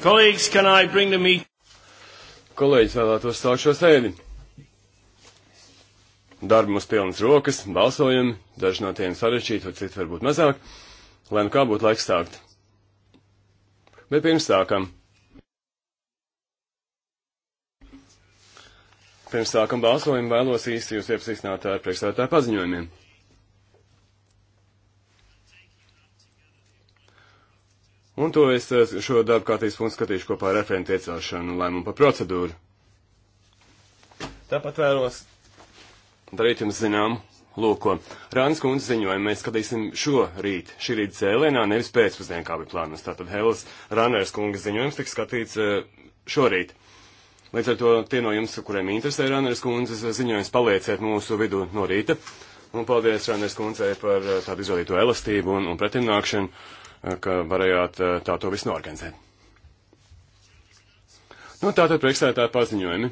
Kolēģis, can I bring the meet? Kolēģis vēlētos sākt šo sēdi. Darbi mums pilnas rokas, balsojam, daži no tiem sarežģīti, un citi varbūt mazāk, lai nu kā būtu laiks sākt. Bet pirms sākam. Pirms sākam balsojumu vēlos īsti jūs iepazīstināt ar priekšsētāju paziņojumiem. Un to es šo darbu kārtības punktu skatīšu kopā ar referentu iecelšanu lēmumu par procedūru. Tāpat vēlos darīt jums zinām, lūko, Rāns kundze ziņoja, mēs skatīsim šo rīt, šī rīta cēlienā, nevis pēcpusdienā, kā bija plānots. Tātad Helas Rānērs kungas ziņojums tiks skatīts eh, šorīt. Līdz ar to tie no jums, kuriem interesē Rānērs kundzes ziņojums, palieciet mūsu vidu no rīta. Un paldies Rānēs kundzei par eh, tādu izvēlīto elastību un, un pretimnākšanu, eh, ka varējāt eh, tā to visu norganizēt. Nu, tātad priekšsētāji paziņojumi.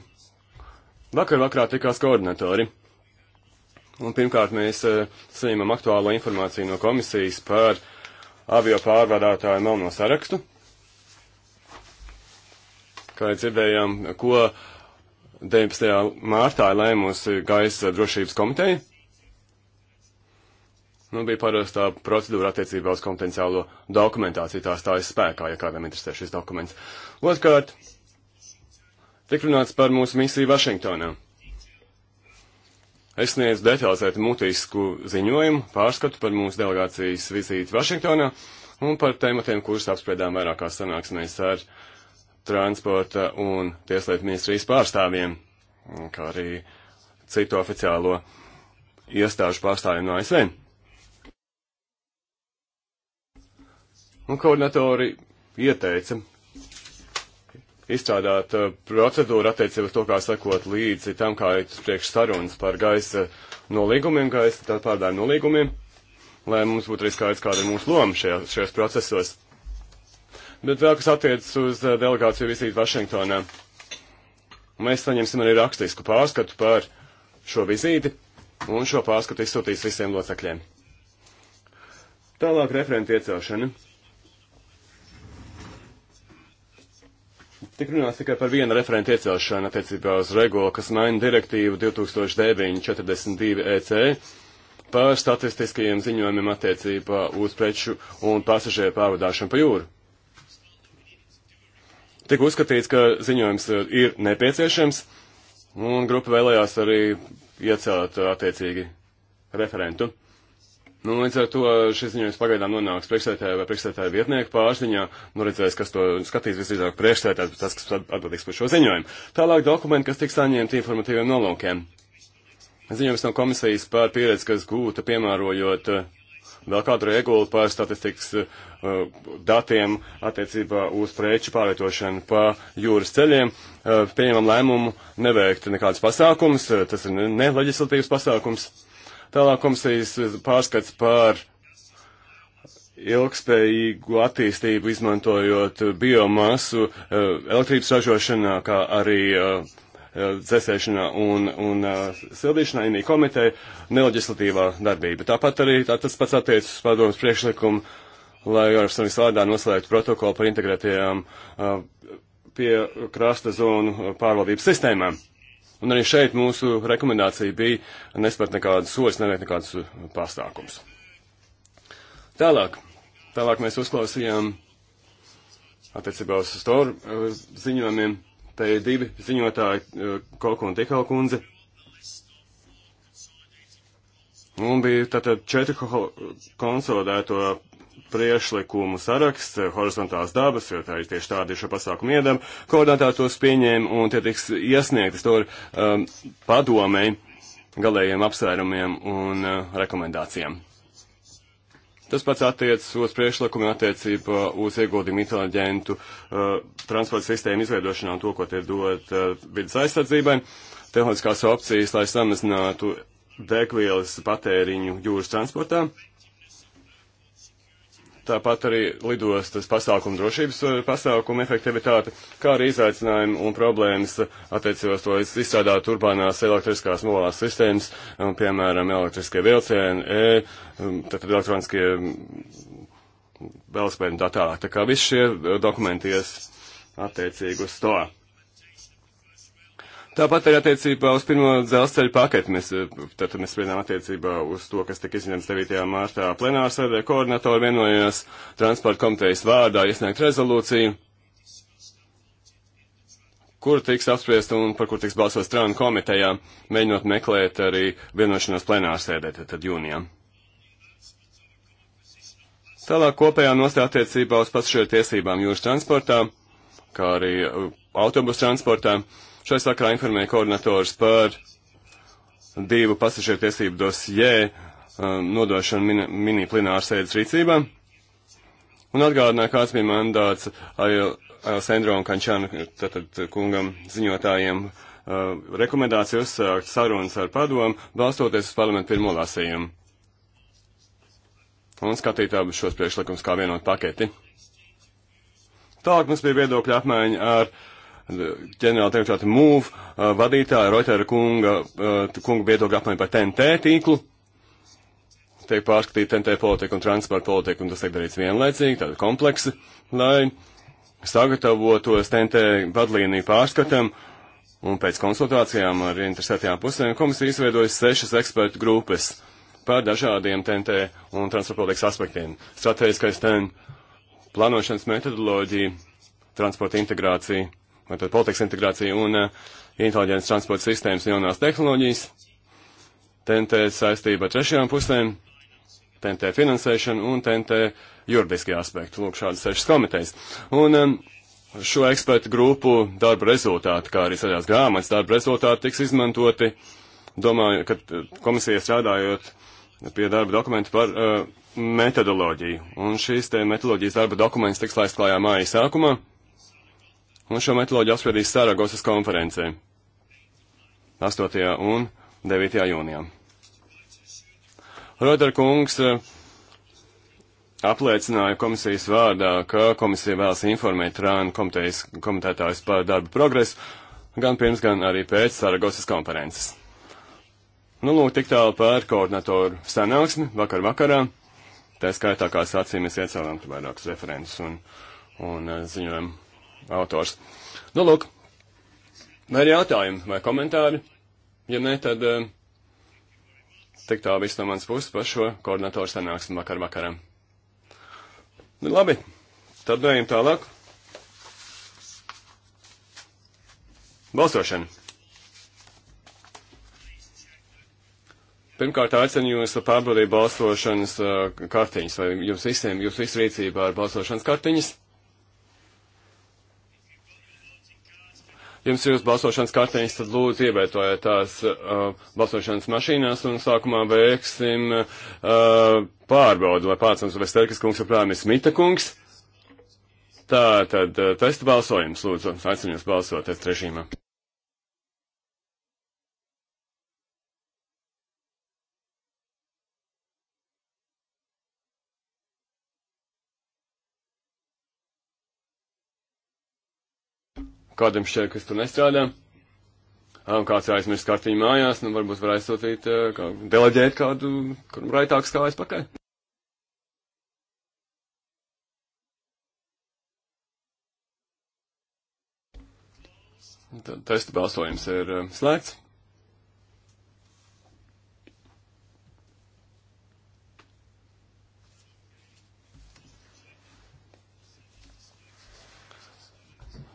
Vakar vakarā tikās koordinatori. Un pirmkārt mēs saņemam aktuālo informāciju no komisijas par avio pārvadātāju melno sarakstu. Kā dzirdējām, ko 19. mārtā lēmusi gaisa drošības komiteja. Nu, bija parastā procedūra attiecībā uz konfidenciālo dokumentāciju, tā stājas spēkā, ja kādam interesē šis dokuments. Otkārt, tik runāts par mūsu misiju Vašingtonā. Es sniedzu detalizētu mutisku ziņojumu, pārskatu par mūsu delegācijas vizīti Vašingtonā un par tematiem, kurus apspriedām vairākās sanāksmēs ar transporta un tieslietu ministrijas pārstāvjiem, kā arī citu oficiālo iestāžu pārstāvjiem no ASV. un koordinatori ieteica izstrādāt uh, procedūru attiecībā uz to, kā sekot līdzi tam, kā iet priekš sarunas par gaisa nolīgumiem, gaisa pārdēļu nolīgumiem, lai mums būtu arī skaidrs, kāda ir mūsu loma šajā, šajos procesos. Bet vēl kas attiecas uz uh, delegāciju vizīti Vašingtonā. Mēs saņemsim arī rakstisku pārskatu par šo vizīti, un šo pārskatu izsūtīs visiem locekļiem. Tālāk referenta iecelšana. Tik runāts tikai par vienu referentu iecelšanu attiecībā uz regulu, kas maina direktīvu 2009-42-EC e par statistiskajiem ziņojumiem attiecībā uz preču un pasažieru pārvadāšanu pa jūru. Tik uzskatīts, ka ziņojums ir nepieciešams, un grupa vēlējās arī iecelt attiecīgi referentu. Nu, līdz ar to šis ziņojums pagaidām nonāks priekšsētāja vai priekšsētāja vietnieku pārziņā. Nu, redzēs, kas to skatīs visdrīzāk priekšsētājs, bet tas, kas atbildīgs par šo ziņojumu. Tālāk dokumenti, kas tiks saņemti informatīviem nolūkiem. Ziņojums no komisijas par pieredzi, kas gūta piemērojot eh, vēl kādu regulu par statistikas uh, datiem attiecībā uz preču pārvietošanu pa jūras ceļiem. Uh, pieņemam lēmumu neveikt nekādus pasākumus, tas ir neleģislatīvs pasākums. Tālāk komisijas pārskats par ilgspējīgu attīstību izmantojot biomasu eh, elektrības ražošanā, kā arī eh, eh, dzēsēšanā un, un sildīšanā inī komiteja neleģislatīvā darbība. Tāpat arī tā, tas pats attiecas uz padomus priekšlikumu, lai ar savas vārdā noslēgtu protokolu par integrētajām pie krasta zonu pārvaldības sistēmām. Un arī šeit mūsu rekomendācija bija nespērt nekādus soļus, neveikt nekādus uh, pasākums. Tālāk, tālāk mēs uzklausījām attiecībā uz storu uh, ziņojumiem. Te ir divi ziņotāji, uh, Kolku un Tikau kundze. Un bija tātad četri konsolidēto priešlikumu saraksts, horizontāls dabas, jo tā ir tieši tāda ir šo pasākumu iedama, koordinātāri tos pieņēma un tie tiks iesniegti to um, padomēji galējiem apsvērumiem un uh, rekomendācijām. Tas pats attiecas uz priekšlikumu attiecībā uz ieguldījumu inteliģentu uh, transporta sistēmu izveidošanā un to, ko tie dod uh, vidas aizsardzībai, tehnoloģiskās opcijas, lai samazinātu degvielas patēriņu jūras transportā. Uh, tāpat arī lidostas pasākumu drošības eh, pasākumu efektivitāte, kā arī izaicinājumi un problēmas eh, attiecībos to izstrādāt urbānās elektriskās mulās sistēmas, um, piemēram, elektriskie vilcieni, e, um, tad elektroniskie um, velospēļi un tā tālāk. Tā kā visi šie eh, dokumenti ies attiecīgi uz to. Tāpat arī attiecībā uz pirmo dzelzceļa paketi mēs, eh, tad mēs spriedām attiecībā uz to, kas tika izņemts 9. mārtā plenārsēdē. Koordinatori vienojās transporta komitejas vārdā iesniegt rezolūciju, kur tiks apspriest un par kur tiks balsots strānu komitejā, mēģinot meklēt arī vienošanos plenārsēdē, tad, tad jūnijā. Tālāk kopējā nostā attiecībā uz pasažieru tiesībām jūras transportā, kā arī eh, autobusu transportā. Uh, Šai sakrā informēja koordinators par divu pasažieru tiesību dosjē um, nodošanu mini, mini plenāru sēdes rīcībā. Un atgādināja, kāds bija mandāts Sandro un Kančānu tātad kungam ziņotājiem uh, rekomendāciju uzsākt sarunas ar padomu, balstoties uz parlamentu pirmo lasījumu. Un skatīt abus šos priekšlikumus kā vienotu paketi. Tālāk mums bija viedokļa apmaiņa ar uh, ģenerāla direktorāta MUV vadītāja Roitera kunga, kunga viedokļa apmaiņa par TNT tīklu. Tiek pārskatīta TNT politika un transporta politika, un tas tiek darīts vienlaicīgi, tāda kompleksi, lai sagatavotos TNT vadlīniju pārskatam. Un pēc konsultācijām ar interesētajām pusēm komisija izveidojas sešas ekspertu grupas par dažādiem TNT un transporta politikas aspektiem. Strateģiskais TNT plānošanas metodoloģija, transporta integrācija, tātad politikas integrācija un eh, inteliģents transporta sistēmas jaunās tehnoloģijas, TNT saistība ar trešajām pusēm, TNT finansēšana un TNT juridiskie aspekti. Lūk, šādas sešas komitejas. Un um, šo ekspertu grupu darba rezultāti, kā arī saļās grāmatas darba rezultāti, tiks izmantoti, domāju, ka eh, komisija strādājot pie darba dokumentu par uh, metodoloģiju. Un šīs te metodoloģijas darba dokuments tiks laist klājā māja sākumā un šo metoloģiju apspriedīs Sāragosas konferencē 8. un 9. jūnijā. Roder kungs eh, apliecināja komisijas vārdā, ka komisija vēlas informēt Rāna komitētājus par darbu progresu gan pirms, gan arī pēc Saragosas konferences. Nu, lūk, tik tālu par koordinatoru sanāksmi vakar vakarā. Tā skaitā, kā sacīja, mēs iecēlām vairākus referentus un, un eh, ziņojam autors. Nu, lūk, vai ir jautājumi vai komentāri? Ja nē, tad eh, tik tā viss no manas puses par šo koordinatoru sanāksmi vakar vakaram. Nu, labi, tad ejam tālāk. Balsošana. Pirmkārt, aicinu jūs pārbaudīt balsošanas eh, kartiņas, vai jums visiem, jūs visu rīcībā ir balsošanas kartiņas. jums ir uz balsošanas kartiņas, tad lūdzu ievietojiet tās uh, balsošanas mašīnās un sākumā veiksim uh, pārbaudu, lai pārcams, vai Sterkas kungs joprojām ir Smita kungs. Tā tad uh, testa balsojums, lūdzu, aicinu jūs balsot testa režīmā. kādam šeit, kas tur nestrādā, un kāds aizmirst kartiņu mājās, nu varbūt var aizsūtīt, kā, deleģēt kādu, kuram raitāks kājas pakaļ. Testa balsojums ir slēgts.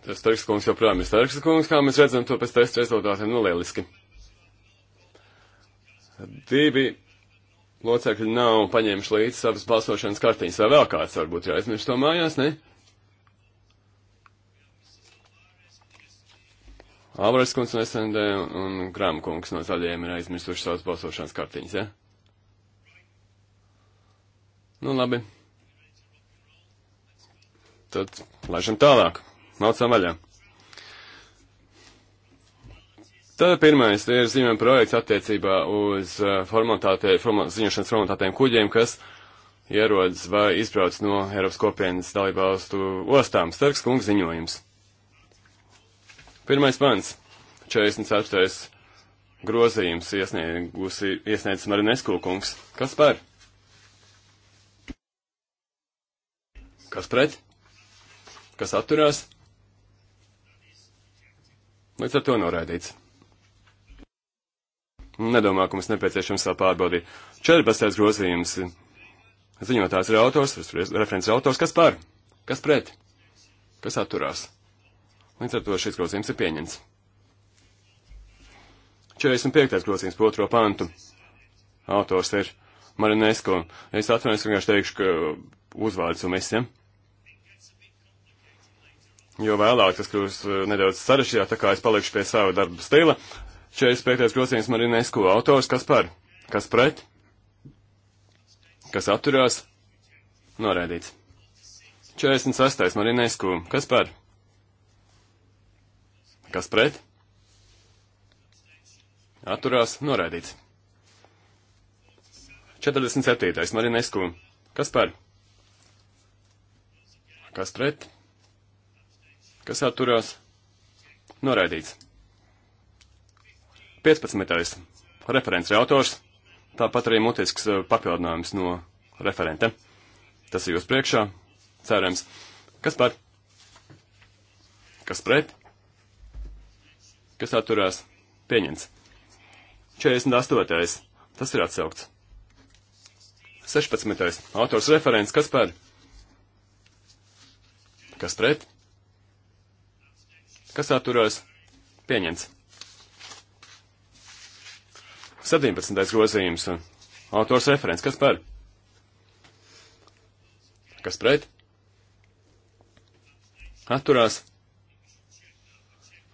Tas Starks kungs joprojām ir Starks kungs, kā mēs redzam to pēc testa rezultātiem, nu lieliski. Divi locekļi nav paņēmuši līdz savas balsošanas kartiņas, vai vēl kāds varbūt ir aizmirst to mājās, ne? Alvarez kungs no SND un Grāma kungs no zaļiem ir aizmirsuši savas balsošanas kartiņas, ja? Nu labi. Tad laižam tālāk. Mācām vaļā. Tad pirmais ir ziņojuma projekts attiecībā uz uh, formatātē, format, ziņošanas formatātiem kuģiem, kas ierodas vai izbrauc no Eiropas kopienas dalībvalstu ostām. Starks kungs ziņojums. Pirmais pants. 44. grozījums iesniegusi, iesniedzis Marinesko kungs. Kas par? Kas pret? Kas atturās? Līdz ar to noraidīts. Nedomāju, ka mums nepieciešams vēl pārbaudīt. 14. grozījums. Ziņotājs ir autors, referents ir autors, kas par, kas pret, kas atturās. Līdz ar to šis grozījums ir pieņemts. 45. grozījums par otro pantu. Autors ir Marinesko. Es atvainojos, vienkārši teikšu, ka uzvārds un mēs, ja? jo vēlāk tas kļūs eh, nedaudz sarešķījā, tā kā es palikšu pie sava darba stila. 45. grosījums Marinesko autors, kas par, kas pret, kas atturās, norēdīts. 46. Marinesko, kas par, kas pret, atturās, norēdīts. 47. Marinesku. Kas par? Kas pret? kas atturās noraidīts. 15. referents ir autors, tāpat arī mutisks eh, papildinājums no referente. Tas ir jūs priekšā, cerams. Kas par? Kas pret? Kas atturās? Pieņems. 48. Tas ir atsaukts. 16. autors referents, kas par? Kas pret? Kas atturās? Pieņemts. 17. grozījums. Autors referents. Kas par? Kas pret? Atturās.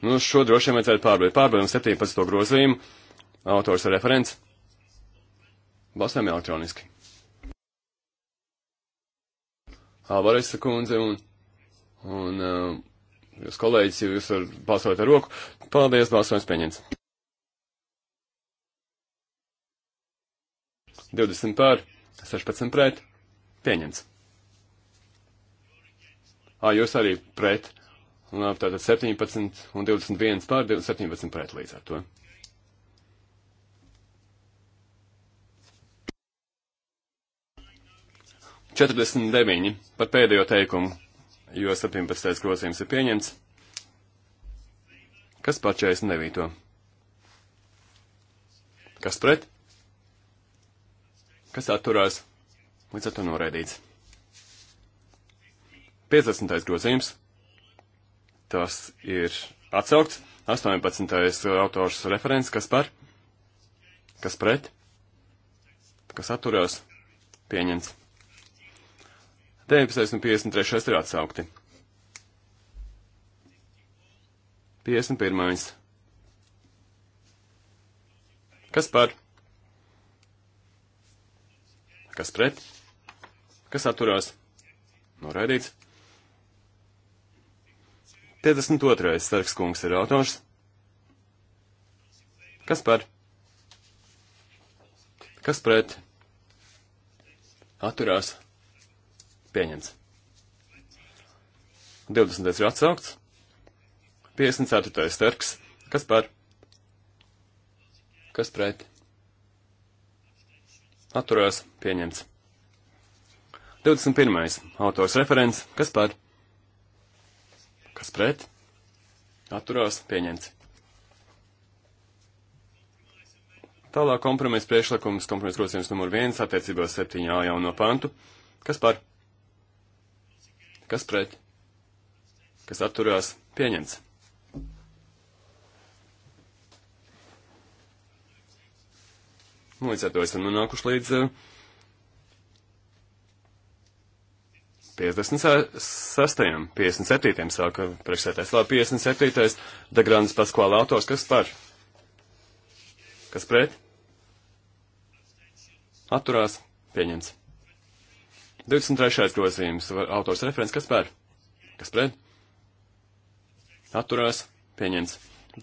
Nu, šo droši vien vajadzētu pārbaudīt. Pārbaudām 17. grozījumu. Autors referents. Balsojam elektroniski. Alvaresa kundze un, un uh, Jūs kolēģis, jūs varat balsot ar roku. Paldies, balsojums pieņemts. 20 pār, 16 pret, pieņemts. Ā, jūs arī pret. Labi, tātad 17 un 21 pār, 17 pret līdz ar to. Četrdesmit deviņi par pēdējo teikumu jo 17. grozījums ir pieņemts. Kas par 49? Kas pret? Kas atturās? Līdz ar to noraidīts. 50. grozījums. Tas ir atsaukts. 18. autors referents. Kas par? Kas pret? Kas atturās? Pieņemts. 19. un 53. ir atsaukti. 51. Kas par? Kas pret? Kas atturās? Noraidīts. 52. Starks kungs ir autors. Kas par? Kas pret? Atturās. Pieņemts. 20. ir atsaukts. 54. starks. Kas par? Kas pret? Atturās. Pieņemts. 21. autors referents. Kas par? Kas pret? Atturās. Pieņemts. Tālāk kompromisa priekšlikums, kompromisa grozījums numur 1 attiecībā uz 7. jau no pantu. Kas par? Kas pret? Kas atturās? Pieņemts. Nu, līdz ar to esam nonākuši līdz uh, 56. 57. sāka priekšsētājs. Labi, 57. Degrandes Paskvāla autors, kas par? Kas pret? Atturās. Pieņems. 23. grozījums, autors referents, kas pēr? Kas pret? Atturās, pieņems.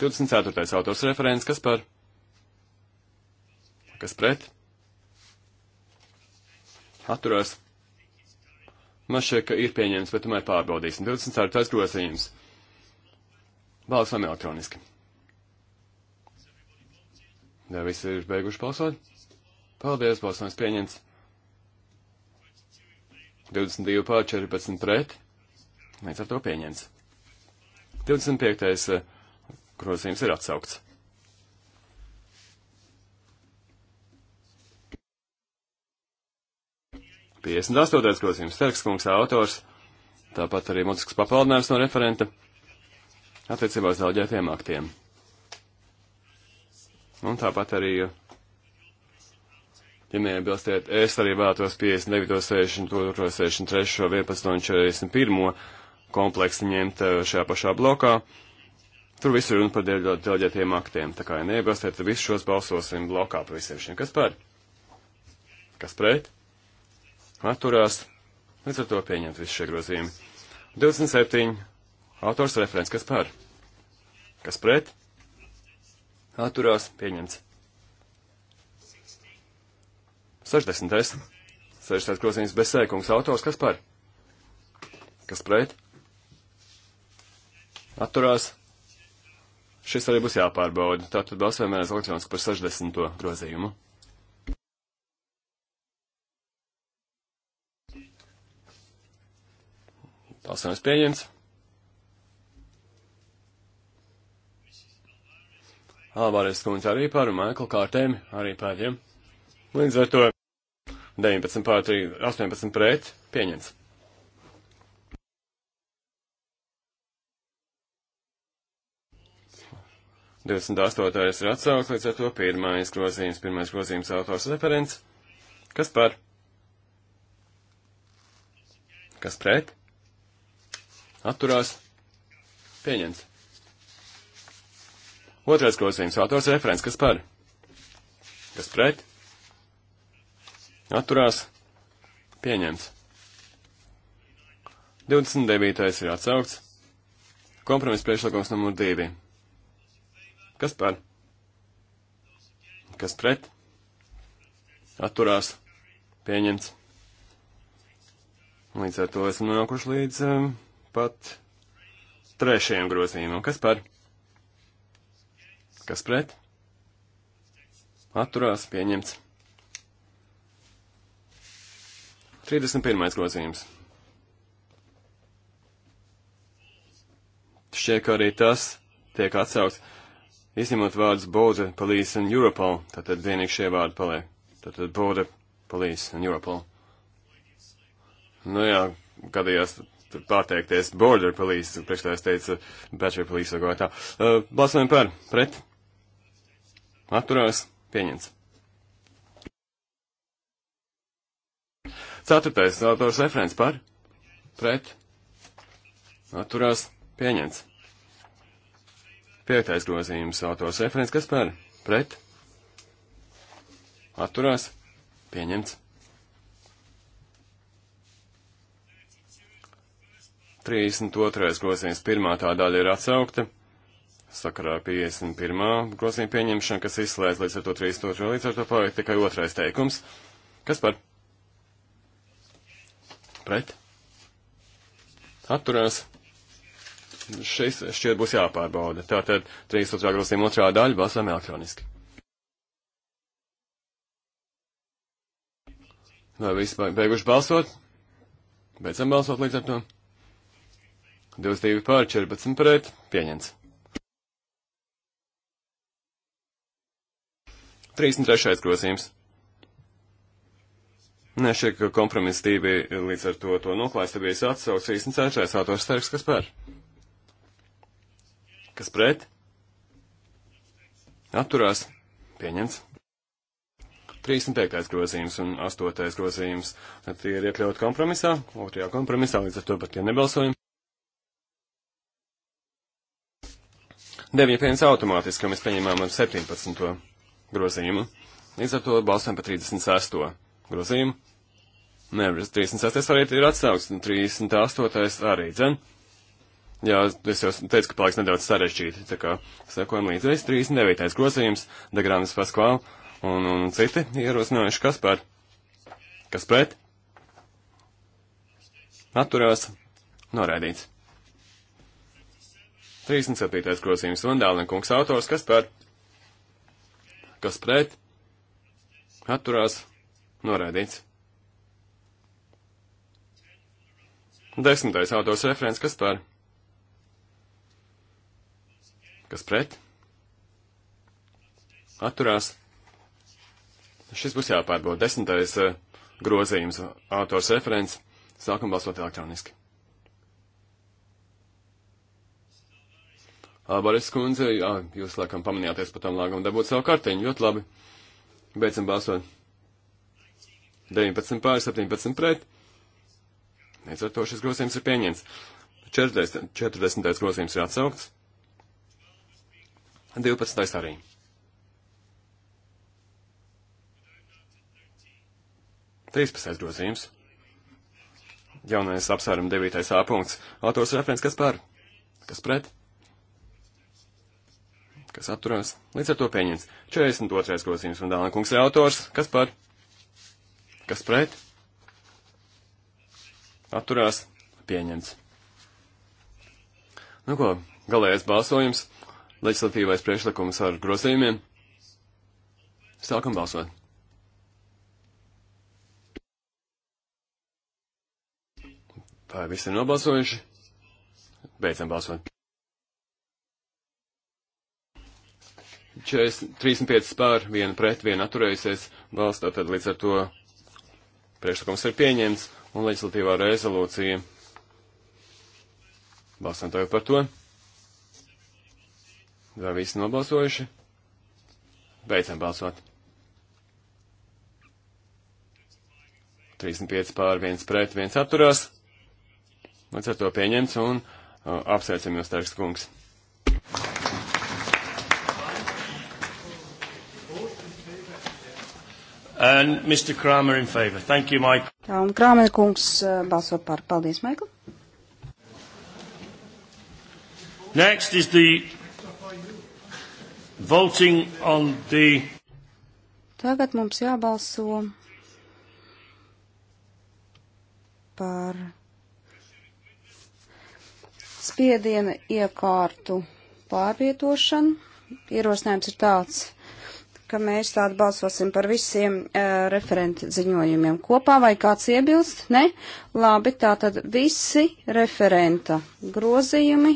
24. autors referents, kas pēr? Kas pret? Atturās. Man šķiet, ka ir pieņems, bet tomēr pārbaudīsim. 24. grozījums. Balsam elektroniski. Vai visi ir beiguši balsot? Paldies, balsojums pieņemts. 22 pār 14 pret. Līdz ar to pieņems. 25. Eh, grozījums ir atsaukts. Piesdesmit astotais grozījums, Ferks kungs autors, tāpat arī mūzikas papildinājums no referenta attiecībā uz zaudētiem aktiem. Un tāpat arī eh, Ja neiebilstiet, es arī vēlētos 59, 62, 63, 11 un 41 kompleksu ņemt eh, šajā pašā blokā. Tur visur runa par deleģētiem aktiem. Tā kā, ja neiebilstiet, tad visus šos balsosim blokā par visiem šiem. Kas par? Kas pret? Atturās. Līdz ar to pieņemt visu šie grozījumi. 27. Autors referents. Kas par? Kas pret? Atturās. Pieņemts. 60. 60. grozījums bezsēkums e, autors, kas par? Kas pret? Atturās. Šis arī būs jāpārbauda. Tātad balsojamies elektroniski par 60. grozījumu. Balsojums pieņemts. Alvarez kundze arī par Maiklu kārtēm, arī par viņiem. Ja? Līdz ar to 19 pār 3, 18 pret pieņems. Divdesmit astotais ir atsaukt, līdz ar to pirmais grozījums, pirmais grozījums autors referents. Kas par? Kas pret? Atturās. Pieņems. Otrais grozījums autors referents. Kas par? Kas pret? atturās, pieņemts. 29. ir atsaukts. Kompromiss priekšlikums numur 2. Kas par? Kas pret? Atturās. Pieņemts. Līdz ar to esam nonākuši līdz um, pat trešajam grozījumam. Kas par? Kas pret? Atturās. Pieņemts. 31. grozījums. Šķiet, ka arī tas tiek atsaukts, izņemot vārdus Border Police un Europol, tātad vienīgi šie vārdi paliek. Tātad Border Police un Europol. Nu jā, gadījās pārteikties Border Police, priekšstājs teica Battery Police vai tā. Uh, Balsojam par, pret, atturās, pieņems. Ceturtais autors referents par, pret, atturās, pieņemts. Piektais grozījums autors referents, kas par, pret, atturās, pieņemts. 32. grozījums pirmā tā daļa ir atsaukta, sakarā 51. grozījuma pieņemšana, kas izslēdz līdz ar to 32. līdz ar to paliek tikai otrais teikums, kas par pret, atturās. Šis šķiet būs jāpārbauda. Tātad 32. grozījuma otrā daļa balsām elektroniski. Vai visi beiguši balsot? Beidzam balsot līdz ar to. 22 pār 14 pret pieņemts. 33. grozījums Nē, šie kompromisi divi līdz ar to, to noklājas, tad bijis atsaucis 34. autors starks, kas par? Kas pret? Atturās. Pieņemts. 35. grozījums un 8. grozījums. Tie ir iekļauti kompromisā, otrajā kompromisā, līdz ar to pat, ja nebalsojam. 9 pieņems automātiski, un mēs pieņemām ar 17. grozījumu. Līdz ar to balsojam par 36 grozījumu. Nē, 36. arī ir atsaugs, un 38. arī, dzen. Jā, es jau teicu, ka paliks nedaudz sarežģīti, tā kā sekojam līdzi. 39. grozījums, Degrānis Paskvāl un, un citi ierosinājuši, kas par, kas pret, atturās, norēdīts. 37. grozījums, Vandālina kungs autors, kas par, kas pret, atturās, norēdīts Noraidīts. Desmitais autors referents, kas par? Kas pret? Atturās. Šis būs jāpārbauda. Desmitais eh, grozījums autors referents. Sākam balsot elektroniski. Albaris kundze, jā, jūs laikam pamanījāties par tam lāgumu dabūt savu kartiņu. Ļoti labi. Beidzam balsot. 19 pār 17 pret. Līdz ar to šis grozījums ir pieņemts. 40. 40. grozījums ir atsaukts. 12. arī. Trīspadsmitais grozījums. Jaunais apsvērums 9. A punkts. Autors referents, kas par? Kas pret? Kas atturās? Līdz ar to pieņems. 42. grozījums un Dāna kungs ir autors. Kas par? Kas pret? Atturās. Pieņemts. Nu ko, galējais balsojums. Leģislatīvais priekšlikums ar grozījumiem. Sākam balsot. Vai visi ir nobalsojuši? Beidzam balsot. 40, 35 pār, 1 pret, 1 atturējusies balsts, tātad līdz ar to Priekšlikums ir pieņemts un leģislatīvā rezolūcija. Balsam tev par to. Vai visi nobalsojuši? Beidzam balsot. 35 pār 1 pret 1 atturās. Līdz ar to pieņemts un uh, apsveicam jūs, Tērks kungs. And Mr. Kramer in favor. Thank you, Mike. Tā un Kramer kungs balso par. Paldies, Michael. Next is the voting on the. Tagad mums jābalso par spiediena iekārtu pārvietošanu. Ierosinājums ir tāds ka mēs tādu balsosim par visiem uh, eh, referentu ziņojumiem kopā, vai kāds iebilst? Ne? Labi, tātad visi referenta grozījumi,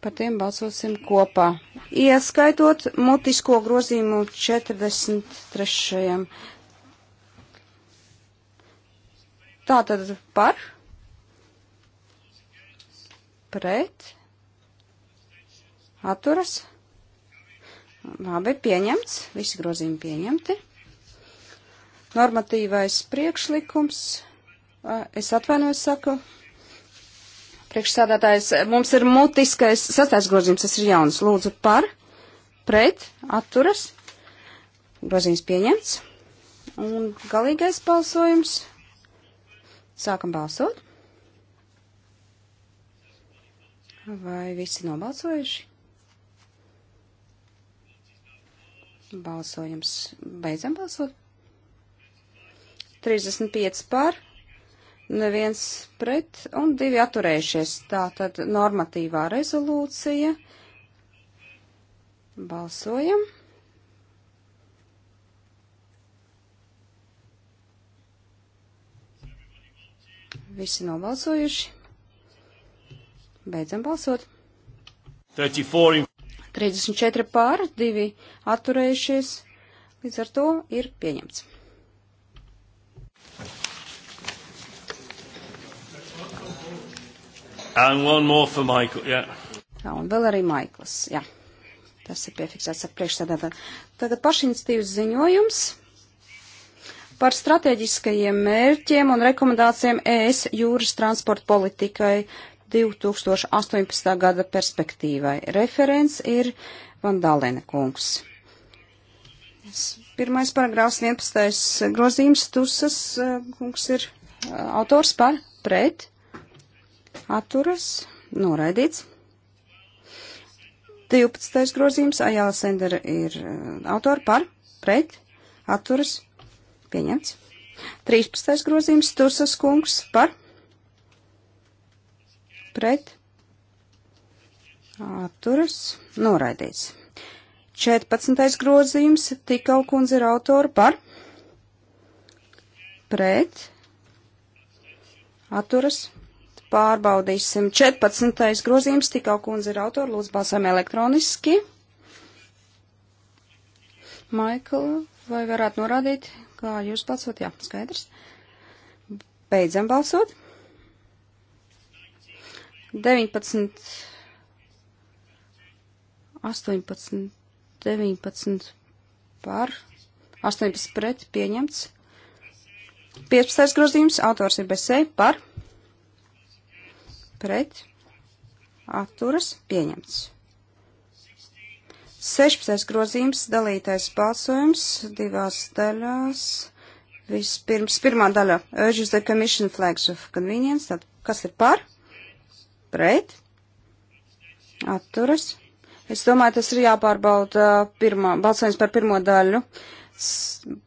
par tiem balsosim kopā, ieskaitot mutisko grozījumu 43. Tātad par, pret, atturas Labi, pieņemts, visi grozījumi pieņemti. Normatīvais priekšlikums, es atvainojos, saku, priekšsādātājs, mums ir mutiskais sastais grozījums, tas ir jauns, lūdzu par, pret, atturas, grozījums pieņemts. Un galīgais balsojums, sākam balsot. Vai visi nobalsojuši? Balsojums. Beidzam balsot. 35 par, neviens pret un divi atturējušies. Tā tad normatīvā rezolūcija. Balsojam. Visi nobalsojuši. Beidzam balsot. 34. 34 pār, 2 atturējušies, līdz ar to ir pieņemts. And one more for Michael, yeah. Jā, un vēl arī Maikls, jā. Tas ir piefiksēts ar priekšsēdētāju. Tagad pašinstīvs ziņojums par strateģiskajiem mērķiem un rekomendācijām ES jūras transporta politikai 2018. gada perspektīvai. Referents ir Vandalēna kungs. Pirmais paragrāfs 11. grozījums Tusas eh, kungs ir eh, autors par pret, atturas, noraidīts. 12. grozījums Ajāla Sendera ir eh, autora par pret, atturas, pieņemts. 13. grozījums Tusas kungs par pret pret atturas noraidīts. 14. grozījums tikau kundze ir autora par pret atturas. Pārbaudīsim. 14. grozījums tikau kundze ir autora. Lūdzu, balsojam elektroniski. Maikl, vai varētu norādīt, kā jūs balsot? Jā, skaidrs. Beidzam balsot. 19, 18, 19 par, 18 pret pieņemts. 15. grozījums, autors ir besēji par, pret, atturas pieņemts. 16. grozījums, dalītais balsojums divās daļās. Vispirms, pirmā daļa, urges the commission flags of convenience, tad kas ir par? Pret? Atturas. Es domāju, tas ir jāpārbauda pirmā, balsojums par pirmo daļu. S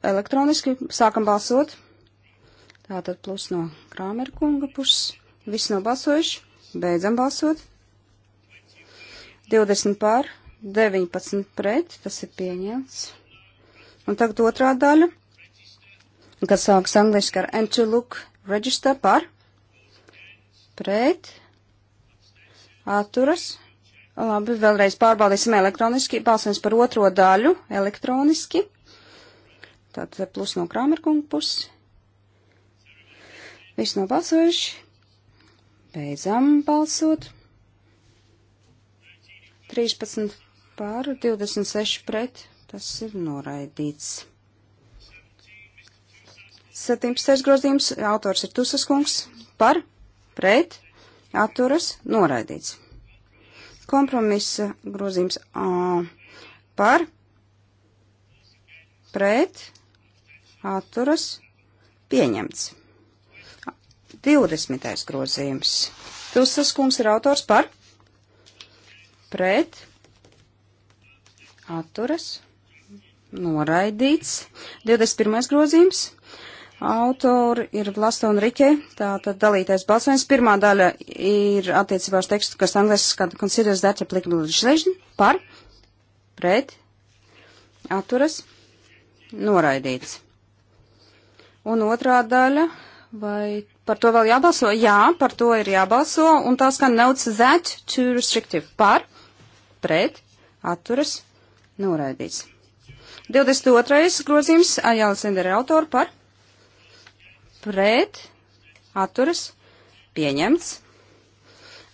elektroniski sākam balsot. Tātad plus no Krāmera kunga puses. Viss nobalsojuši. Beidzam balsot. 20 pār, 19 pret, tas ir pieņemts. Un tagad otrā daļa, kas sāks angliski ar and to look register par, pret, atturas. Labi, vēlreiz pārbaudīsim elektroniski. Balsojums par otro daļu elektroniski. Tātad plus no Kramerkunga puses. Viss nobalsojuši. Beidzam balsot. 13 pār 26 pret. Tas ir noraidīts. 17. grozījums. Autors ir Tusas kungs. Par, pret, atturas noraidīts. Kompromisa grozījums A par pret atturas pieņemts. 20. grozījums. Pilsas kungs ir autors par pret atturas noraidīts. 21. grozījums Autori ir Vlasta un Riķe, tātad dalītais balsojums. Pirmā daļa ir attiecībā uz tekstu, kas angliski skan considers that applicable legislation par, pret, atturas, noraidīts. Un otrā daļa, vai par to vēl jābalso? Jā, par to ir jābalso, un tā skan notes that too restrictive par, pret, atturas, noraidīts. 22. grozījums Ajāls Endera autoru par pret, atturas, pieņemts.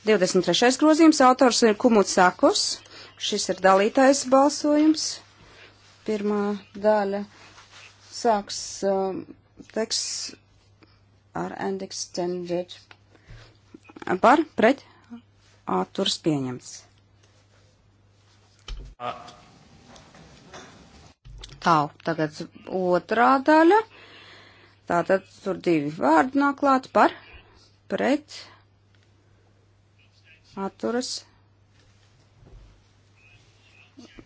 23. grozījums autors ir Kumuts Sakos. Šis ir dalītais balsojums. Pirmā daļa sāks um, teksts ar and extended. Par, pret, atturs pieņemts. Tālu. Tagad otrā daļa. Tātad tur divi vārdi nāk klāt par, pret, atturas.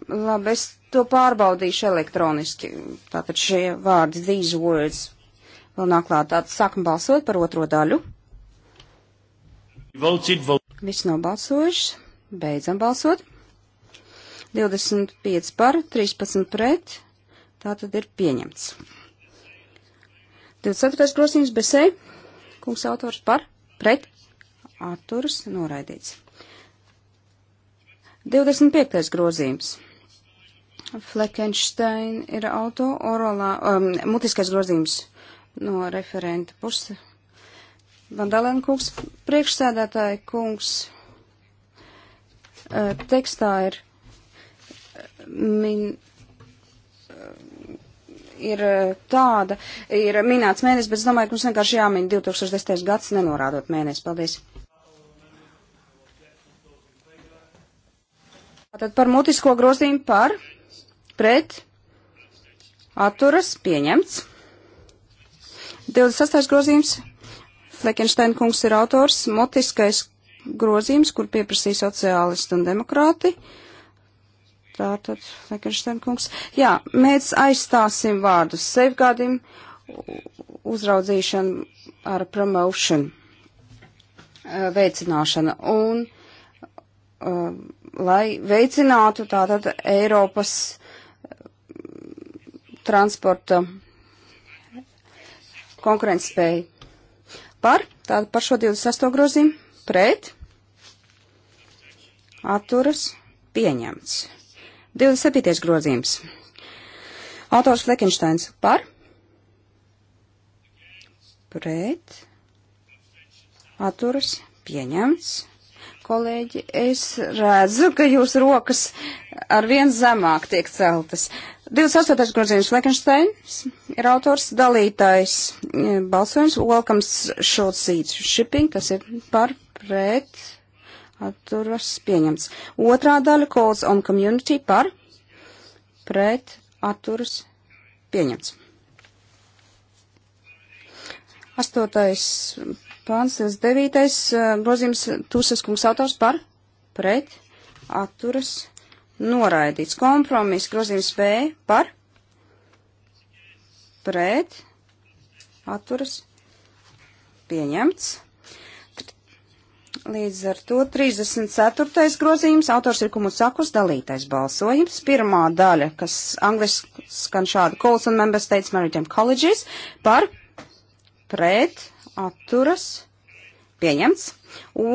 Labi, es to pārbaudīšu elektroniski. Tātad šie vārdi, these words, vēl nāk klāt. Tātad sākam balsot par otro daļu. Viss nobalsojuši, beidzam balsot. 25 par, 13 pret, tātad ir pieņemts. 24. grozījums BC, e. kungs autors par, pret, atturas, noraidīts. 25. grozījums. Fleckenstein ir auto orolā, um, mutiskais grozījums no referenta puses. Vandalēna kungs, priekšsēdētāji kungs, uh, tekstā ir uh, min, uh, ir e, tāda, ir minēts mēnesis, bet es domāju, ka mums vienkārši jāmin 2010. gads, nenorādot mēnesi. Paldies! Tātad par mutisko grozījumu par, pret, atturas, pieņemts. 26. grozījums. Fleckensteina kungs ir autors. Mutiskais grozījums, kur pieprasīja sociālisti un demokrāti. Uh, Tātad, Lekarstenkungs, jā, mēs aizstāsim vārdu safeguardim, uzraudzīšanu ar promotion, eh, veicināšanu. Un, um, lai veicinātu tātad Eiropas eh, transporta konkurentspēju. Par, tātad par šo 26. grozīm, pret, atturas, pieņemts. 27. grozījums. Autors Flekinšteins par, pret, atturas, pieņemts. Kolēģi, es redzu, ka jūs rokas ar vien zemāk tiek celtas. 28. grozījums Lekensteins ir autors dalītājs e, balsojums Welcome Short Seeds Shipping, kas ir par pret atturas pieņemts. Otrā daļa calls on community par pret atturas pieņemts. Astotais pāns, 29. grozījums eh, Tūsas kungs autors par pret atturas noraidīts. Kompromiss grozījums B par pret atturas pieņemts. Līdz ar to 34. grozījums, autors ir Kumusakus dalītais balsojums. Pirmā daļa, kas angliski skan šādi, Calls on Member States Maritime Colleges par pret atturas pieņemts.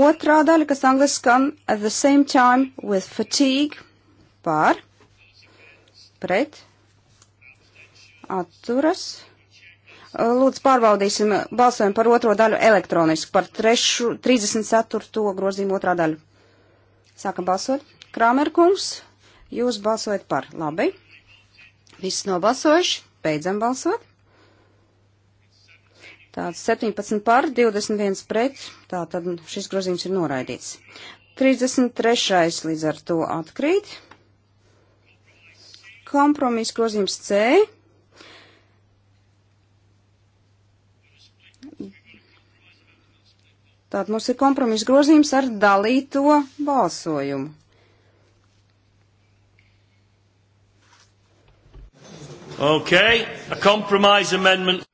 Otrā daļa, kas angliski skan at the same time with fatigue par pret atturas pieņemts Lūdzu, pārbaudīsim balsojumu par otro daļu elektroniski, par trešu, 34. grozījumu otrā daļu. Sākam balsot. Krāmerkungs, jūs balsojat par. Labi. Viss nobalsojuši. Beidzam balsot. Tāds 17 par, 21 pret. Tā tad šis grozījums ir noraidīts. 33. līdz ar to atkrīt. Kompromis grozījums C Tātad mums ir kompromiss grozījums ar dalīto balsojumu. Okay, a compromise amendment.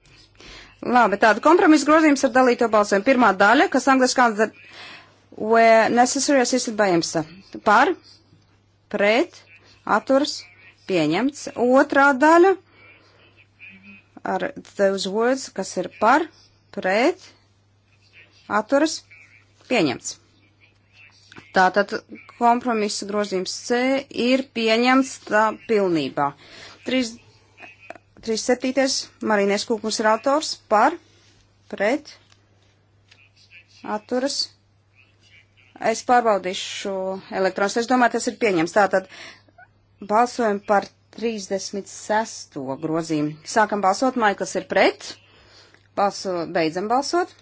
Labi, tāda kompromisa grozījums ar dalīto balsojumu. Pirmā daļa, kas angliski kāds ar where necessary assisted by EMSA. Par, pret, atturs, pieņemts. Otrā daļa ar those words, kas ir par, pret, atturas pieņemts. Tātad kompromisa grozījums C ir pieņemts tā pilnībā. 37. Marīnēs Kūkums ir autors par, pret, atturas. Es pārbaudīšu elektronus. Es domāju, tas ir pieņems. Tātad balsojam par 36. grozījumu. Sākam balsot, Maikls ir pret. Balso, beidzam balsot.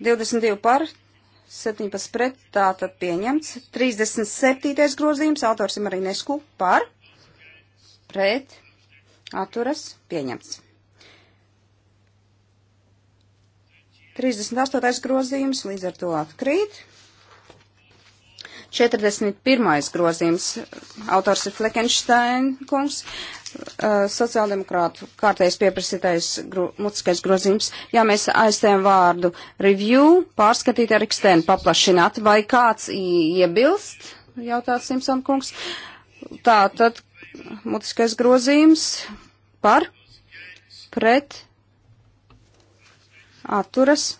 22 par, 17 pret, tātad pieņemts. 37. grozījums, autors ir Marinesku par, pret, atturas, pieņemts. 38. grozījums līdz ar to atkrīt. 41. grozījums. Autors ir Fleckenstein kungs. Sociāldemokrātu kārtais pieprasītais gro, mutiskais grozījums. Jā, mēs aizstējam vārdu review, pārskatīt ar ekstēnu, paplašināt. Vai kāds iebilst? Jautā Simpson kungs. Tā tad mutiskais grozījums par, pret, atturas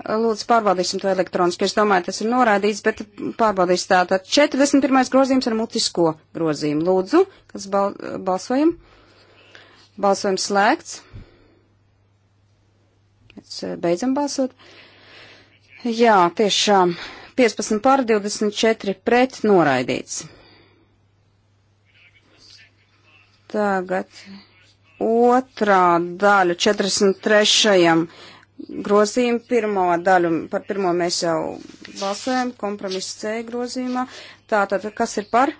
Lūdzu, pārbaudīsim to elektroniski. Es domāju, tas ir norādīts, bet pārbaudīsim tātad. 41. grozījums ar mutisko grozījumu. Lūdzu, kas bal balsojam? Balsojums slēgts. Mēs eh, beidzam balsot. Jā, tiešām 15 pār 24 pret noraidīts. Tagad otrā daļa 43 grozījumi. Pirmo daļu, par pirmo mēs jau balsojam, kompromiss C grozījumā. Tātad, kas ir par?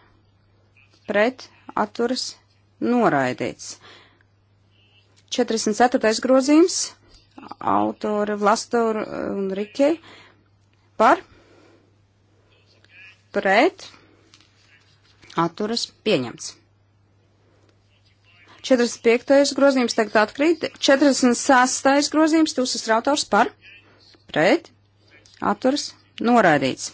Pret, atturas, noraidīts. 44. grozījums, autori Vlastori uh, un Rikei, par, pret, atturas, pieņemts. 45. grozījums tagad atkrīt, 46. grozījums tūsas rautors par, pret, atturas, noraidīts.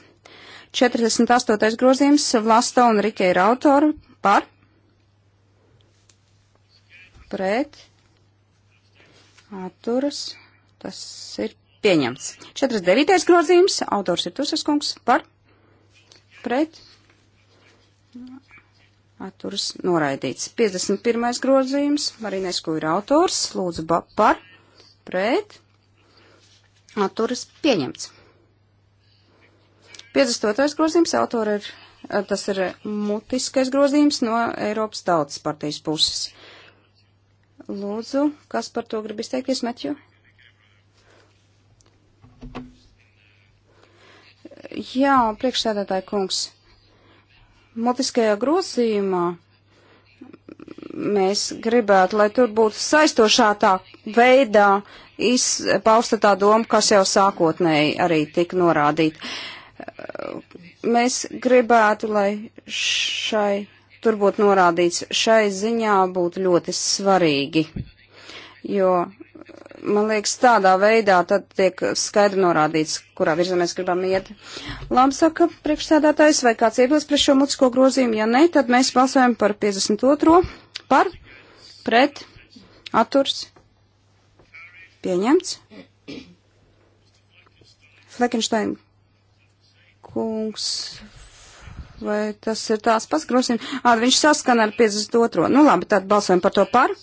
48. grozījums Vlasta un Rikei rautoru par, pret, atturas, tas ir pieņemts. 49. grozījums, autors ir Tusas kungs par, pret, atturas noraidīts. 51. grozījums, Marinesku ir autors, lūdzu par, pret, atturas pieņemts. 52. grozījums, autora ir, eh, tas ir mutiskais grozījums no Eiropas tautas partijas puses. Lūdzu, kas par to grib izteikties, Metju? Jā, priekšstādātāja kungs. Motiskajā grozījumā mēs gribētu, lai tur būtu saistošātā veidā izpausta tā doma, kas jau sākotnēji arī tika norādīta. Mēs gribētu, lai šai, tur būtu norādīts, šai ziņā būtu ļoti svarīgi, jo man liekas, tādā veidā tad tiek skaidri norādīts, kurā virzā mēs gribam iet. Labi, saka priekšsēdētājs, vai kāds iebilst pret šo mutisko grozījumu? Ja ne, tad mēs balsojam par 52. par, pret, atturs, pieņemts. Fleckenstein kungs, vai tas ir tās pats grozījums? Ā, viņš saskana ar 52. Nu labi, tad balsojam par to par,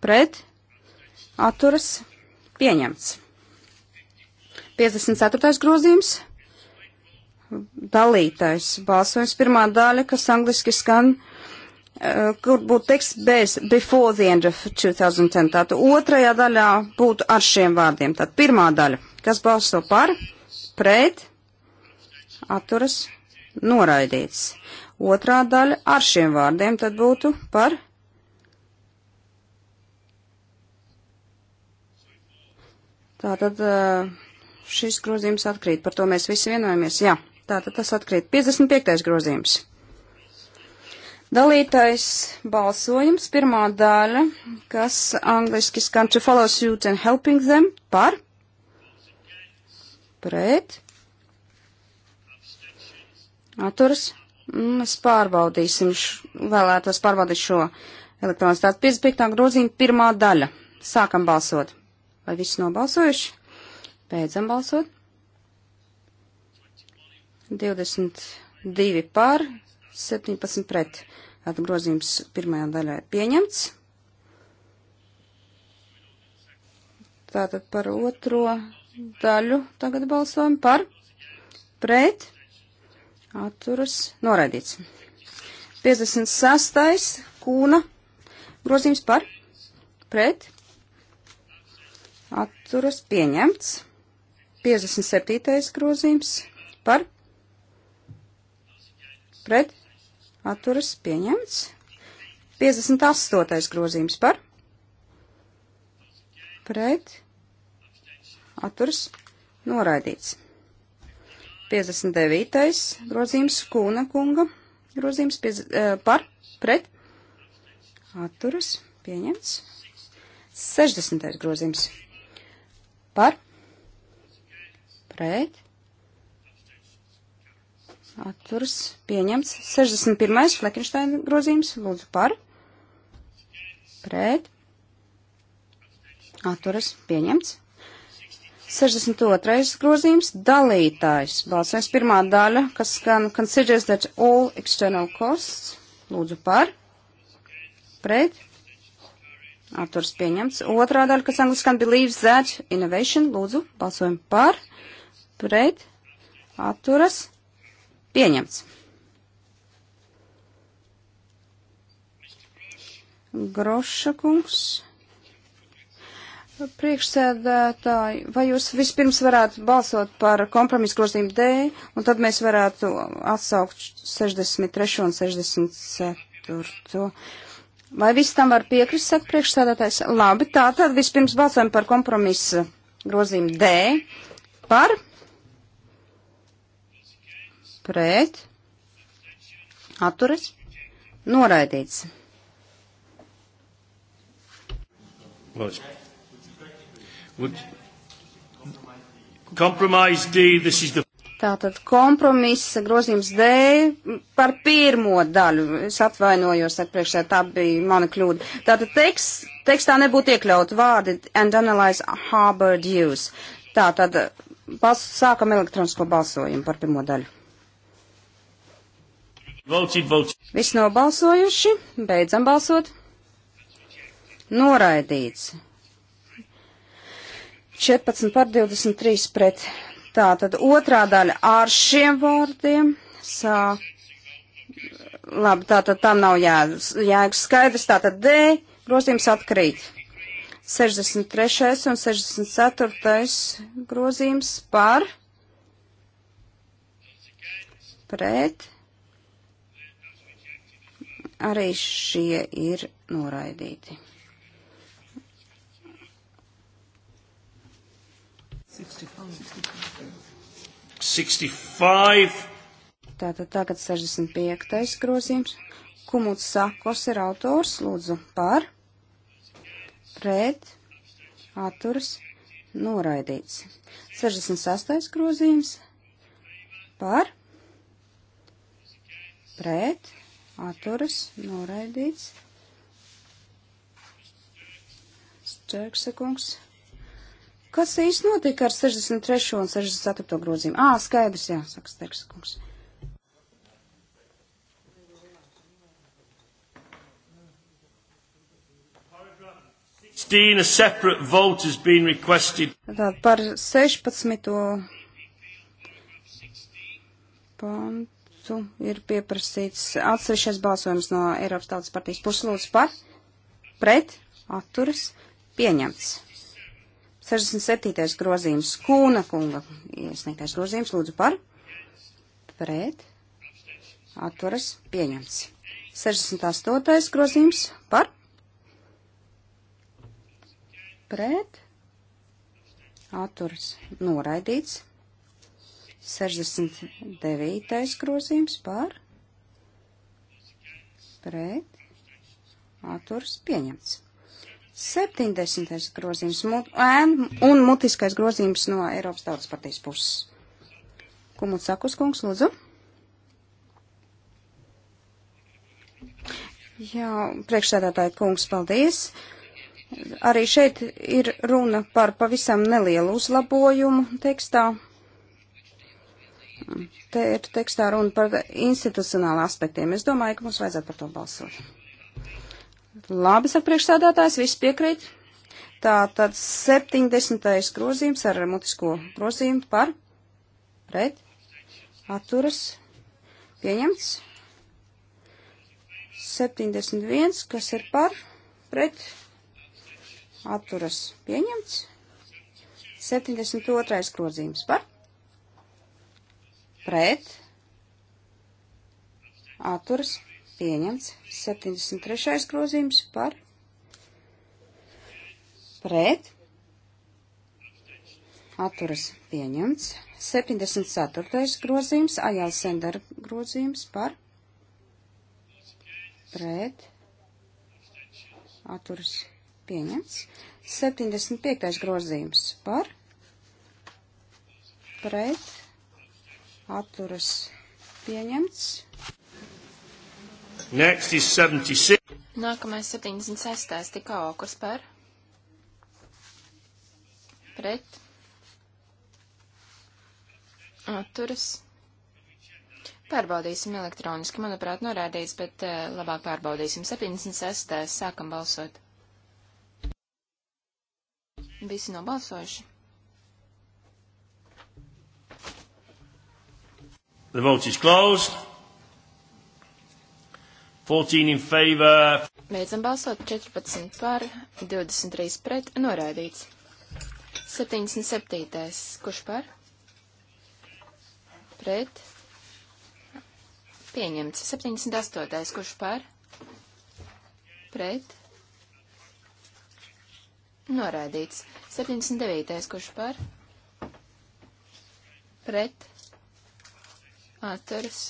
pret, atturas pieņemts. 54. grozījums dalītais balsojums. Pirmā daļa, kas angliski skan, uh, kur būtu teksts bez before the end of 2010. Tātad otrajā daļā būtu ar šiem vārdiem. Tātad pirmā daļa, kas balso par, pret, atturas, noraidīts. Otrā daļa ar šiem vārdiem tad būtu par, Tātad eh, šis grozījums atkrīt, par to mēs visi vienojamies. Jā, tātad tas atkrīt. 55. grozījums. Dalītais balsojums, pirmā daļa, kas angliski skan to follow suit and helping them par, pret, atturas. Mēs mm, pārbaudīsim, vēlētos pārbaudīt šo elektroniskā 55. grozījuma pirmā daļa. Sākam balsot. Vai viss nobalsojuši? Beidzam balsot. 22 pār, 17 pret. Tātad grozījums pirmajā daļā ir pieņemts. Tātad par otro daļu tagad balsojam par pret. Atturas noraidīts. 56. kūna grozījums par pret atturas pieņemts. 57. grozījums par pret atturas pieņemts. 58. grozījums par pret atturas noraidīts. 59. grozījums Kūna kunga grozījums piez, eh, par pret atturas pieņemts. 60. grozījums par, pret, atturs, pieņemts. 61. Flekinšteina grozījums, lūdzu par, pret, atturs, pieņemts. 62. grozījums - dalītājs. Balsojums pirmā daļa, kas skan considers that all external costs. Lūdzu par. Pret. Atturs pieņemts. Otrā daļa, kas angliski skan believes that innovation, lūdzu, balsojam par, pret, atturas, pieņemts. Groša kungs. Priekšsēdētāji, vai jūs vispirms varētu balsot par kompromisu grozījumu D, un tad mēs varētu atsaukt 63 un 64. Vai viss tam var piekrist, saka priekšsēdētājs? Labi, tā tad vispirms balsojam par kompromisu grozījumu D. Par? Pret? Atturas? Noraidīts. Was. Would compromise D, this is the Tātad kompromisa grozījums dēļ par pirmo daļu. Es atvainojos, ar priekšē tā bija mana kļūda. Tātad tekst, tekstā nebūtu iekļaut vārdi and analyze harbored use. Tātad bas, sākam elektronisko balsojumu par pirmo daļu. Valcīt, valcīt. Viss nav balsojuši, beidzam balsot. Noraidīts. 14 par 23 pret Tātad otrā daļa ar šiem vārdiem sāk. Labi, tātad tam nav jā, jēgas skaidrs, tātad D grozījums atkrīt. 63. un 64. grozījums par pret. Arī šie ir noraidīti. 65, 65. 65. Tātad tagad 65. grozījums. Kumuts Sakos ir autors, lūdzu, par, pret, atturas, noraidīts. 68. grozījums par, pret, atturas, noraidīts. Čerksekungs Kas īsti notika ar 63. un 64. grozījumu? Ā, skaidrs, jā, saka Sterks kungs. Tātad par 16. pantu ir pieprasīts atsevišķais balsojums no Eiropas Tautas partijas puslūdzu par, pret, atturas, pieņemts. 67. grozījums Kūna kunga iesniegtais grozījums lūdzu par. Pret. Atturas pieņemts. 68. grozījums par. Pret. Atturas noraidīts. 69. grozījums par. Pret. Atturas pieņemts. 70. grozījums mut, ēn, un mutiskais grozījums no Eiropas Tautas partijas puses. Kumuts Sakus kungs, lūdzu. Jā, priekšsēdētāji kungs, paldies. Arī šeit ir runa par pavisam nelielu uzlabojumu tekstā. Te ir tekstā runa par institucionālu aspektiem. Es domāju, ka mums vajadzētu par to balsot. Labi, saka priekšstādātājs, viss piekrīt. Tā tad 70. grozījums ar mutisko grozījumu par pret atturas pieņemts. 71, kas ir par pret atturas pieņemts. 72. grozījums par pret atturas pieņemts. 73. grozījums par pret atturas pieņemts. 74. grozījums Ajāl Sendera grozījums par pret atturas pieņemts. 75. grozījums par pret atturas pieņemts. Next is 76. Nākamais 76. tikā okurs par. Pret. Atturas. Pārbaudīsim elektroniski, manuprāt, norādīts, bet uh, labāk pārbaudīsim. 76. sākam balsot. Visi nobalsojuši. The vote is closed. Beidzam balsot 14 par, 23 pret, noraidīts. 77. Kurš par? Pret. Pieņemts. 78. Kurš par? Pret. Noraidīts. 79. Kurš par? Pret. Atturas.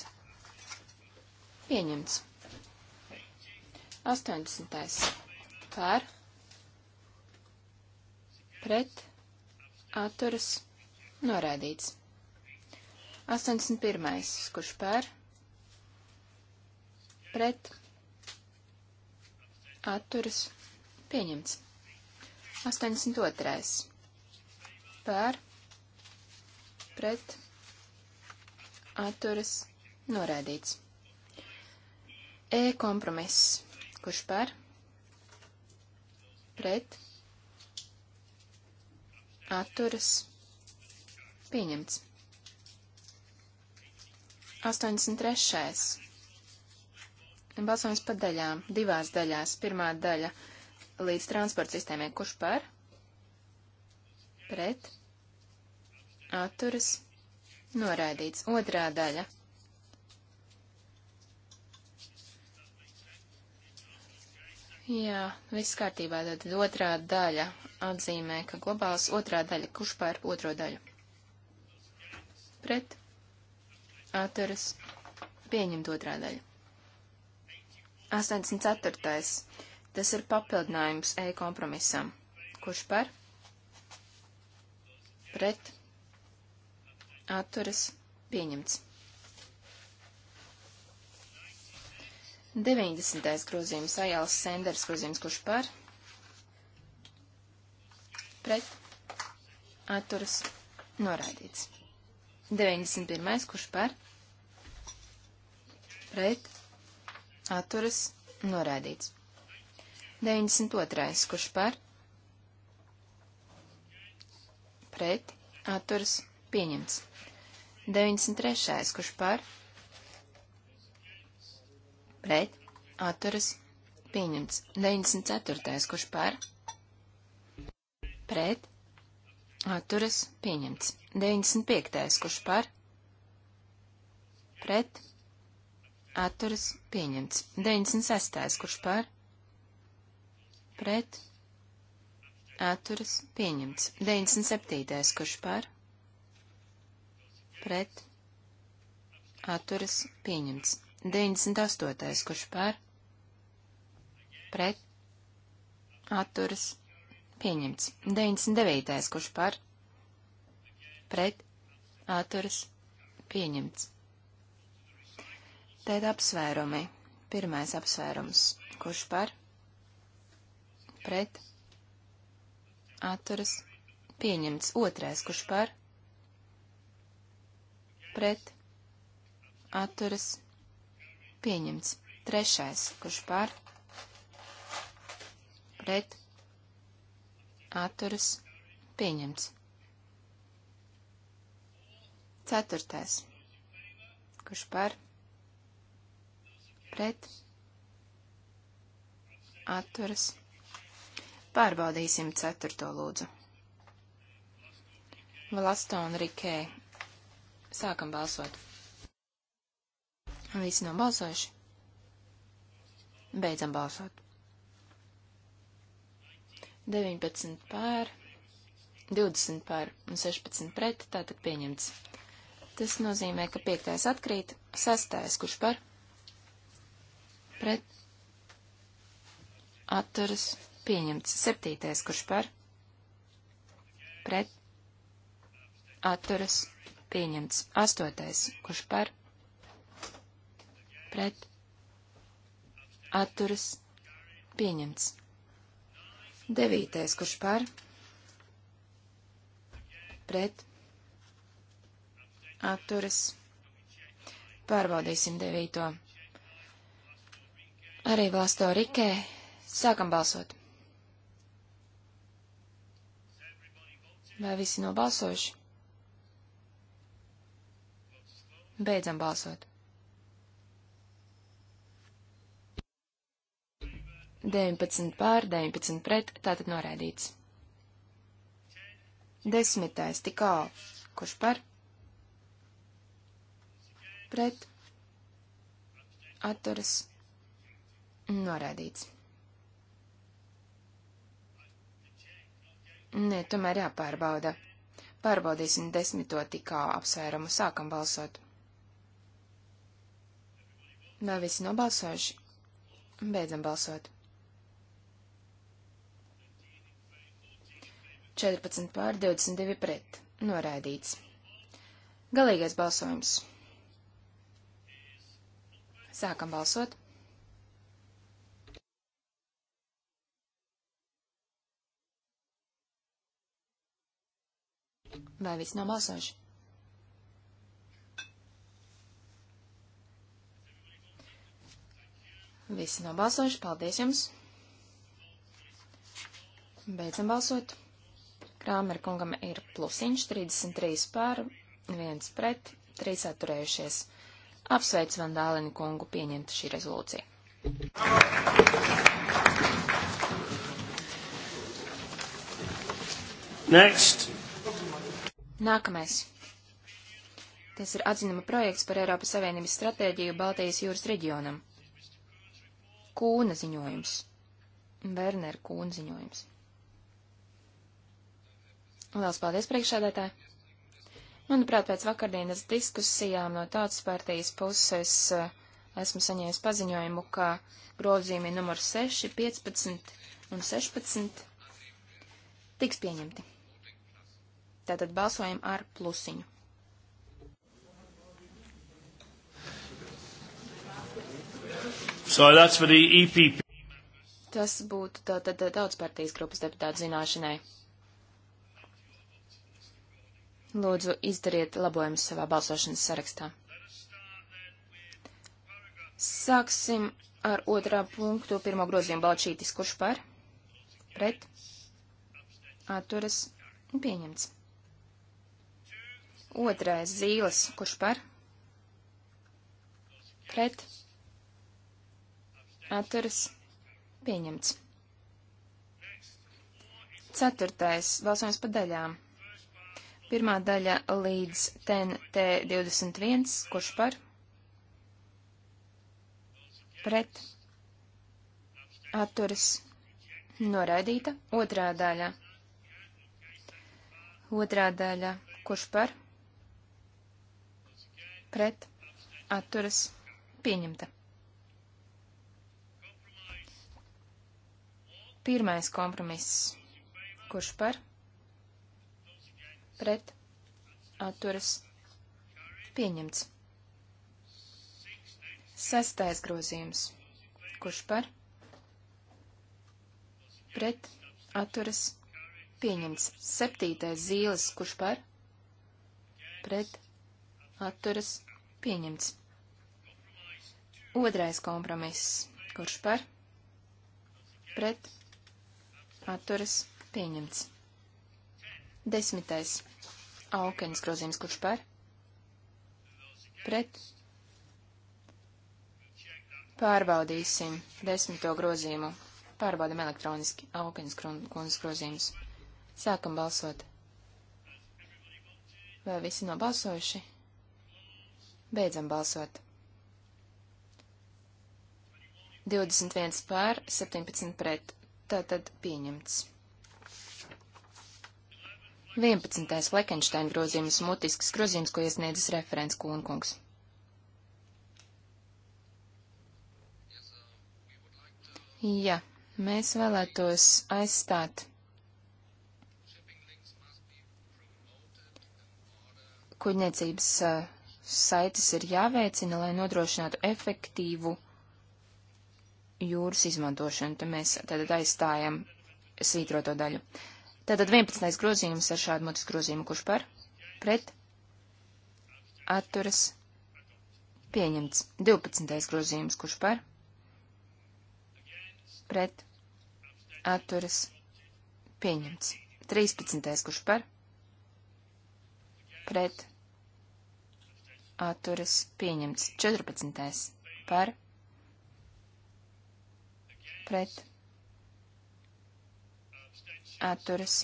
Pieņemts. 80. par pret atturas norādīts. 81. kurš par pret atturas pieņemts. 82. par pret atturas norādīts. E kompromiss Kurš par? Pret. Atturas. Pieņemts. 83. Balsojums pa daļām. Divās daļās. Pirmā daļa līdz transporta sistēmai. Kurš par? Pret. Atturas. Noraidīts. Otrā daļa Jā, viss kārtībā. Tad otrā daļa atzīmē, ka globāls otrā daļa, kurš pār otro daļu? Pret. Atturas. Pieņemt otrā daļa. 84. Tas ir papildinājums E kompromisam. Kurš par? Pret. Atturas. Pieņemts. 90. grozījums, Ajāls Senders grozījums, kurš par, pret, atturas, noraidīts. 91. kurš par, pret, atturas, noraidīts. 92. kurš par, pret, atturas, pieņemts. 93. kurš par, pret, pret, atturas, pieņemts. 94. kurš par, pret, atturas, pieņemts. 95. kurš par, pret, atturas, pieņemts. 96. kurš par, pret, atturas, pieņemts. 97. kurš par, pret, atturas, pieņemts. 98. kurš par pret atturas pieņemts. 99. kurš par pret atturas pieņemts. Tēt apsvērumi. Pirmais apsvērums. Kurš par pret atturas pieņemts. Otrais. Kurš par pret atturas pieņemts Pieņemts. Trešais, kurš par, pret, atturas, pieņemts. Ceturtais, kurš par, pret, atturas. Pārbaudīsim ceturto lūdzu. Valastona Rikē. Sākam balsot. Visi nobalsojuši. Beidzam balsot. 19 pār, 20 pār un 16 pret, tātad pieņemts. Tas nozīmē, ka piektais atkrīt, sastais, kurš par, pret, atturas, pieņemts. Septītais, kurš par, pret, atturas, pieņemts. Astotais, kurš par, pret atturas pieņemts. Devītais, kurš par pret atturas pārbaudīsim devīto. Arī Vlasto Rikē sākam balsot. Vai visi nobalsojuši? Beidzam balsot. 19 pār 19 pret, tātad norēdīts. Desmitais tikā, kurš par? Pret. Atturas. Norēdīts. Nē, tomēr jāpārbauda. Pārbaudīsim desmito tikā apsvērumu, sākam balsot. Vai visi nobalsojuši? Beidzam balsot. 14 pār 22 pret. Noraidīts. Galīgais balsojums. Sākam balsot. Vai viss nav balsojuši? Visi nav balsojuši, paldies jums! Beidzam balsot! Krāmer kungam ir plusiņš 33 pār, 1 pret, 3 atturējušies. Apsveic Vandālini kungu pieņemta šī rezolūcija. Next. Nākamais. Tas ir atzinuma projekts par Eiropas Savienības stratēģiju Baltijas jūras reģionam. Kūna ziņojums. Werner Kūna ziņojums. Lielas paldies, priekšsēdētāji! Manuprāt, pēc vakardienas diskusijām no tautas partijas puses eh, esmu saņēmis paziņojumu, ka grozījumi numur 6, 15 un 16 tiks pieņemti. Tātad balsojam ar plusiņu. So that's for the EPP. Tas būtu tātad tautas partijas grupas deputātu zināšanai. Lūdzu, izdariet labojumus savā balsošanas sarakstā. Sāksim ar otrā punktu, pirmo grozījumu balčītis, kurš par, pret, atturas, pieņemts. Otrais zīles, kurš par, pret, atturas, pieņemts. Ceturtais, balsojums pa daļām. Pirmā daļa līdz TNT 21, kurš par? Pret. Atturas. Noraidīta. Otrā daļa. Otrā daļa. Kurš par? Pret. Atturas. Pieņemta. Pirmais kompromiss. Kurš par? pret atturas pieņemts. Sestais grozījums. Kurš par? Pret atturas pieņemts. Septītais zīles. Kurš par? Pret atturas pieņemts. Otrais kompromiss. Kurš par? Pret atturas pieņemts. Desmitais. Aukens grozījums, kurš par? Pret. Pārbaudīsim desmito grozījumu. Pārbaudam elektroniski Aukens kundzes grozījums. Sākam balsot. Vai visi nobalsojuši? Beidzam balsot. 21 pār, 17 pret. Tātad pieņemts. 11. Lekenšteina grozījums, mutisks grozījums, ko iesniedzis referents Kūnkungs. Jā, mēs vēlētos aizstāt kuģniecības uh, saites ir jāveicina, lai nodrošinātu efektīvu jūras izmantošanu. Te mēs tad aizstājam svītroto daļu. Tātad 11. grozījums ar šādu mutis grozījumu, kurš par, pret, atturas, pieņemts. 12. grozījums, kurš par, pret, atturas, pieņemts. 13. kurš par, pret, atturas, pieņemts. 14. par, pret, atturas.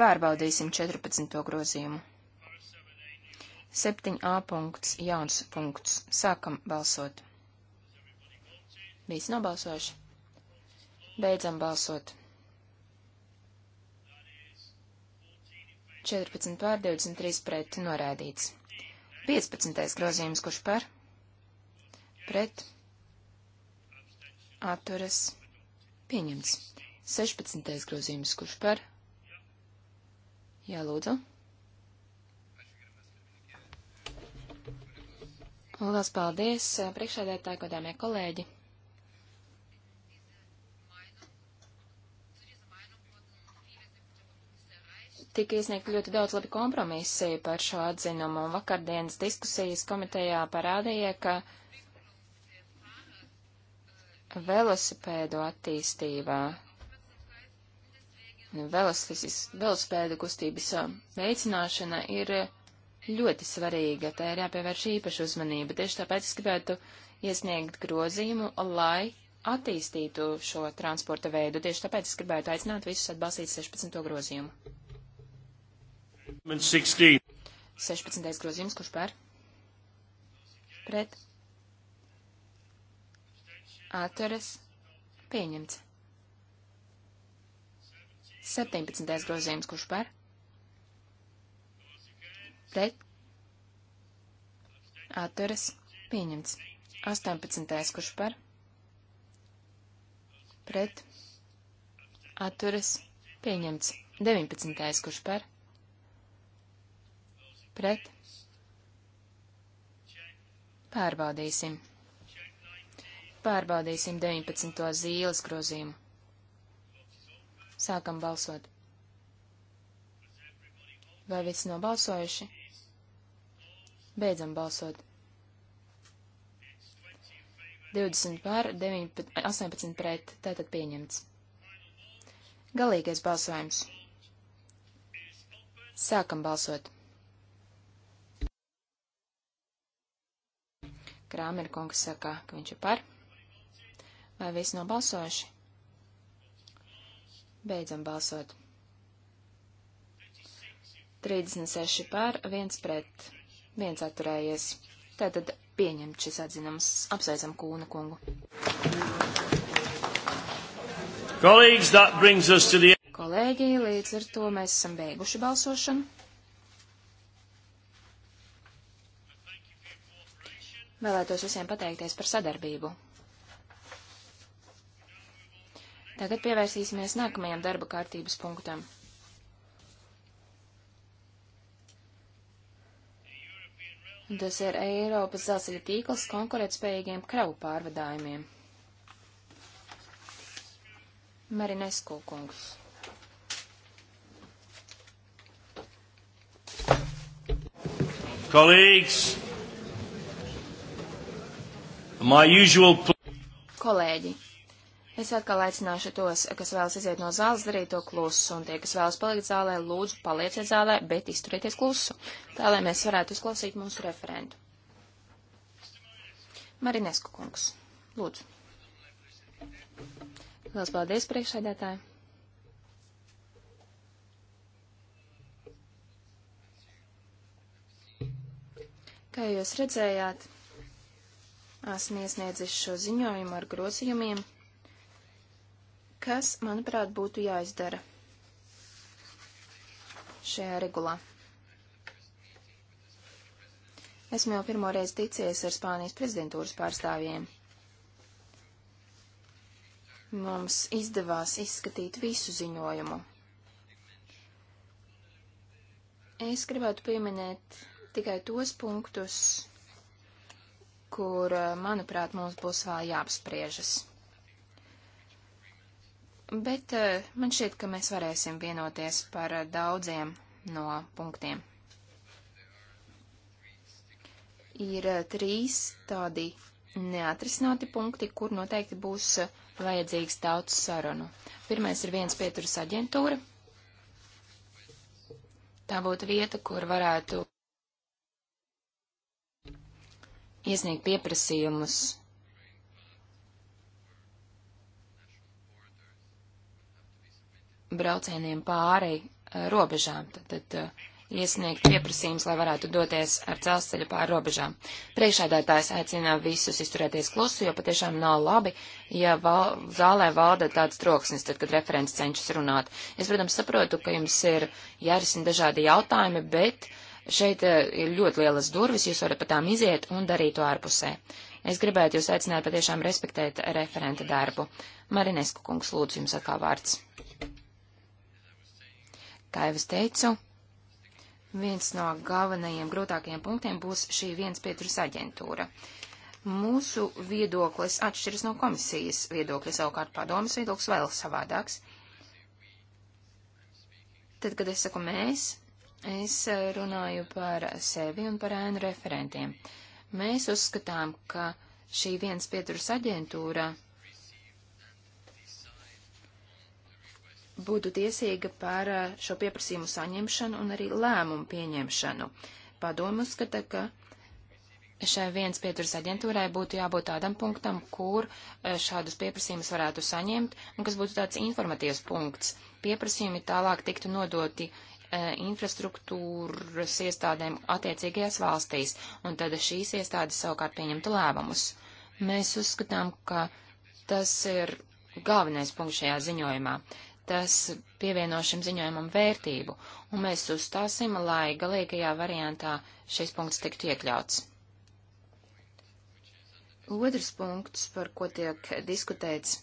Pārbaudīsim 14. grozījumu. 7a punkts, jauns punkts. Sākam balsot. Visi nobalsojuši. Beidzam balsot. 14 pār 23 pret norādīts. 15. grozījums, kurš par? Pret. Atturas. Pieņemts. 16. grozījums, kurš par? Jā, lūdzu. Lielas paldies, priekšēdētāji, godāmie kolēģi. Tika iesniegt ļoti daudz labi kompromisi par šo atzinumu, un vakardienas diskusijas komitejā parādīja, ka velosipēdu attīstībā velospēdu kustības veicināšana ir ļoti svarīga, tā ir jāpievērš īpaša uzmanība. Tieši tāpēc es gribētu iesniegt grozījumu, lai attīstītu šo transporta veidu. Tieši tāpēc es gribētu aicināt visus atbalstīt 16. grozījumu. 16. 16. grozījums, kurš pēr? Pret. Atturas. Pieņemts. 17. grozījums, kurš par? Pret. Atturas. Pieņemts. 18. kurš par? Pret. Atturas. Pieņemts. 19. kurš par? Pret. Pārbaudīsim. Pārbaudīsim 19. zīles grozījumu. Sākam balsot. Vai visi nobalsojuši? Beidzam balsot. 20 pār, 9, 18 pret, tātad pieņemts. Galīgais balsojums. Sākam balsot. Krāmer kungs saka, ka viņš ir par. Vai visi nobalsojuši? Beidzam balsot. 36 pār, 1 pret, 1 atturējies. Tātad pieņemt šis atzinums. Apsveicam Kūna kungu. Kolēģis, the... Kolēģi, līdz ar to mēs esam beiguši balsošanu. Vēlētos visiem pateikties par sadarbību. Tagad pievērsīsimies nākamajam darba kārtības punktam. Tas ir Eiropas dzelzceļa tīkls konkurētspējīgiem kravu pārvadājumiem. Marinesku kungs. Kolēģis! My usual... Kolēģi, Es atkal aicināšu tos, kas vēlas iziet no zāles, darīt to klusu, un tie, kas vēlas palikt zālē, lūdzu palieciet zālē, bet izturieties klusu, tā lai mēs varētu uzklausīt mūsu referentu. Marinesku kungs, lūdzu. Lielas paldies priekšsēdētāji. Kā jūs redzējāt, esmu iesniedzis šo ziņojumu ar grozījumiem kas, manuprāt, būtu jāizdara šajā regulā. Esmu jau pirmo reizi ticies ar Spānijas prezidentūras pārstāvjiem. Mums izdevās izskatīt visu ziņojumu. Es gribētu pieminēt tikai tos punktus, kur, manuprāt, mums būs vēl jāapspriežas. Bet eh, man šķiet, ka mēs varēsim vienoties par eh, daudziem no punktiem. Ir eh, trīs tādi neatrisināti punkti, kur noteikti būs vajadzīgs daudz sarunu. Pirmais ir viens pieturas aģentūra. Tā būtu vieta, kur varētu iesniegt pieprasījumus braucieniem pāri eh, robežām, tad, tad eh, iesniegt pieprasījums, lai varētu doties ar dzelzceļu pāri robežām. Priekšādātājs aicina visus izturēties klusu, jo patiešām nav labi, ja val, zālē valda tāds troksnis, tad, kad referents cenšas runāt. Es, protams, saprotu, ka jums ir jārisina dažādi jautājumi, bet šeit eh, ir ļoti lielas durvis, jūs varat pa tām iziet un darīt to ārpusē. Es gribētu jūs aicināt patiešām respektēt referenta darbu. Marinesku kungs, lūdzu, jums atkal vārds. Kā jau es teicu, viens no galvenajiem grūtākajiem punktiem būs šī viens pieturas aģentūra. Mūsu viedoklis atšķiras no komisijas viedokļa, savukārt padomas viedoklis vēl savādāks. Tad, kad es saku mēs, es runāju par sevi un par ēnu referentiem. Mēs uzskatām, ka šī viens pieturas aģentūra būtu tiesīga par eh, šo pieprasījumu saņemšanu un arī lēmumu pieņemšanu. Padomu uzskata, ka šai viens pieturas aģentūrai būtu jābūt tādam punktam, kur eh, šādus pieprasījumus varētu saņemt, un kas būtu tāds informatīvs punkts. Pieprasījumi tālāk tiktu nodoti eh, infrastruktūras iestādēm attiecīgajās valstīs, un tad šīs iestādes savukārt pieņemtu lēmumus. Mēs uzskatām, ka tas ir galvenais punkts šajā ziņojumā tas pievieno šim ziņojumam vērtību, un mēs uzstāsim, lai galīgajā variantā šis punkts tiktu iekļauts. Otrs punkts, par ko tiek diskutēts,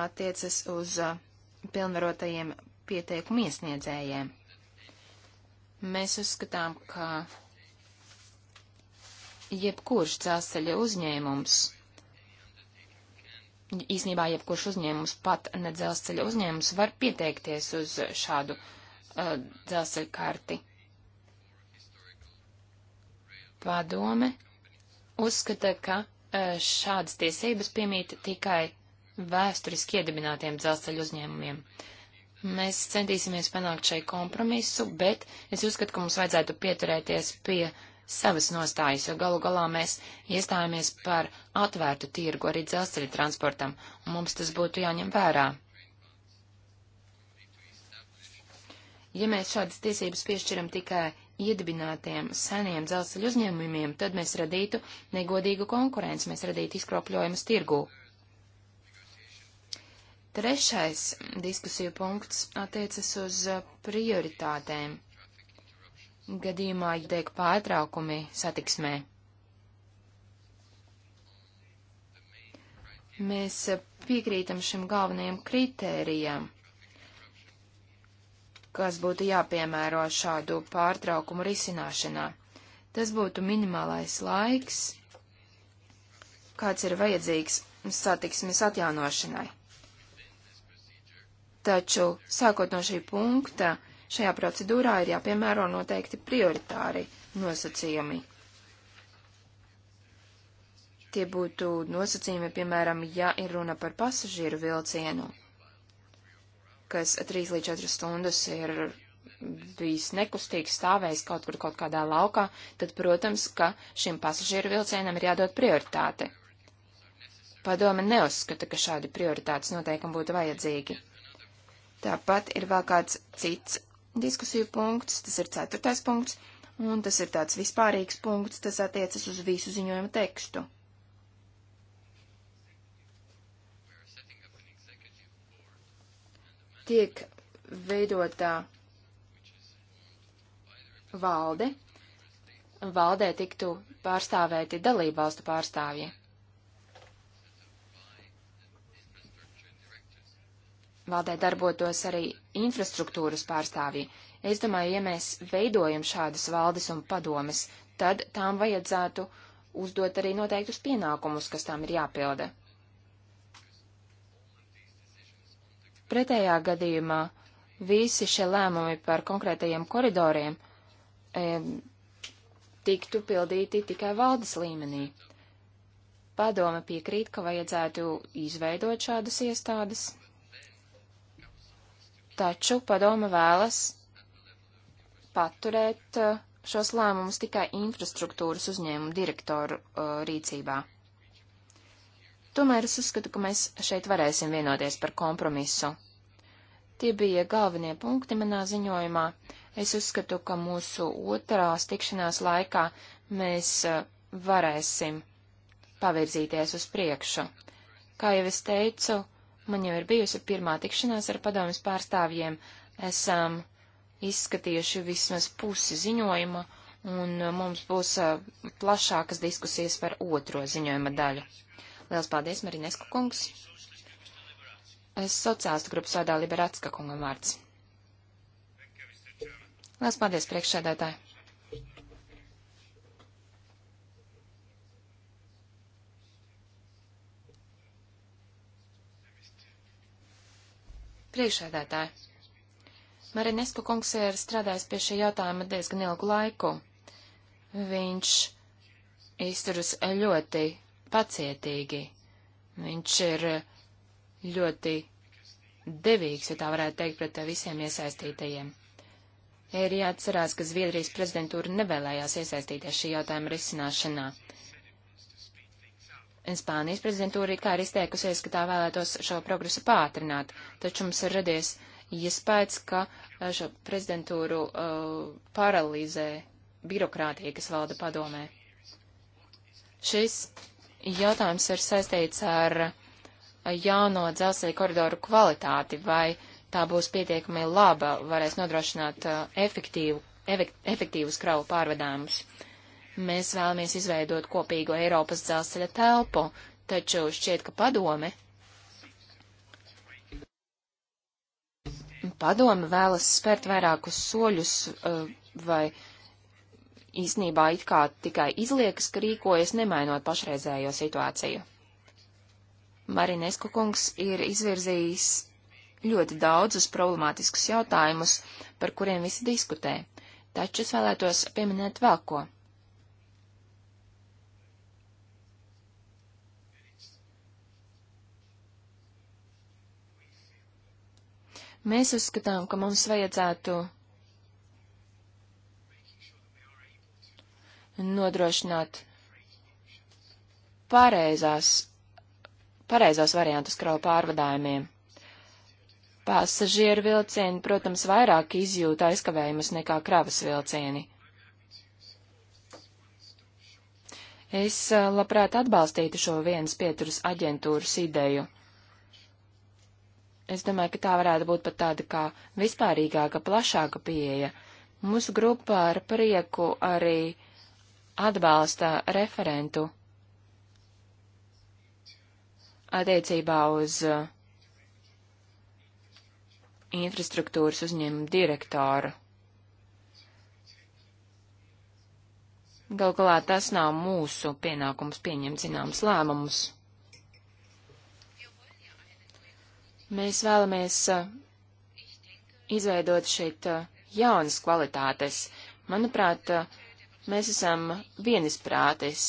attiecas uz uh, pilnvarotajiem pieteikumu iesniedzējiem. Mēs uzskatām, ka jebkurš dzelzceļa uzņēmums īsnībā jebkurš uzņēmums, pat ne dzelzceļa uzņēmums, var pieteikties uz šādu uh, dzelzceļa karti. Padome uzskata, ka uh, šādas tiesības piemīt tikai vēsturiski iedibinātiem dzelzceļa uzņēmumiem. Mēs centīsimies panākt šai kompromisu, bet es uzskatu, ka mums vajadzētu pieturēties pie uh, savas nostājas, jo galu galā mēs iestājāmies par atvērtu tirgu arī dzelzceļa transportam, un mums tas būtu jāņem vērā. Ja mēs šādas tiesības piešķiram tikai iedibinātiem seniem dzelzceļa uzņēmumiem, tad mēs radītu negodīgu konkurenci, mēs radītu izkropļojumus tirgū. Trešais diskusiju punkts attiecas uz prioritātēm gadījumā, ja tiek pārtraukumi satiksmē. Mēs piekrītam šim galvenajam kritērijam, kas būtu jāpiemēro šādu pārtraukumu risināšanā. Tas būtu minimālais laiks, kāds ir vajadzīgs satiksmes atjaunošanai. Taču, sākot no šī punkta, Šajā procedūrā ir jāpiemēro noteikti prioritāri nosacījumi. Tie būtu nosacījumi, piemēram, ja ir runa par pasažieru vilcienu, kas 3 līdz 4 stundas ir bijis nekustīgs, stāvējis kaut kur kaut kādā laukā, tad, protams, ka šim pasažieru vilcienam ir jādod prioritāte. Padome neuzskata, ka šādi prioritātes noteikam būtu vajadzīgi. Tāpat ir vēl kāds cits diskusiju punkts, tas ir ceturtais punkts, un tas ir tāds vispārīgs punkts, tas attiecas uz visu ziņojumu tekstu. Tiek veidotā valde, valdē tiktu pārstāvēti dalībvalstu pārstāvji. valdē darbotos arī infrastruktūras pārstāvji. Es domāju, ja mēs veidojam šādas valdes un padomes, tad tām vajadzētu uzdot arī noteiktus pienākumus, kas tām ir jāpilda. Pretējā gadījumā visi šie lēmumi par konkrētajiem koridoriem e, tiktu pildīti tikai valdes līmenī. Padome piekrīt, ka vajadzētu izveidot šādas iestādes, Taču padome vēlas paturēt uh, šos lēmumus tikai infrastruktūras uzņēmumu direktoru uh, rīcībā. Tomēr es uzskatu, ka mēs šeit varēsim vienoties par kompromisu. Tie bija galvenie punkti manā ziņojumā. Es uzskatu, ka mūsu otrās tikšanās laikā mēs uh, varēsim pavirzīties uz priekšu. Kā jau es teicu, Man jau ir bijusi pirmā tikšanās ar padomjas pārstāvjiem. Esam izskatījuši vismaz pusi ziņojuma, un uh, mums būs uh, plašākas diskusijas par otro ziņojuma daļu. Liels paldies, Marineska kungs! Es sociālistu grupas vārdā Liberatska kungam vārds. Liels paldies, priekšsēdētāji! Priekšēdētāji. Marinesku kungs ir strādājis pie šī jautājuma diezgan ilgu laiku. Viņš izturas ļoti pacietīgi. Viņš ir ļoti devīgs, ja tā varētu teikt, pret visiem iesaistītajiem. Ir jāatcerās, ka Zviedrijas prezidentūra nevēlējās iesaistīties šī jautājuma risināšanā. Spānijas prezidentūra it kā ir izteikusies, ka tā vēlētos šo progresu pātrināt, taču mums ir radies iespējas, ka eh, šo prezidentūru uh, paralizē birokrātija, kas valda padomē. Šis jautājums ir saistīts ar jauno dzelzceļa koridoru kvalitāti, vai tā būs pietiekami laba, varēs nodrošināt uh, efektīvu, efektīvus kravu pārvedājumus. Uh, Mēs vēlamies izveidot kopīgo Eiropas dzelzceļa telpu, taču šķiet, ka padome. Padome vēlas spērt vairākus soļus eh, vai īsnībā it kā tikai izliekas, ka rīkojas nemainot pašreizējo situāciju. Marinesku kungs ir izvirzījis ļoti daudzus problemātiskus jautājumus, par kuriem visi diskutē, taču es vēlētos pieminēt vēl ko. Mēs uzskatām, ka mums vajadzētu nodrošināt pareizās, pareizos variantus kravu pārvadājumiem. Pasažieru vilcieni, protams, vairāk izjūta aizkavējumus nekā kravas vilcieni. Es eh, labprāt atbalstītu šo vienas pieturas aģentūras ideju. Es domāju, ka tā varētu būt pat tāda kā vispārīgāka, plašāka pieeja. Mūsu grupā ar prieku arī atbalsta referentu attiecībā uz uh, infrastruktūras uzņēmumu direktoru. Galu galā tas nav mūsu pienākums pieņemt zināmas lēmumus. Mēs vēlamies uh, izveidot šeit uh, jaunas kvalitātes. Manuprāt, uh, mēs esam vienisprātis,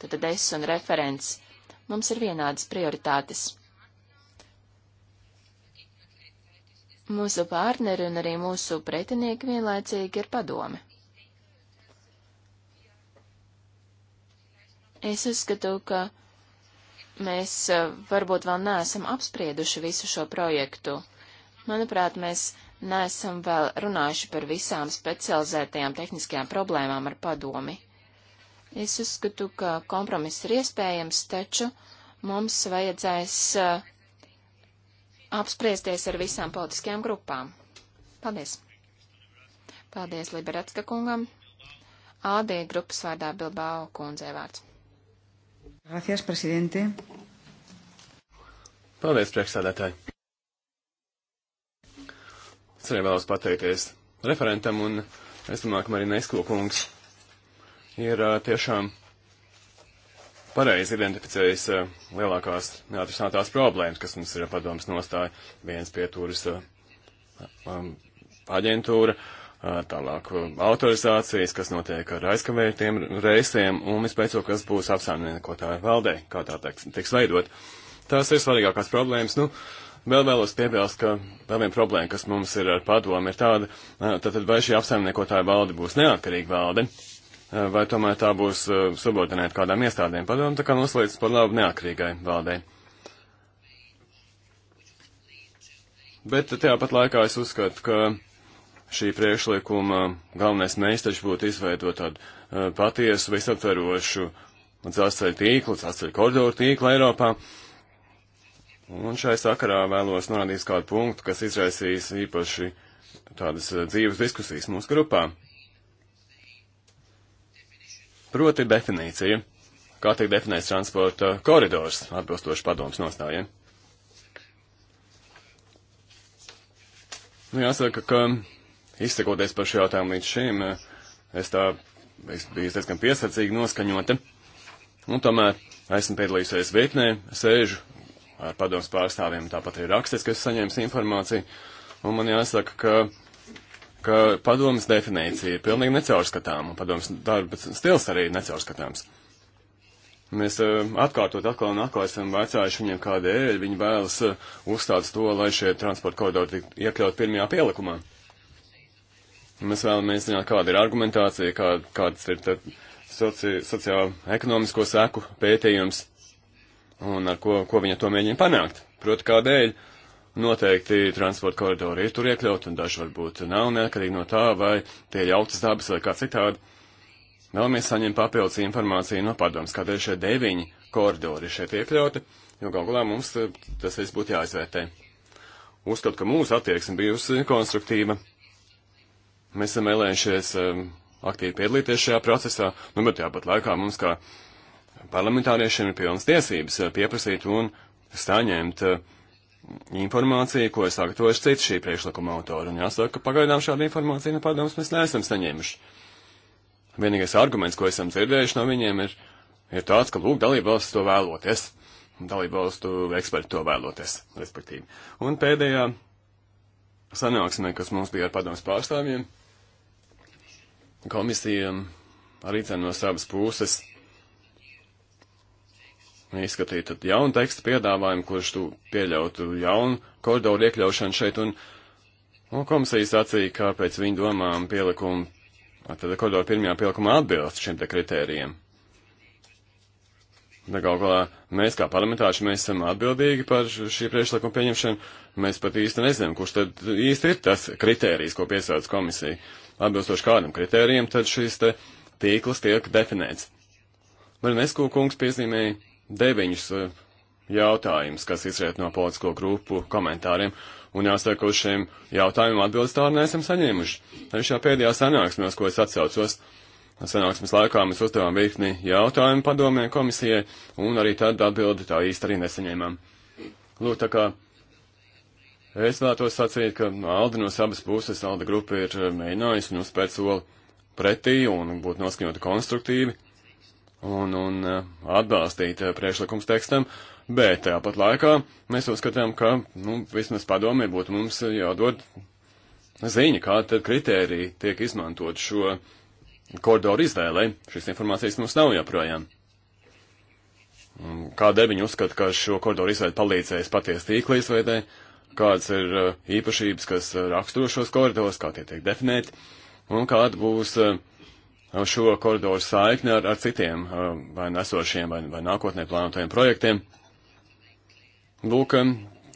tad es un referents. Mums ir vienādas prioritātes. Mūsu partneri un arī mūsu pretinieki vienlaicīgi ir padome. Es uzskatu, ka mēs eh, varbūt vēl neesam apsprieduši visu šo projektu. Manuprāt, mēs neesam vēl runājuši par visām specializētajām tehniskajām problēmām ar padomi. Es uzskatu, ka kompromiss ir iespējams, taču mums vajadzēs eh, apspriesties ar visām politiskajām grupām. Paldies! Paldies Liberatska kungam! AD grupas vārdā Bilbao kundzei vārds. Gracias, prezidente. Paldies, priekšsēdētāji. Es arī vēlos pateikties referentam, un es domāju, ka Marinesko kungs ir tiešām pareizi identificējis lielākās neatrisinātās problēmas, kas mums ir padomas nostāja viens pieturas aģentūra. Uh, um, tālāk um, autorizācijas, kas notiek ar aizkavētiem reisiem, un vispēcot, kas būs apsaimniekotāju valdē, kā tā tiks, tiks veidot. Tās ir svarīgākās problēmas. Nu, vēl vēlos piebilst, ka vēl viena problēma, kas mums ir ar padomu, ir tāda, tātad vai šī apsaimniekotāja valde būs neatkarīga valde, vai tomēr tā būs subordinēta kādām iestādēm padomu, tā kā noslēdz par labu neatkarīgai valdei. Bet tajā pat laikā es uzskatu, ka šī priekšlikuma galvenais meistaļš būtu izveidot tādu eh, patiesu, visaptverošu dzelzceļa tīklu, dzelzceļa koridoru tīklu Eiropā. Un šai sakarā vēlos norādīt kādu punktu, kas izraisīs īpaši tādas eh, dzīves diskusijas mūsu grupā. Proti definīcija, kā tiek definēts transporta koridors, atbilstoši padoms nostājiem. Nu, jāsaka, ka izsakoties par šo jautājumu līdz šim, eh, es tā es biju diezgan piesardzīgi noskaņota. Un tomēr esmu piedalījusies vietnē, sēžu ar padomus pārstāvjiem, tāpat ir rakstiski, kas saņēmis informāciju. Un man jāsaka, ka, ka padomus definīcija ir pilnīgi necaurskatāma, un padomus darba stils arī ir necaurskatāms. Mēs uh, atkārtot atkal un atkal esam vaicājuši viņiem, kādēļ viņi vēlas uh, uzstāt to, lai šie transporta koridori tiktu iekļaut pirmajā pielikumā. Uh, Mēs vēlamies zināt, kāda ir argumentācija, kā, kāds ir soci, sociālo-ekonomisko seku pētījums un ar ko, ko viņa to mēģina panākt. Proti, kādēļ noteikti transporta koridori ir tur iekļaut un daži varbūt nav neatkarīgi no tā, vai tie ir jautas dabas vai kā citādi. Vēlamies saņemt papildus informāciju no padoms, kādēļ šie deviņi koridori šeit iekļauti, jo galu galā mums eh, tas viss būtu jāizvērtē. Uzskatu, ka mūsu attieksme bijusi konstruktīva. Mēs esam vēlējušies um, aktīvi piedalīties šajā procesā, nu, bet jāpat laikā mums kā parlamentāriešiem ir pilnas tiesības uh, pieprasīt un saņemt uh, informāciju, ko ir sagatavojuši citi šī priekšlikuma autori. Un jāsaka, ka pagaidām šādu informāciju no nu, padomus mēs neesam saņēmuši. Vienīgais arguments, ko esam dzirdējuši no viņiem, ir, ir tāds, ka lūk, dalībvalsts to vēloties. Dalībvalstu eksperti to vēloties, respektīvi. Un pēdējā sanāksmē, kas mums bija ar padomus pārstāvjiem, Komisija arī cen no savas puses izskatīt tad jaunu tekstu piedāvājumu, kurš tu pieļautu jaunu koridoru iekļaušanu šeit, un, un komisija sacīja, ka pēc viņa domām pielikumu, tad koridoru pirmajā pielikumā atbilst šiem te kritērijiem. Tā kā galā mēs kā parlamentāši, mēs esam atbildīgi par šī priekšlikuma pieņemšanu, mēs pat īsti nezinām, kurš tad īsti ir tas kritērijs, ko piesauc komisija atbilstoši kādam kritērijam, tad šis te tīkls tiek definēts. Marinesko kungs piezīmēja deviņus eh, jautājumus, kas izriet no politisko grupu komentāriem, un jāsaka, uz šiem jautājumiem atbildes tā neesam saņēmuši. Arī šajā pēdējā sanāksmēs, ko es atsaucos, sanāksmes laikā mēs uzdevām virkni jautājumu padomē komisijai, un arī tad atbildi tā īsti arī nesaņēmām. Lūk, tā kā Es vēlētos sacīt, ka Alde no savas puses, Alde grupa ir eh, mēģinājusi nu spēc soli pretī un būt noskaņota konstruktīvi un, un eh, atbalstīt eh, priekšlikums tekstam, bet tāpat laikā mēs uzskatām, ka, nu, vismaz padomē būtu mums jādod ziņa, kā tad kritēriji tiek izmantot šo koridoru izvēlē. Šīs informācijas mums nav joprojām. Kādēļ viņi uzskata, ka šo koridoru izvēle palīdzēs patiesi tīkla izveidē? Uh, kādas ir eh, īpašības, kas eh, raksturo šos koridorus, kā tie tiek definēti, un kāda būs eh, šo koridoru saikne ar, ar citiem vai nesošiem vai, vai nākotnē plānotajiem projektiem. Lūk,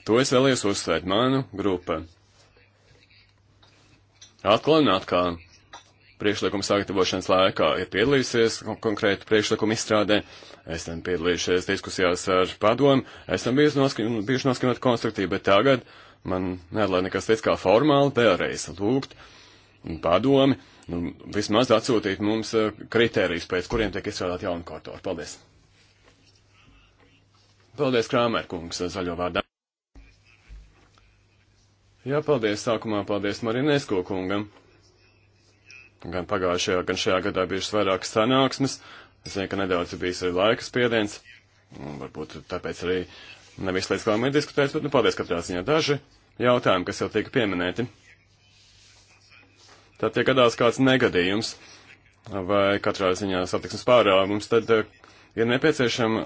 to es vēlējos uzsvērt manu grupu. Atkal un atkal priekšlikuma sagatavošanas laikā ir piedalījusies konkrētu priekšlikumu izstrādē, esam piedalījušies diskusijās ar padomu, esam bijuši noskaņot, noskaņot konstruktīvi, bet tagad man neatlaid nekas cits kā formāli vēlreiz lūgt padomi, nu, vismaz atsūtīt mums eh, kriterijus, pēc kuriem tiek izstrādāt jaunu kortoru. Paldies! Paldies, Krāmer kungs, zaļo vārdā. Jā, paldies sākumā, paldies Marinesko kungam. Gan pagājušajā, gan šajā gadā bijušas vairākas sanāksmes. Es zinu, ka nedaudz ir bijis arī laika spiediens. Varbūt tāpēc arī nevis līdz galam ir diskutēts, bet nu paldies katrā ziņā daži jautājumi, kas jau tika pieminēti. Tad, ja gadās kāds negadījums vai katrā ziņā satiksmes pārāvums, tad eh, ir nepieciešama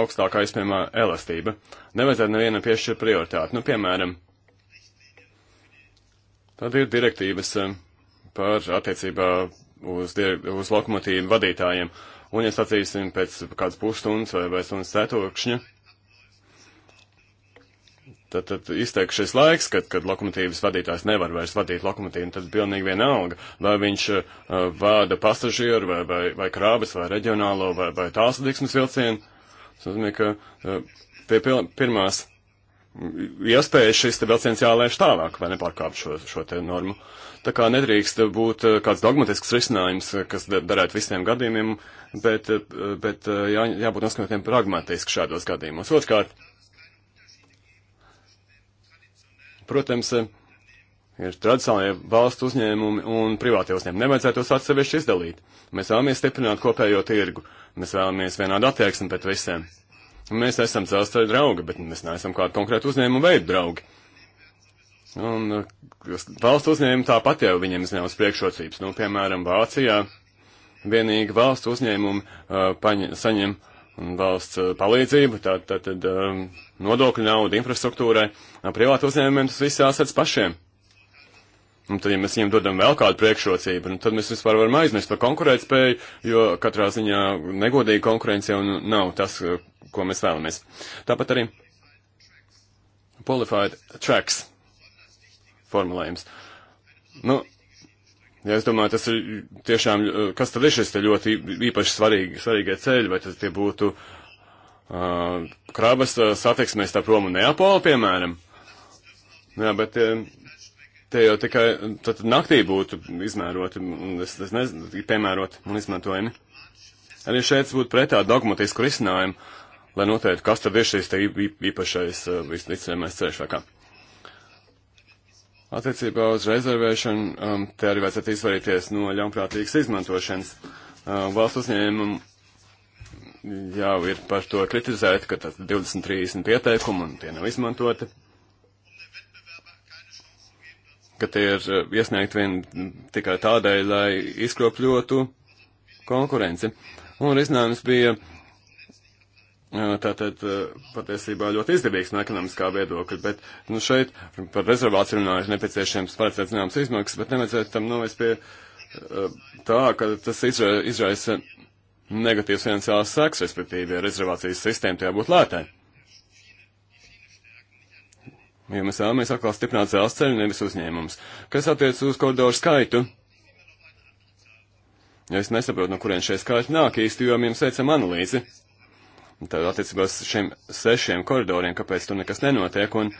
augstākā iespējamā elastība. Nevajadzētu nevienam piešķirt prioritāti. Nu, piemēram, tad ir direktīvas eh, par attiecībā uz, uz lokomotīvu vadītājiem. Un, ja sacīsim pēc kādas pusstundas vai, vai stundas ceturkšņa, tad, tad izteikšies laiks, kad, kad lokomotīvas vadītājs nevar vairs vadīt lokomotīvu, tad pilnīgi vienalga, vai viņš uh, vada pasažieru vai, vai, vai krābas vai reģionālo vai, vai tās diksmas vilcienu. Tas nozīmē, ka uh, pie pirmās iespēja šis te vilciens jālēš tālāk, vai nepārkāpt šo, šo te normu. Tā kā nedrīkst būt eh, kāds dogmatisks risinājums, eh, kas darētu visiem gadījumiem, bet, eh, bet jā, jābūt noskatotiem pragmatiski šādos gadījumos. Otrkārt, protams, ir tradicionālie valstu uzņēmumi un privātie uzņēmumi. Nevajadzētu tos atsevišķi izdalīt. Mēs vēlamies stiprināt kopējo tirgu. Mēs vēlamies vienādu attieksmi pret visiem. Mēs esam dzelzceļa draugi, bet mēs neesam kādu konkrētu uzņēmumu veidu draugi. Un eh, valsts uzņēmumi tāpat jau viņiem zināmas priekšrocības. Nu, piemēram, Vācijā vienīgi valsts uzņēmumi uh, eh, paņem, saņem valsts uh, palīdzību, tātad tā, tā, um, nodokļu naudu infrastruktūrai, privātu uzņēmumiem tas viss jāsadz pašiem. Un tad, ja mēs viņiem dodam vēl kādu priekšrocību, nu, tad mēs vispār varam aizmirst par konkurētspēju, jo katrā ziņā negodīga konkurence jau nav tas, ko mēs vēlamies. Tāpat arī qualified tracks formulējums. Nu, ja es domāju, tas ir tiešām, kas tad ir šis te ļoti īpaši svarīgi, svarīgie ceļi, vai tas tie būtu uh, krabas satiksmēs tā prom un Neapoli, piemēram. Jā, bet. Uh, Tie jau tikai tad naktī būtu izmēroti, es, es nezinu, piemēroti un izmantojami. Arī šeit būtu pretā dogmatisku risinājumu, lai noteiktu, kas tad ir šīs te īpašais visticamais uh, ceļš vai kā. Attiecībā uz rezervēšanu, um, te arī vajadzētu izvairīties no ļaunprātīgas izmantošanas. Uh, valsts uzņēmumu jau ir par to kritizēti, ka tas 20-30 pieteikumu un tie nav izmantoti ka tie ir eh, iesniegti vien tikai tādēļ, lai izkropļotu konkurenci. Un risinājums bija eh, tātad eh, patiesībā ļoti izdevīgs no ekonomiskā viedokļa, bet nu, šeit par rezervāciju runājot nepieciešams paredzēt zināmas izmaksas, bet nevajadzētu tam novest pie tā, ka tas izra izraisa negatīvs finansiāls seks, respektīvi, ja rezervācijas sistēma tajā būtu lētāja. Jo mēs vēlamies atkal stiprināt dzelzceļu, nevis uzņēmumus. Kas attiec uz koridoru skaitu? Ja es nesaprotu, no kurien šie skaitļi nāk īsti, jo jums veicam analīzi. Tad attiecībā uz šiem sešiem koridoriem, kāpēc tur nekas nenotiek, un,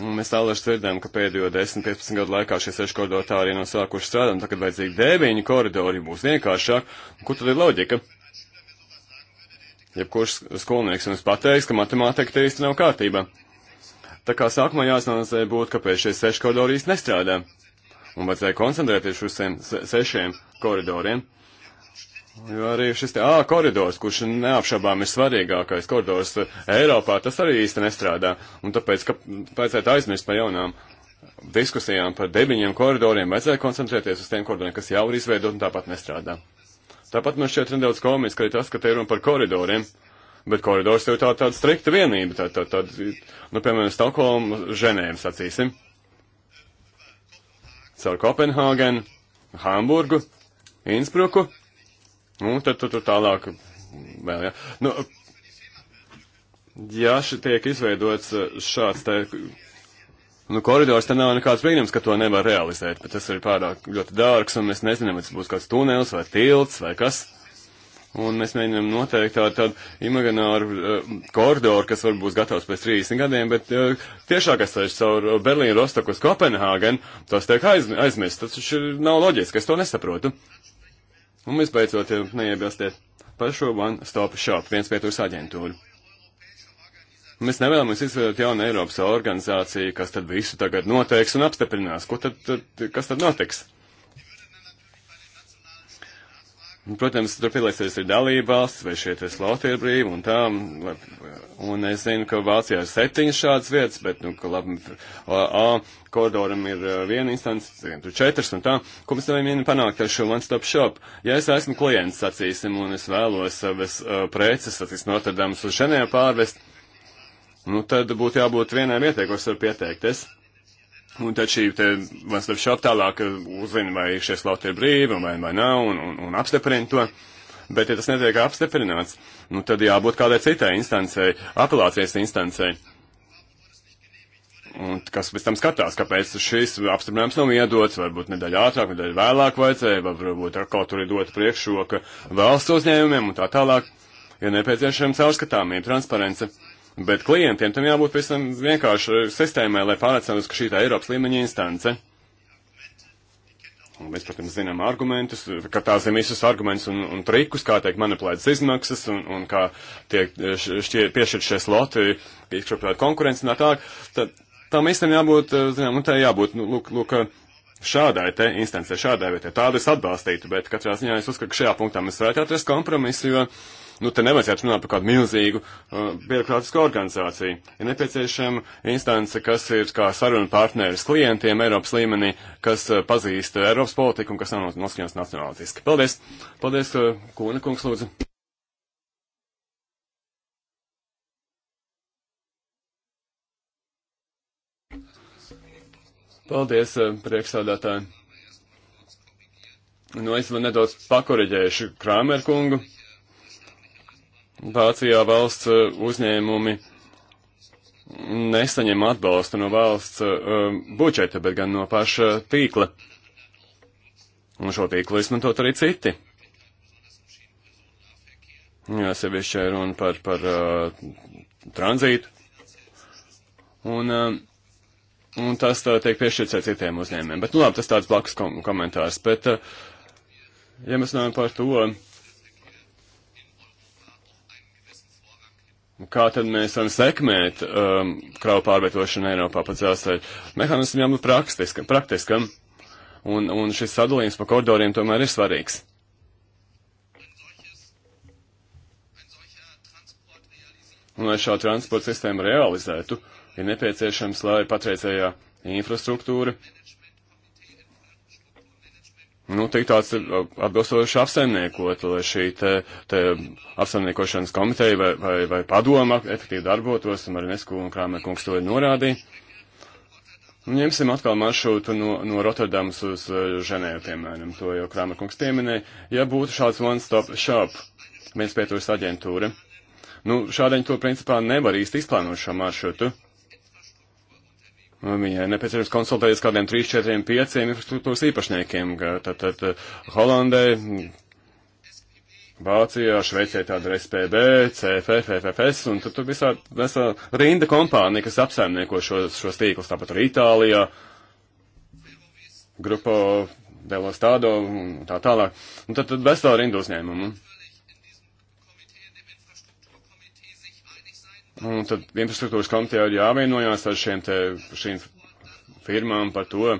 un mēs tālāk dzirdējām, ka pēdējo 10-15 gadu laikā šie seši koridori tā arī nav sākuši strādāt, un tagad vajadzīgi deviņi koridori būs vienkāršāk, kur tad ir loģika? Jebkurš skolnieks jums pateiks, ka matemātika te īsti nav kārtībā. Tā kā sākumā jāsanalizē būtu, kāpēc šie seši koridori īsti nestrādā. Un vajadzēja koncentrēties uz šiem se sešiem koridoriem. Jo arī šis te A koridors, kurš neapšaubām ir svarīgākais koridors eh, Eiropā, tas arī īsti nestrādā. Un tāpēc, ka vajadzētu aizmirst par jaunām diskusijām par deviņiem koridoriem, vajadzēja koncentrēties uz tiem koridoriem, kas jau ir izveidot un tāpat nestrādā. Tāpat man šķiet nedaudz komiski arī tas, ka te runa par koridoriem. Uh, bet koridors jau tā tāda strikta vienība, tā, tā, tā, nu, piemēram, Stokholma, Ženēva, sacīsim, caur Kopenhāgenu, Hamburgu, Innsbruku, un nu, tad tur, tur tālāk vēl, jā. Nu, ja šeit tiek izveidots eh, šāds te Nu, koridors te nav nekāds brīnums, ka to nevar realizēt, bet tas ir pārāk ļoti dārgs, un mēs nezinām, vai tas būs kāds tunelis vai tilts vai kas. Un mēs mēģinām noteikt tādu tā, imagināru uh, koridoru, kas varbūt būs gatavs pēc 30 gadiem, bet uh, eh, tiešākais ceļš caur Berlīnu, Rostoku uz Kopenhāgenu, tas tiek aiz, aizmirsts. Tas taču nav loģiski, es to nesaprotu. Un visbeidzot, ja neiebilstiet par šo One Stop Shop, viens pieturs aģentūru. Mēs nevēlamies izveidot jaunu Eiropas organizāciju, kas tad visu tagad noteiks un apstiprinās. Ko tad, tad kas tad notiks? Protams, tur piedalīsies ir dalībvalsts, vai šeit ir Slotierbrīva un tā. Un es zinu, ka Vācijā ir septiņas šādas vietas, bet, nu, ka labi, A koridoram ir viena instance, tur četras un tā. Ko mēs nevaram panākt ar šo one-stop shop? Ja es esmu klients, sacīsim, un es vēlos savas uh, preces, sacīsim, Notredamas uz Ženēvu pārvest, nu, tad būtu jābūt vienai vietai, ko es varu pieteikties. Un tad šī te vanslava šāp tālāk uh, uzzina, vai šie slauti ir brīvi, vai, vai nav, un, un, un apstiprina to. Bet, ja tas netiek apstiprināts, nu tad jābūt kādai citai instancei, apelācijas instancei. Un kas pēc tam skatās, kāpēc šis apstiprinājums nav iedots, varbūt nedaļa ātrāk, nedaļa vēlāk vajadzēja, varbūt atkal tur ir dota priekšroka valsts uzņēmumiem un tā tālāk. Ir ja nepieciešama caurskatāmība, transparence. Bet klientiem tam jābūt pavisam vienkārši sistēmai, lai pārliecinātos, ka šī tā Eiropas līmeņa instance. Un mēs, protams, zinām argumentus, ka tās ir visus argumentus un, un trikus, kā tiek manipulētas izmaksas un, un kā tiek šķie, piešķirt šie sloti, iekšapjot konkurenci un tā tālāk. Tad tam visam jābūt, zinām, un tā jābūt, nu, lūk, lūk, šādai te instancē, šādai vietai. Tādu es atbalstītu, bet katrā ziņā es uzskatu, ka šajā punktā mēs varētu atrast kompromisu, jo nu, te nevajadzētu runāt par kādu milzīgu uh, birokrātisku organizāciju. Ir nepieciešama instance, kas ir kā saruna partneris klientiem Eiropas līmenī, kas uh, pazīst Eiropas politiku un kas nav noskaņots nacionālistiski. Paldies! Paldies, uh, Kūna kungs, lūdzu! Paldies, uh, priekšsādātāji. Nu, es vēl nedaudz pakoreģēšu Krāmerkungu. kungu. Vācijā valsts eh, uzņēmumi nesaņem atbalstu no valsts eh, budžeta, bet gan no paša tīkla. Un šo tīklu izmantot arī citi. Jā, sevišķi runa par, par uh, tranzītu. Un, uh, un tas tā, tiek piešķirts ar citiem uzņēmumiem. Bet, nu labi, tas tāds blakus kom komentārs. Bet, uh, ja mēs runājam par to, uh, Kā tad mēs varam sekmēt um, kravu pārvietošanu Eiropā pa dzelzceļu? Mehānismam jābūt praktiskam, praktiskam un, un šis sadalījums pa koridoriem tomēr ir svarīgs. Un, lai šā transporta sistēma realizētu, ir nepieciešams, lai patreizējā infrastruktūra Nu, tik tāds eh, atbilstoši apsaimniekot, lai šī te, te apsaimniekošanas komiteja vai, vai, vai padoma efektīvi darbotos, un Marinesku un Krāmer kungs to ir norādīja. Un nu, ņemsim atkal maršrutu no, no Rotterdamas uz eh, Ženēvu, piemēram, to jau Krāmer kungs pieminēja. Ja būtu šāds one-stop shop, viens pieturas aģentūra, nu, šādiņi to principā nevar īsti izplānot šo maršrutu. Viņai nepieciešams konsultēties kādiem 3, 4, 5 infrastruktūras īpašniekiem. Tad, tad eh, Holandē, Vācijā, Šveicē tāda ir SPB, CFF, FFS, un tad tur visā vesā rinda kompānija, kas apsaimnieko šos, šos tīklus, tāpat arī Itālijā, Grupo Delostado un tā tālāk. Un tad, tad vesā rinda uzņēmumu. Nu, un tad infrastruktūras komitejā ir jāvienojās ar šiem te, šīm firmām par to,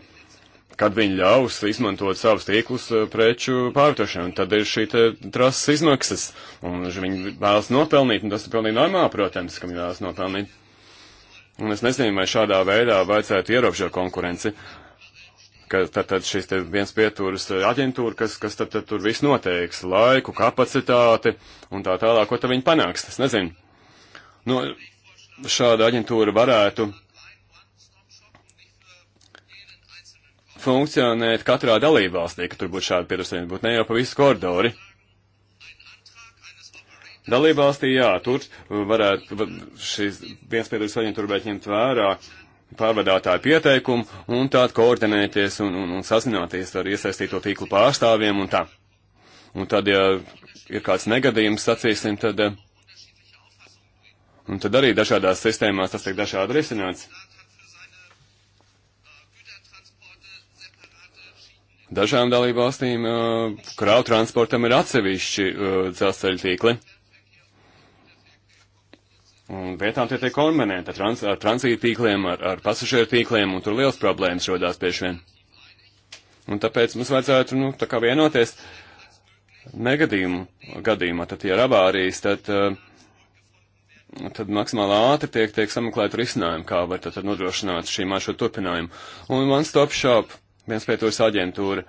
kad viņi ļaus izmantot savus tīklus eh, preču pārvietošanai. Tad ir šī te trases izmaksas, un viņi vēlas nopelnīt, un tas ir pilnīgi normāli, protams, ka viņi vēlas nopelnīt. Un es nezinu, vai šādā veidā vajadzētu ierobežot konkurenci, ka tad, tad šis te viens pieturas eh, aģentūra, kas, kas tad, tad tur viss noteiks, laiku, kapacitāti un tā tālāk, ko tad viņi panāks, es nezinu. No, šāda aģentūra varētu funkcionēt katrā dalībvalstī, ka tur būtu šāda pieprasījuma, būtu ne jau pa visu koridori. Dalībvalstī, jā, tur varētu šīs vienspieduras aģentūra varētu ņemt vērā pārvadātāju pieteikumu un tādu koordinēties un, un, un sazināties ar iesaistīto tīklu pārstāvjiem un tā. Un tad, ja ir kāds negadījums, sacīsim, tad uh, Un tad arī dažādās sistēmās tas tiek dažādi risināts. Dažām dalībvalstīm uh, krāvu transportam ir atsevišķi uh, dzelzceļa tīkli. Un vietām tie tiek kombinēti ar, trans, ar transīta tīkliem, ar, ar pasažieru tīkliem, un tur liels problēmas rodās bieži vien. Un tāpēc mums vajadzētu, nu, tā kā vienoties negadījumu gadījumā, tad, ja ir avārijas, tad uh, tad maksimāli ātri tiek, tiek sameklēt risinājumu, kā var tad, tad nodrošināt šī maršruta turpinājumu. Un One Stop Shop, vienspētūras aģentūra,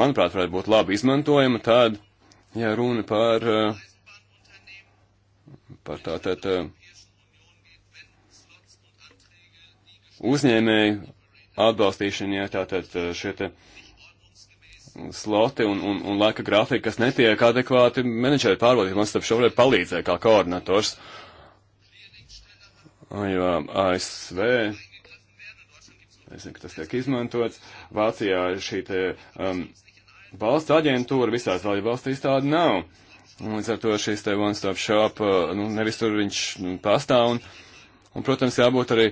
manuprāt, varētu būt labi izmantojama tad, ja runa par, eh, par tātad eh, uzņēmēju atbalstīšanu, ja tātad eh, šie te. Tā, sloti un, un, un laika grafika, kas netiek adekvāti menedžeri pārvaldīt. Man starp šo varētu palīdzēt kā koordinators. Jo ASV, es zinu, ka tas tiek izmantots, Vācijā šī te um, valsts aģentūra visās valstīs tāda nav. Un līdz ar to šis te one stop shop, uh, nu, nevis tur viņš nu, pastāv. Un, un, protams, jābūt arī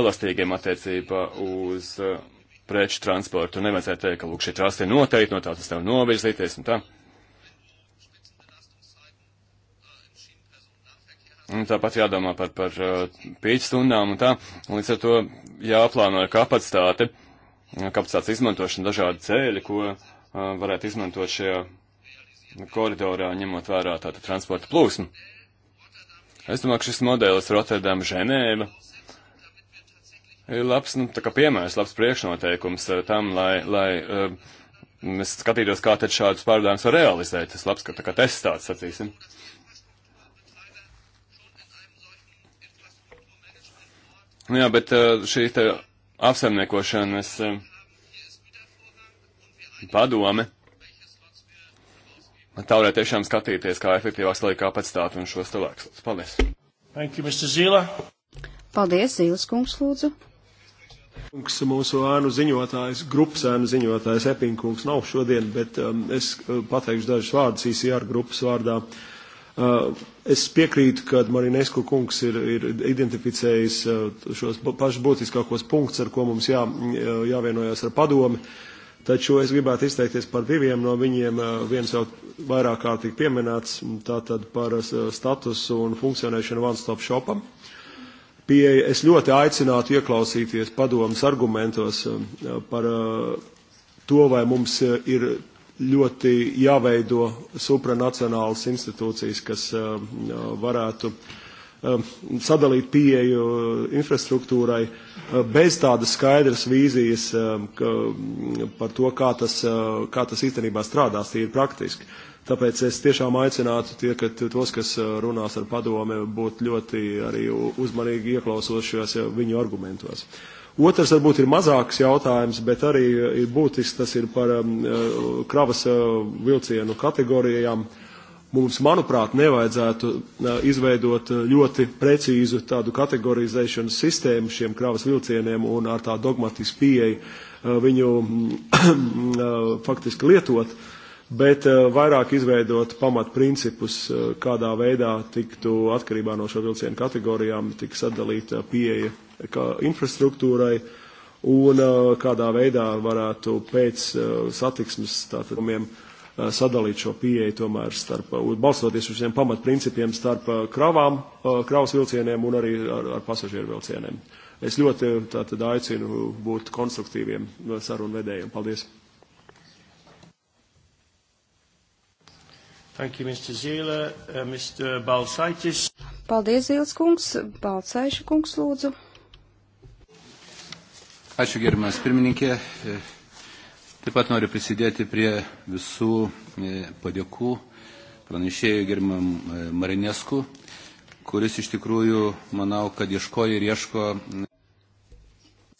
elastīgiem attiecībā uz. Uh, preču transportu. Nevajadzētu teikt, ka lūk, šī trāsta ir noteikti, no tā tas tev novirzīties un tā. Un tāpat jādomā par, par uh, pīķu stundām un tā. Līdz ar to jāplāno ir kapacitāte, kapacitātes izmantošana, dažādi ceļi, ko uh, varētu izmantot šajā koridorā, ņemot vērā tātad transporta plūsmu. Es domāju, ka šis modelis Rotterdam, Ženēva, ir labs, nu, tā kā piemērs, labs priekšnoteikums eh, tam, lai, lai es eh, skatītos, kā tad šādus pārdājumus var realizēt. Tas labs, ka tā kā tests tāds, sacīsim. Nu jā, bet eh, šī te apsaimniekošanas padome. Tā varētu tiešām skatīties, kā efektīvāk slēgt kapacitāti un šos cilvēkus. Paldies. Thank you, Mr. Zīla. Paldies, Zīles kungs, lūdzu. Kungs, mūsu ēnu ziņotājs, grupas ēnu ziņotājs Epinkungs nav šodien, bet um, es uh, pateikšu dažus vārdus ICR grupas vārdā. Uh, es piekrītu, ka Marinesku kungs ir, ir identificējis uh, šos pašus būtiskākos punktus, ar ko mums jā, uh, jāvienojas ar padomi. Taču es gribētu izteikties par diviem no viņiem. Uh, viens jau vairāk kārtīgi pieminēts, tātad par statusu un funkcionēšanu one-stop shopam. Uh, pieeja. Es ļoti aicinātu ieklausīties padomus argumentos um, uh, par uh, to, vai mums uh, ir ļoti jāveido supranacionālas institūcijas, kas um, varētu uh, Um, sadalīt pieeju uh, infrastruktūrai uh, bez tādas skaidras vīzijas um, mm, par to, kā tas, uh, kā tas īstenībā strādās, tie ir praktiski. Tāpēc es tiešām aicinātu tie, ka tos, kas runās ar padomi, būt ļoti arī uzmanīgi ieklausošies viņu argumentos. Otrs varbūt ir mazāks jautājums, bet arī ir būtisks, tas ir par um, kravas uh, vilcienu kategorijām. Uh, mums, manuprāt, nevajadzētu izveidot ļoti precīzu tādu kategorizēšanas sistēmu šiem kravas vilcieniem un ar tā dogmatisku pieeju viņu faktiski lietot, bet vairāk izveidot pamatprincipus, kādā veidā tiktu atkarībā no šo vilcienu kategorijām tik sadalīta pieeja infrastruktūrai un kādā veidā varētu pēc satiksmes tātad, Eh, sadalīt šo pieeju tomēr starp, eh, balstoties uz šiem pamatprincipiem starp eh, kravām, kravas vilcieniem un arī ar, ar pasažieru vilcieniem. Es ļoti tātad aicinu būt konstruktīviem sarunu vedējiem. Paldies! Thank you, Mr. Zīle. Uh, Mr. Balsaitis. Paldies, Zīles kungs. Balsaiša kungs, lūdzu. Ačiū, gerbiamas pirmininkė. Uh, Taip pat noriu prisidėti prie visų e, padėkų pranešėjų gerimam e, Marinesku, kuris iš tikrųjų, manau, kad ieškoja ir ieško.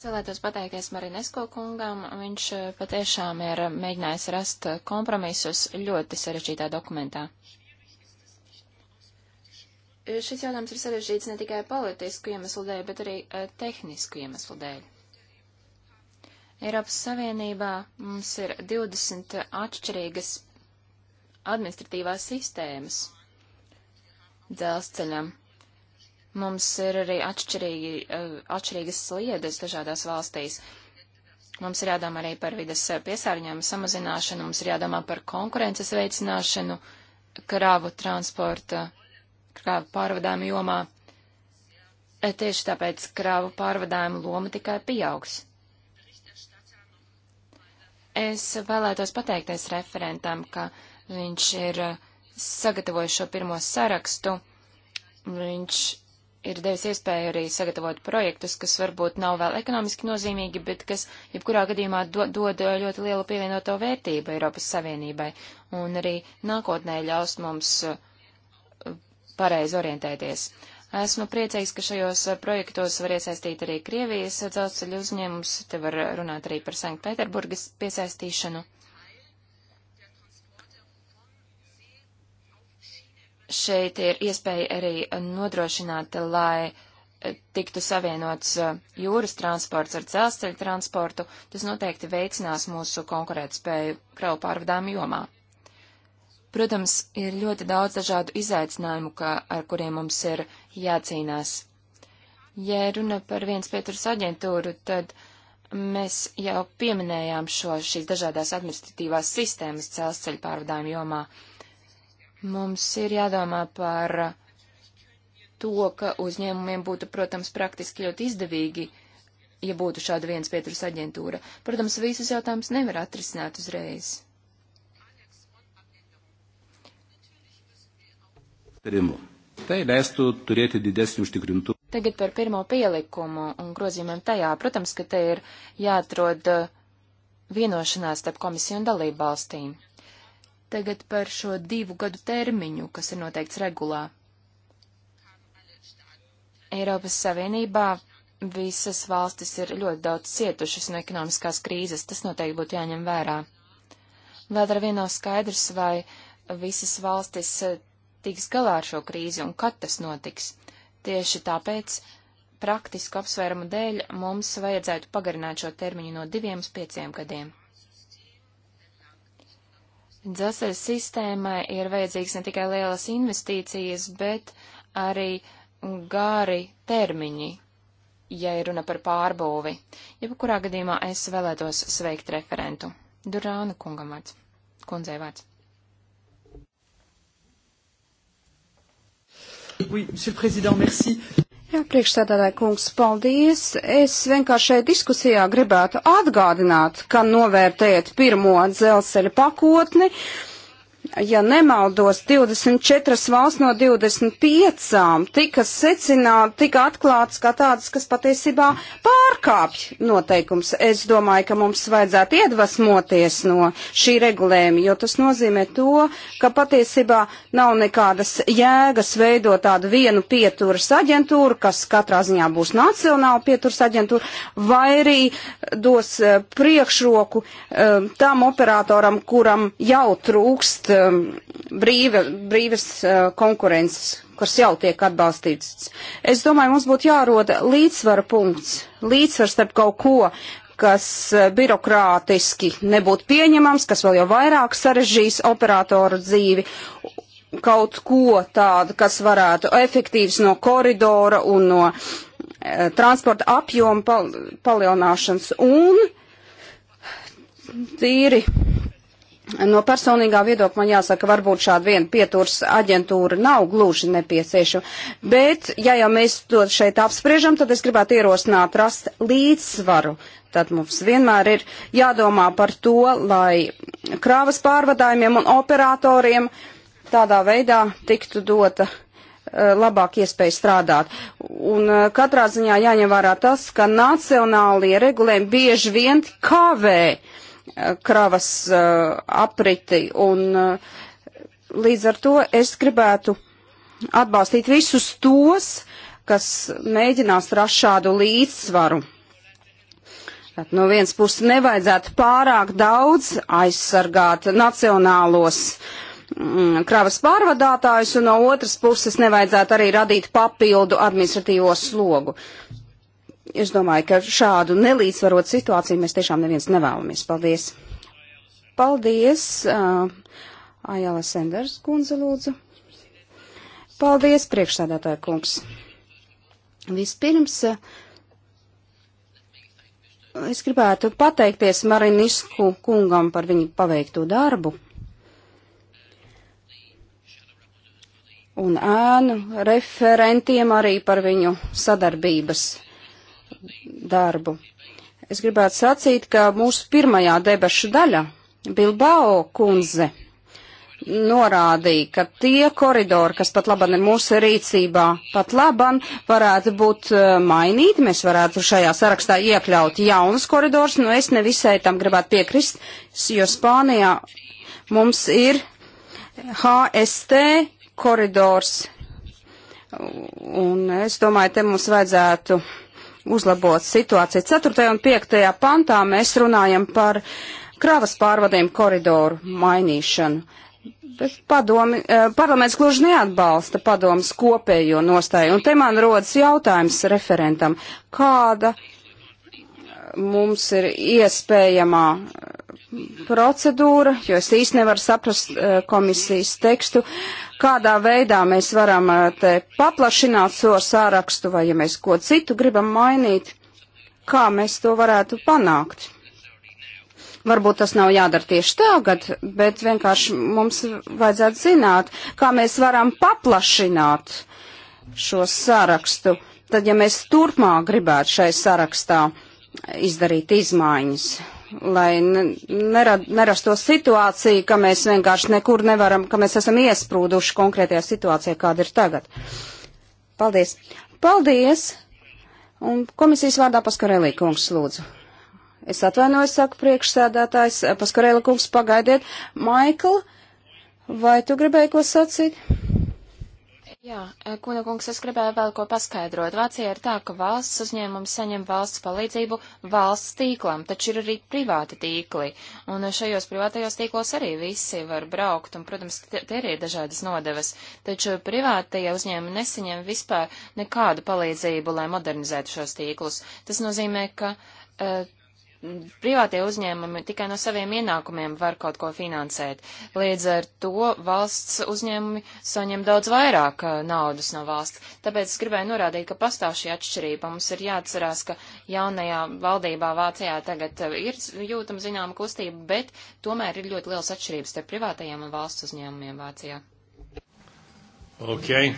Cilvētos pateikties Marinesko kungam, viņš patiešām ir mēģinājis rast kompromisus ļoti sarežģītā dokumentā. Šis jautājums ir sarežģīts ne tikai politisku iemeslu dēļ, bet arī e, tehnisku iemeslu dēļ. Eiropas Savienībā mums ir 20 atšķirīgas administratīvās sistēmas dzelzceļam. Mums ir arī atšķirīgi, eh, atšķirīgas sliedes dažādās valstīs. Mums ir jādomā arī par vidas piesārņojumu samazināšanu, mums ir jādomā par konkurences veicināšanu, krāvu transporta, krāvu pārvadājumu jomā. Eh, tieši tāpēc krāvu pārvadājumu loma tikai pieaugs. Es vēlētos pateikties referentam, ka viņš ir uh, sagatavojis šo pirmo sarakstu. Viņš ir devis iespēju arī sagatavot projektus, kas varbūt nav vēl ekonomiski nozīmīgi, bet kas jebkurā gadījumā do, dod uh, ļoti lielu pievienoto vērtību Eiropas Savienībai un arī nākotnē ļaus mums uh, pareizi orientēties. Esmu priecīgs, ka šajos eh, projektos var iesaistīt arī Krievijas dzelzceļu uzņēmums, te var runāt arī par Sanktpēterburgas piesaistīšanu. Šeit ir iespēja arī nodrošināt, lai eh, tiktu savienots eh, jūras transports ar dzelzceļu transportu. Tas noteikti veicinās mūsu konkurētspēju kravu pārvadām jomā. Protams, ir ļoti daudz dažādu izaicinājumu, kā, ar kuriem mums ir jācīnās. Ja runa par viens pieturas aģentūru, tad mēs jau pieminējām šo šīs dažādās administratīvās sistēmas celsceļu pārvadājumu jomā. Mums ir jādomā par to, ka uzņēmumiem būtu, protams, praktiski ļoti izdevīgi, ja būtu šāda viens pieturas aģentūra. Protams, visus jautājumus nevar atrisināt uzreiz. aptarimu. Tai leistų turėti didesnį užtikrintų. Tagad par pirmo pielikumu un grozījumiem tajā. Protams, ka te ir jāatrod vienošanās starp komisiju un dalību valstīm. Tagad par šo divu gadu termiņu, kas ir noteikts regulā. Eiropas Savienībā visas valstis ir ļoti daudz cietušas no ekonomiskās krīzes, tas noteikti būtu jāņem vērā. Vēl ar vienu nav skaidrs, vai visas valstis tiks galā ar šo krīzi un kad tas notiks. Tieši tāpēc praktisku apsvērumu dēļ mums vajadzētu pagarināt šo termiņu no diviem uz pieciem gadiem. Dzelzceļa sistēmai ir vajadzīgs ne tikai lielas investīcijas, bet arī gari termiņi, ja ir runa par pārbūvi. Jebkurā gadījumā es vēlētos sveikt referentu. Durāna kungam vārds. Kundzei vārds. Oui, Jā, priekšstādātāji kungs, paldies. Es vienkārši šajā diskusijā gribētu atgādināt, ka novērtējat pirmo dzelzceļa pakotni. Uh, ja nemaldos, 24 valsts no 25 tika secināti, tika atklāts kā tādas, kas patiesībā pārkāpj noteikums. Es domāju, ka mums vajadzētu iedvesmoties no šī regulējuma, jo tas nozīmē to, ka patiesībā nav nekādas jēgas veidot tādu vienu pieturas aģentūru, kas katrā ziņā būs nacionāla pieturas aģentūra, vai arī dos eh, priekšroku um, tam operatoram, kuram jau trūkst um, brīva, brīvas uh, konkurences, kas jau tiek atbalstīts. Es domāju, mums būtu jāroda līdzsvara punkts, līdzsvars starp kaut ko, kas uh, birokrātiski nebūtu pieņemams, kas vēl jau vairāk sarežģīs operatoru dzīvi, kaut ko tādu, kas varētu efektīvs no koridora un no e, transporta apjoma pal palielināšanas un tīri No personīgā viedokļa man jāsaka, varbūt šāda viena pieturs aģentūra nav gluži nepieciešama, bet, ja jau mēs to šeit apspriežam, tad es gribētu ierosināt rast līdzsvaru. Tad mums vienmēr ir jādomā par to, lai krāvas pārvadājumiem un operatoriem tādā veidā tiktu dota eh, labāk iespēja strādāt. Un eh, katrā ziņā jāņem vērā tas, ka nacionālie regulējumi bieži vien kavē uh, kravas eh, apriti, un eh, līdz ar to es gribētu atbalstīt visus tos, kas mēģinās rast šādu līdzsvaru. Tad no vienas puses nevajadzētu pārāk daudz aizsargāt nacionālos mm, kravas pārvadātājus, un no otras puses nevajadzētu arī radīt papildu administratīvo slogu es domāju, ka šādu nelīdzvarot situāciju mēs tiešām neviens nevēlamies. Paldies! Paldies! Uh, Ajala Senders kundze lūdzu. Paldies, priekšsēdētāja kungs. Vispirms uh, es gribētu pateikties Marinisku kungam par viņu paveikto darbu. Un ēnu referentiem arī par viņu sadarbības darbu. Es gribētu sacīt, ka mūsu pirmajā debašu daļa Bilbao kundze norādīja, ka tie koridori, kas pat laban ir mūsu rīcībā, pat laban varētu būt eh, mainīti. Mēs varētu šajā sarakstā iekļaut jaunas koridors, nu es nevisai tam gribētu piekrist, jo Spānijā mums ir HST koridors. Un es domāju, te mums vajadzētu uzlabot situāciju. 4. un 5. pantā mēs runājam par kravas pārvadījumu koridoru mainīšanu. Bet padomi, eh, parlaments gluži neatbalsta padomas kopējo nostāju. Un te man rodas jautājums referentam, kāda mums ir iespējamā procedūra, jo es īsti nevaru saprast eh, komisijas tekstu, kādā veidā mēs varam eh, te paplašināt šo so sārakstu, vai ja mēs ko citu gribam mainīt, kā mēs to varētu panākt. Varbūt tas nav jādara tieši tagad, bet vienkārši mums vajadzētu zināt, kā mēs varam paplašināt šo sarakstu. Tad, ja mēs turpmāk gribētu šai sarakstā izdarīt izmaiņas, lai nerad, nerastos situācija, ka mēs vienkārši nekur nevaram, ka mēs esam iesprūduši konkrētajā situācijā, kāda ir tagad. Paldies. Paldies. Un komisijas vārdā Paskarelī kungs lūdzu. Es atvainojos, saku priekšsēdētājs, Paskarelī kungs pagaidiet. Maikl, vai tu gribēji ko sacīt? Jā, e, Kuna kungs, es gribēju vēl ko paskaidrot. Vācijā ir tā, ka valsts uzņēmumi saņem valsts palīdzību valsts tīklam, taču ir arī privāti tīkli, un šajos privātajos tīklos arī visi var braukt, un, protams, te arī ir dažādas nodevas, taču privātajie uzņēmumi nesaņem vispār nekādu palīdzību, lai modernizētu šos tīklus. Tas nozīmē, ka uh, privātie uzņēmumi tikai no saviem ienākumiem var kaut ko finansēt. Līdz ar to valsts uzņēmumi saņem daudz vairāk uh, naudas no valsts. Tāpēc es gribēju norādīt, ka pastāv šī atšķirība. Mums ir jāatcerās, ka jaunajā valdībā Vācijā tagad uh, ir jūtama zināma kustība, bet tomēr ir ļoti liels atšķirības starp privātajiem un valsts uzņēmumiem Vācijā. Okay.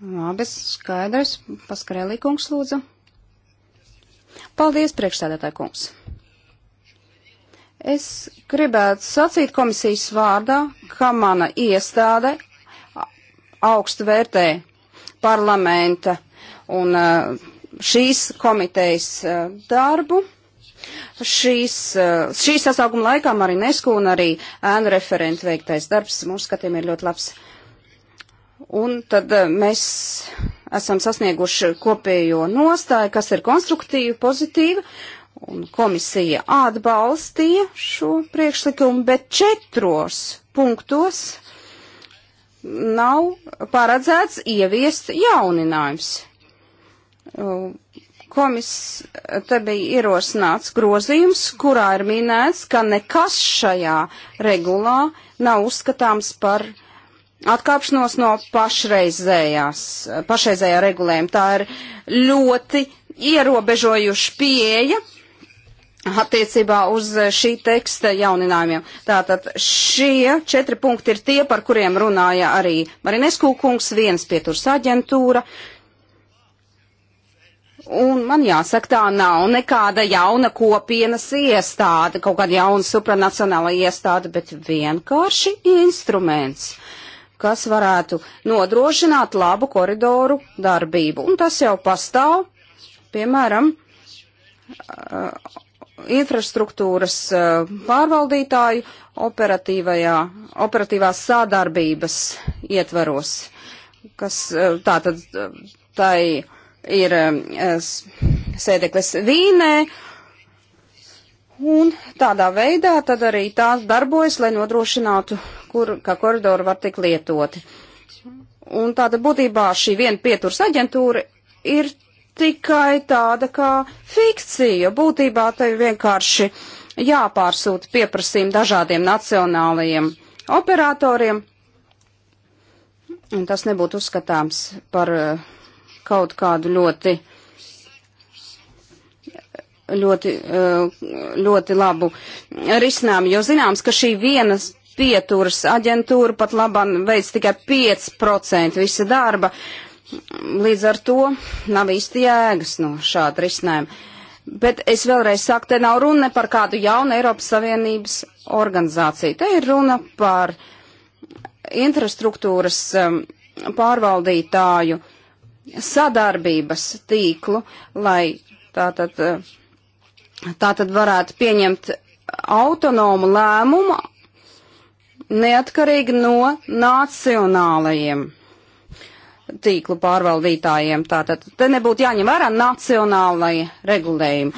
Labi, skaidrs. Paskarēlī kungs lūdzu. Paldies, priekšstādātāji kungs. Es gribētu sacīt komisijas vārdā, ka mana iestāde augstu vērtē parlamenta un uh, šīs komitejas uh, darbu. Šīs, uh, šīs sasauguma laikā Marinesku un arī ēnu referentu veiktais darbs mūsu skatījumiem ir ļoti labs. Un tad mēs esam sasnieguši kopējo nostāju, kas ir konstruktīva, pozitīva, un komisija atbalstīja šo priekšlikumu, bet četros punktos nav paredzēts ieviest jauninājums. Komis te bija ierosināts grozījums, kurā ir minēts, ka nekas šajā regulā nav uzskatāms par uh, atkāpšanos no pašreizējās, pašreizējā regulējuma. Tā ir ļoti ierobežojuša pieeja attiecībā uz šī teksta jauninājumiem. Tātad šie četri punkti ir tie, par kuriem runāja arī Marinesku kungs, viens pieturs aģentūra. Un man jāsaka, tā nav nekāda jauna kopienas iestāde, kaut kāda jauna supranacionāla iestāde, bet vienkārši instruments kas varētu nodrošināt labu koridoru darbību. Un tas jau pastāv, piemēram, eh, infrastruktūras eh, pārvaldītāju operatīvās sādarbības ietvaros, kas eh, tātad tai ir sēdeklis Vīnē, Un tādā veidā tad arī tās darbojas, lai nodrošinātu, kur, ka koridori var tik lietoti. Un tāda būtībā šī viena pieturs aģentūra ir tikai tāda kā fikcija. Būtībā te vienkārši jāpārsūta pieprasījumi dažādiem nacionālajiem operatoriem. Un tas nebūtu uzskatāms par eh, kaut kādu ļoti ļoti, eh, ļoti labu risinājumu, jo zināms, ka šī vienas pieturas aģentūra pat labam veids tikai 5% visa darba, līdz ar to nav īsti jēgas no šāda risinājuma. Bet es vēlreiz saku, te nav runa par kādu jaunu Eiropas Savienības organizāciju. Te ir runa par infrastruktūras um, pārvaldītāju sadarbības tīklu, lai tātad uh, tā tad varētu pieņemt autonomu lēmumu neatkarīgi no nacionālajiem tīklu pārvaldītājiem. Tātad te nebūtu jāņem vērā nacionālai regulējumi.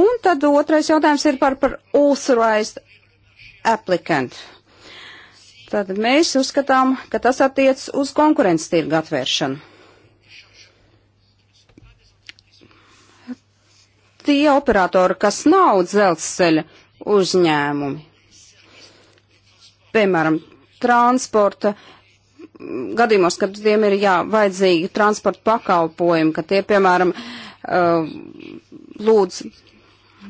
Un tad otrais jautājums ir par, par authorized applicant. Tad mēs uzskatām, ka tas attiec uz konkurences tirgu atvēršanu. tie operatori, kas nav dzelzceļa uzņēmumi. Piemēram, transporta mm, gadījumos, kad tiem ir jā, vajadzīgi transporta pakalpojumi, ka tie, piemēram, uh, lūdz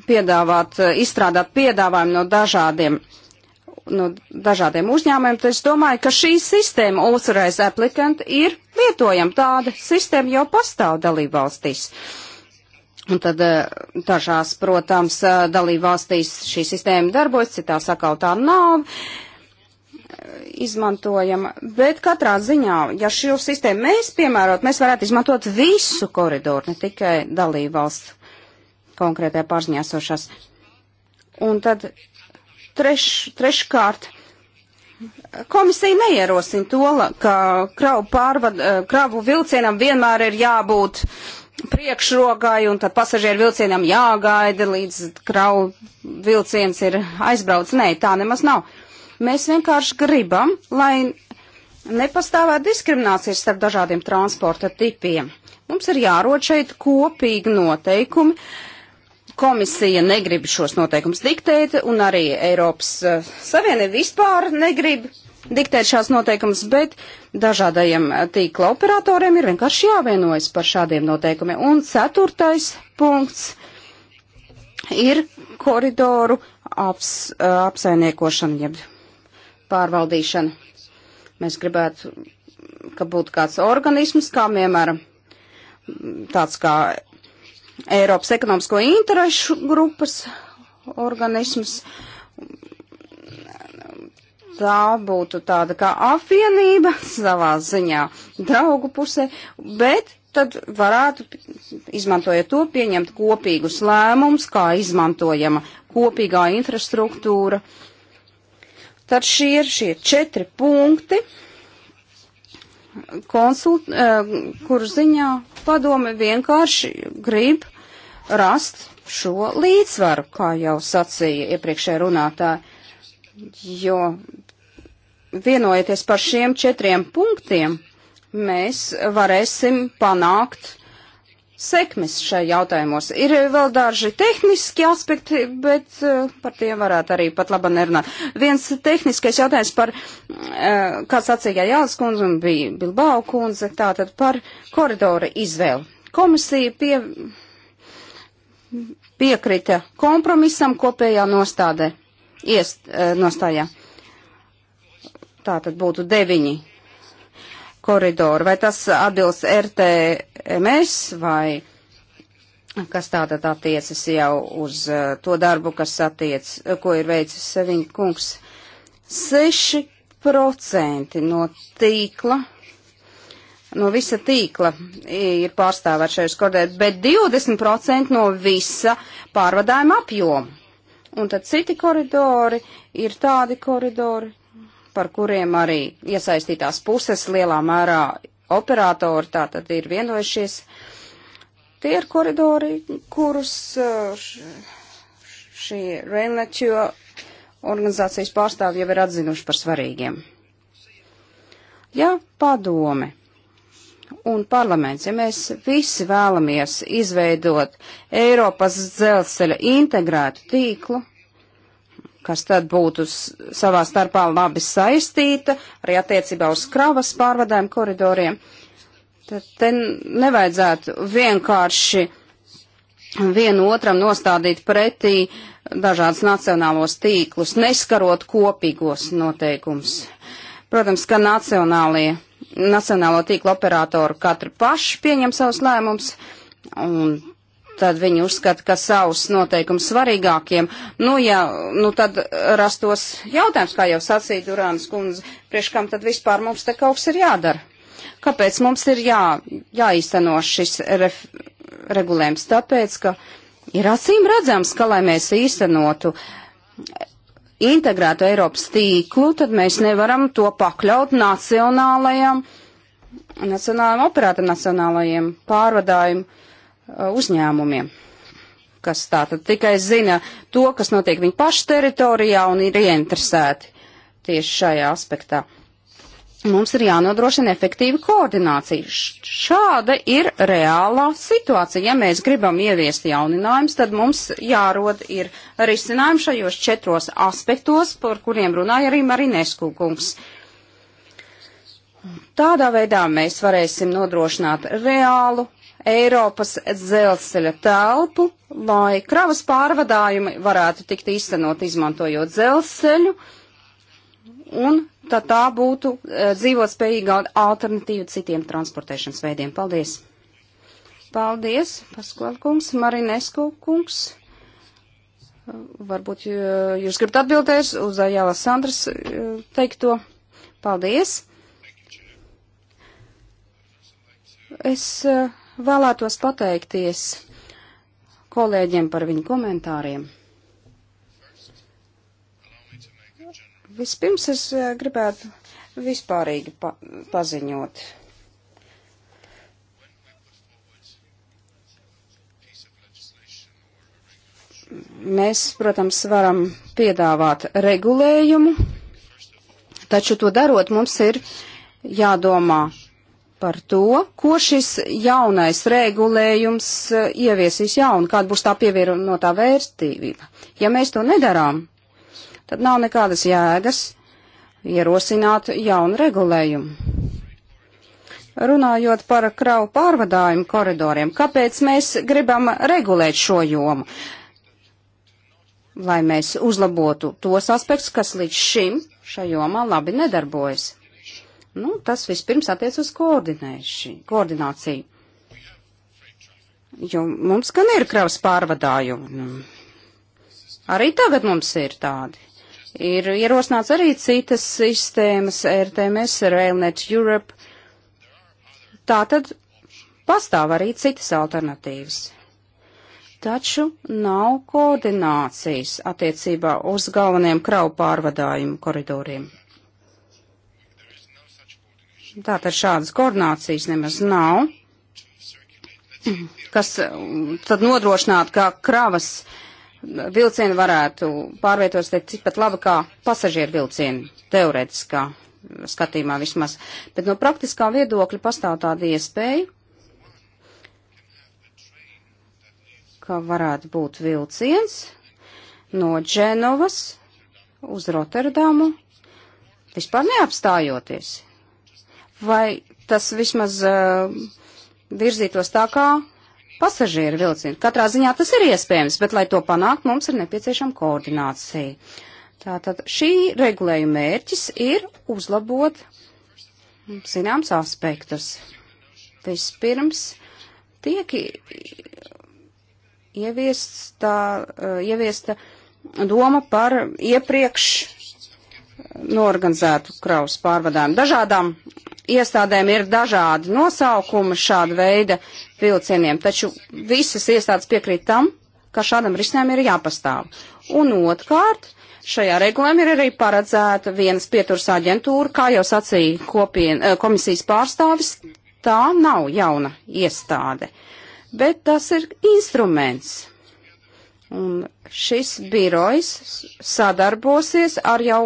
piedāvāt, uh, izstrādāt piedāvājumu no dažādiem no dažādiem uzņēmumiem, tad es domāju, ka šī sistēma Authorized Applicant ir lietojama. Tāda sistēma jau pastāv dalībvalstīs. Uh, Un tad eh, dažās, protams, eh, dalībvalstīs šī sistēma darbojas, citās atkal tā nav eh, izmantojama. Bet katrā ziņā, ja šo sistēmu mēs piemērot, mēs varētu izmantot visu koridoru, ne tikai dalībvalstu konkrētajā pārziņāsošās. Un tad treš, treškārt. Komisija neierosina to, ka kravu, pārvad, kravu vilcienam vienmēr ir jābūt uh, priekšrogai, un tad pasažieru vilcienam jāgaida, līdz krau vilciens ir aizbrauc. Nē, tā nemaz nav. Mēs vienkārši gribam, lai nepastāvētu diskriminācijas starp dažādiem transporta tipiem. Mums ir jārod šeit kopīgi noteikumi. Komisija negrib šos noteikumus diktēt, un arī Eiropas eh, Savienība vispār negrib diktēt šās noteikumus, bet dažādajiem eh, tīkla operatoriem ir vienkārši jāvienojas par šādiem noteikumiem. Un ceturtais punkts ir koridoru aps, eh, apsainiekošana, jeb pārvaldīšana. Mēs gribētu, ka būtu kāds organisms, kā piemēram tāds kā Eiropas ekonomisko interešu grupas organisms, tā būtu tāda kā apvienība savā ziņā draugu pusē, bet tad varētu, izmantojot to, pieņemt kopīgus lēmumus, kā izmantojama kopīgā infrastruktūra. Tad šie ir šie četri punkti, konsult, eh, kur ziņā padome vienkārši grib rast šo līdzsvaru, kā jau sacīja iepriekšējā runātāja, jo vienojoties par šiem četriem punktiem, mēs varēsim panākt sekmes šai jautājumos. Ir vēl daži tehniski aspekti, bet eh, par tiem varētu arī pat labi nerunāt. Viens tehniskais jautājums par, eh, kā sacīja Jālis kundze un bija Bilbao kundze, tātad par koridora izvēli. Komisija pie, piekrita kompromisam kopējā nostādē, iest, eh, nostājā. Uh, Tā tad būtu deviņi koridori. Vai tas atbilst RTMS vai kas tātad attiecas jau uz uh, to darbu, kas attiec, uh, ko ir veicis viņa kungs? 6% no tīkla no visa tīkla ir pārstāvēt šajos kodēt, bet 20% no visa pārvadājuma apjoma. Un tad citi koridori ir tādi koridori, par kuriem arī iesaistītās puses lielā mērā operatori tātad ir vienojušies. Tie ir koridori, kurus uh, šī Rainletio organizācijas pārstāvji jau ir atzinuši par svarīgiem. Ja padome un parlaments, ja mēs visi vēlamies izveidot Eiropas dzelzceļa integrētu tīklu, kas tad būtu savā starpā labi saistīta, arī attiecībā uz kravas pārvadājumu koridoriem. Tad te nevajadzētu vienkārši vienu otram nostādīt pretī dažādas nacionālos tīklus, neskarot kopīgos noteikums. Protams, ka nacionālie, nacionālo tīklu operātoru katru pašu pieņem savus lēmumus, un tad viņi uzskata, ka savus noteikumus svarīgākiem, nu, ja, nu, tad rastos jautājums, kā jau sacīja Durānas kundze, priekš kam tad vispār mums te kaut kas ir jādara? Kāpēc mums ir jā, jāīsteno šis ref, regulējums? Tāpēc, ka ir acīm redzams, ka, lai mēs īstenotu integrētu Eiropas tīklu, tad mēs nevaram to pakļaut nacionālajam, nacionālajam operātam, nacionālajiem pārvadājumiem Uh, uzņēmumiem, kas tātad tikai zina to, kas notiek viņu pašu teritorijā un ir ieinteresēti tieši šajā aspektā. Mums ir jānodrošina efektīva koordinācija. Šāda ir reālā situācija. Ja mēs gribam ieviest jauninājumus, tad mums jārod ir risinājumi šajos četros aspektos, par kuriem runāja arī Marines Kūkungs. Tādā veidā mēs varēsim nodrošināt reālu Eiropas dzelzceļa telpu, lai kravas pārvadājumi varētu tikt īstenot izmantojot dzelzceļu, un tad tā būtu e, dzīvotspējīga alternatīva citiem transportēšanas veidiem. Paldies! Paldies, Paskola kungs, Marinesko kungs. Varbūt e, jūs gribat atbildēt uz Jāla Sandras e, teikto. Paldies! Es uh, vēlētos pateikties kolēģiem par viņu komentāriem. Vispirms es eh, gribētu vispārīgi pa paziņot. Mēs, protams, varam piedāvāt regulējumu, taču to darot mums ir jādomā par to, ko šis jaunais regulējums e, ieviesīs jaunu, kāda būs tā pievienotā vērtība. Ja mēs to nedarām, tad nav nekādas jēgas ierosināt jaunu regulējumu. Runājot par kravu pārvadājumu koridoriem, kāpēc mēs gribam regulēt šo jomu? Lai mēs uzlabotu tos aspektus, kas līdz šim šajā jomā labi nedarbojas. Nu, tas vispirms attiec uz koordināciju. Jo mums gan ir kravas pārvadājumi. Nu. Arī tagad mums ir tādi. Ir ierosināts arī citas sistēmas, RTMS, Railnet Europe. Tā tad pastāv arī citas alternatīvas. Taču nav koordinācijas attiecībā uz galveniem kravu pārvadājumu koridoriem. Tātad šādas koordinācijas nemaz nav, kas um, tad nodrošinātu, ka kravas vilcieni varētu pārvietoties teikt tikpat labi kā pasažieru vilcieni, teoretiskā skatījumā vismaz. Bet no praktiskā viedokļa pastāv tāda iespēja, ka varētu būt vilciens no Dženovas uz Rotterdamu, vispār neapstājoties vai tas vismaz uh, virzītos tā kā pasažieru vilcienu. Katrā ziņā tas ir iespējams, bet, lai to panākt, mums ir nepieciešama koordinācija. Tātad šī regulējuma mērķis ir uzlabot mm, zināms aspektus. Vispirms tiek ieviests tā, uh, ieviesta doma par iepriekš uh, norganizētu kravas pārvadājumu dažādām iestādēm ir dažādi nosaukumi šāda veida vilcieniem, taču visas iestādes piekrīt tam, ka šādam risinājumam ir jāpastāv. Un otrkārt, šajā regulējumā ir arī paredzēta vienas pieturas aģentūra, kā jau sacīja kopien, eh, komisijas pārstāvis, tā nav jauna iestāde, bet tas ir instruments. Un šis birojs sadarbosies ar jau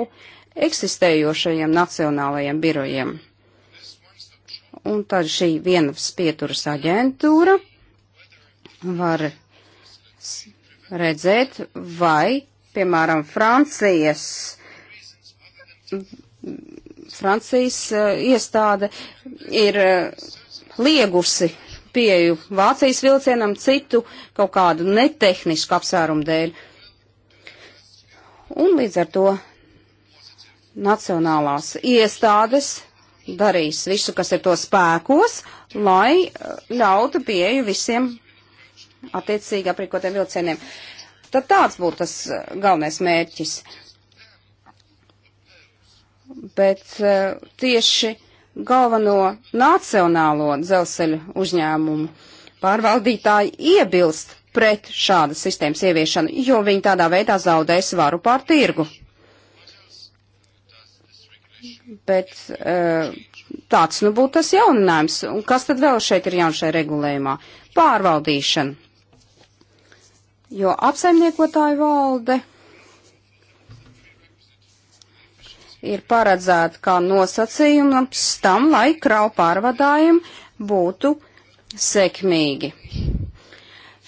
eksistējošajiem nacionālajiem birojiem un tad šī vienas pieturas aģentūra var redzēt, vai, piemēram, Francijas, Francijas eh, iestāde ir eh, liegusi pieju Vācijas vilcienam citu kaut kādu netehnisku apsvērumu dēļ. Un līdz ar to nacionālās iestādes darīs visu, kas ir to spēkos, lai eh, ļautu pieeju visiem attiecīgi aprīkotiem vilcieniem. Tad tāds būtu tas eh, galvenais mērķis. Bet eh, tieši galveno nacionālo dzelzceļu uzņēmumu pārvaldītāji iebilst pret šādas sistēmas ieviešanu, jo viņi tādā veidā zaudēs varu pār tirgu. Bet eh, tāds nu būtu tas jauninājums. Un kas tad vēl šeit ir jauns šajā regulējumā? Pārvaldīšana. Jo apsaimniekotāju valde ir paredzēta kā nosacījums tam, lai kravu pārvadājumi būtu sekmīgi.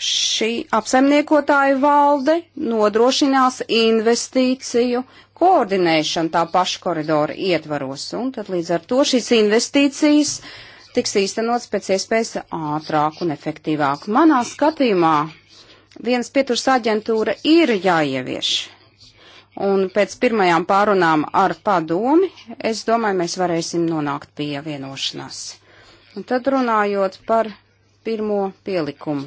Šī apsaimniekotāju valde nodrošinās investīciju koordinēšanu tā paša koridora ietvaros, un tad līdz ar to šīs investīcijas tiks īstenots pēc iespējas ātrāk un efektīvāk. Manā skatījumā viens pieturs aģentūra ir jāievieš. Un pēc pirmajām pārunām ar padomi, es domāju, mēs varēsim nonākt pie vienošanās. Un tad runājot par pirmo pielikumu.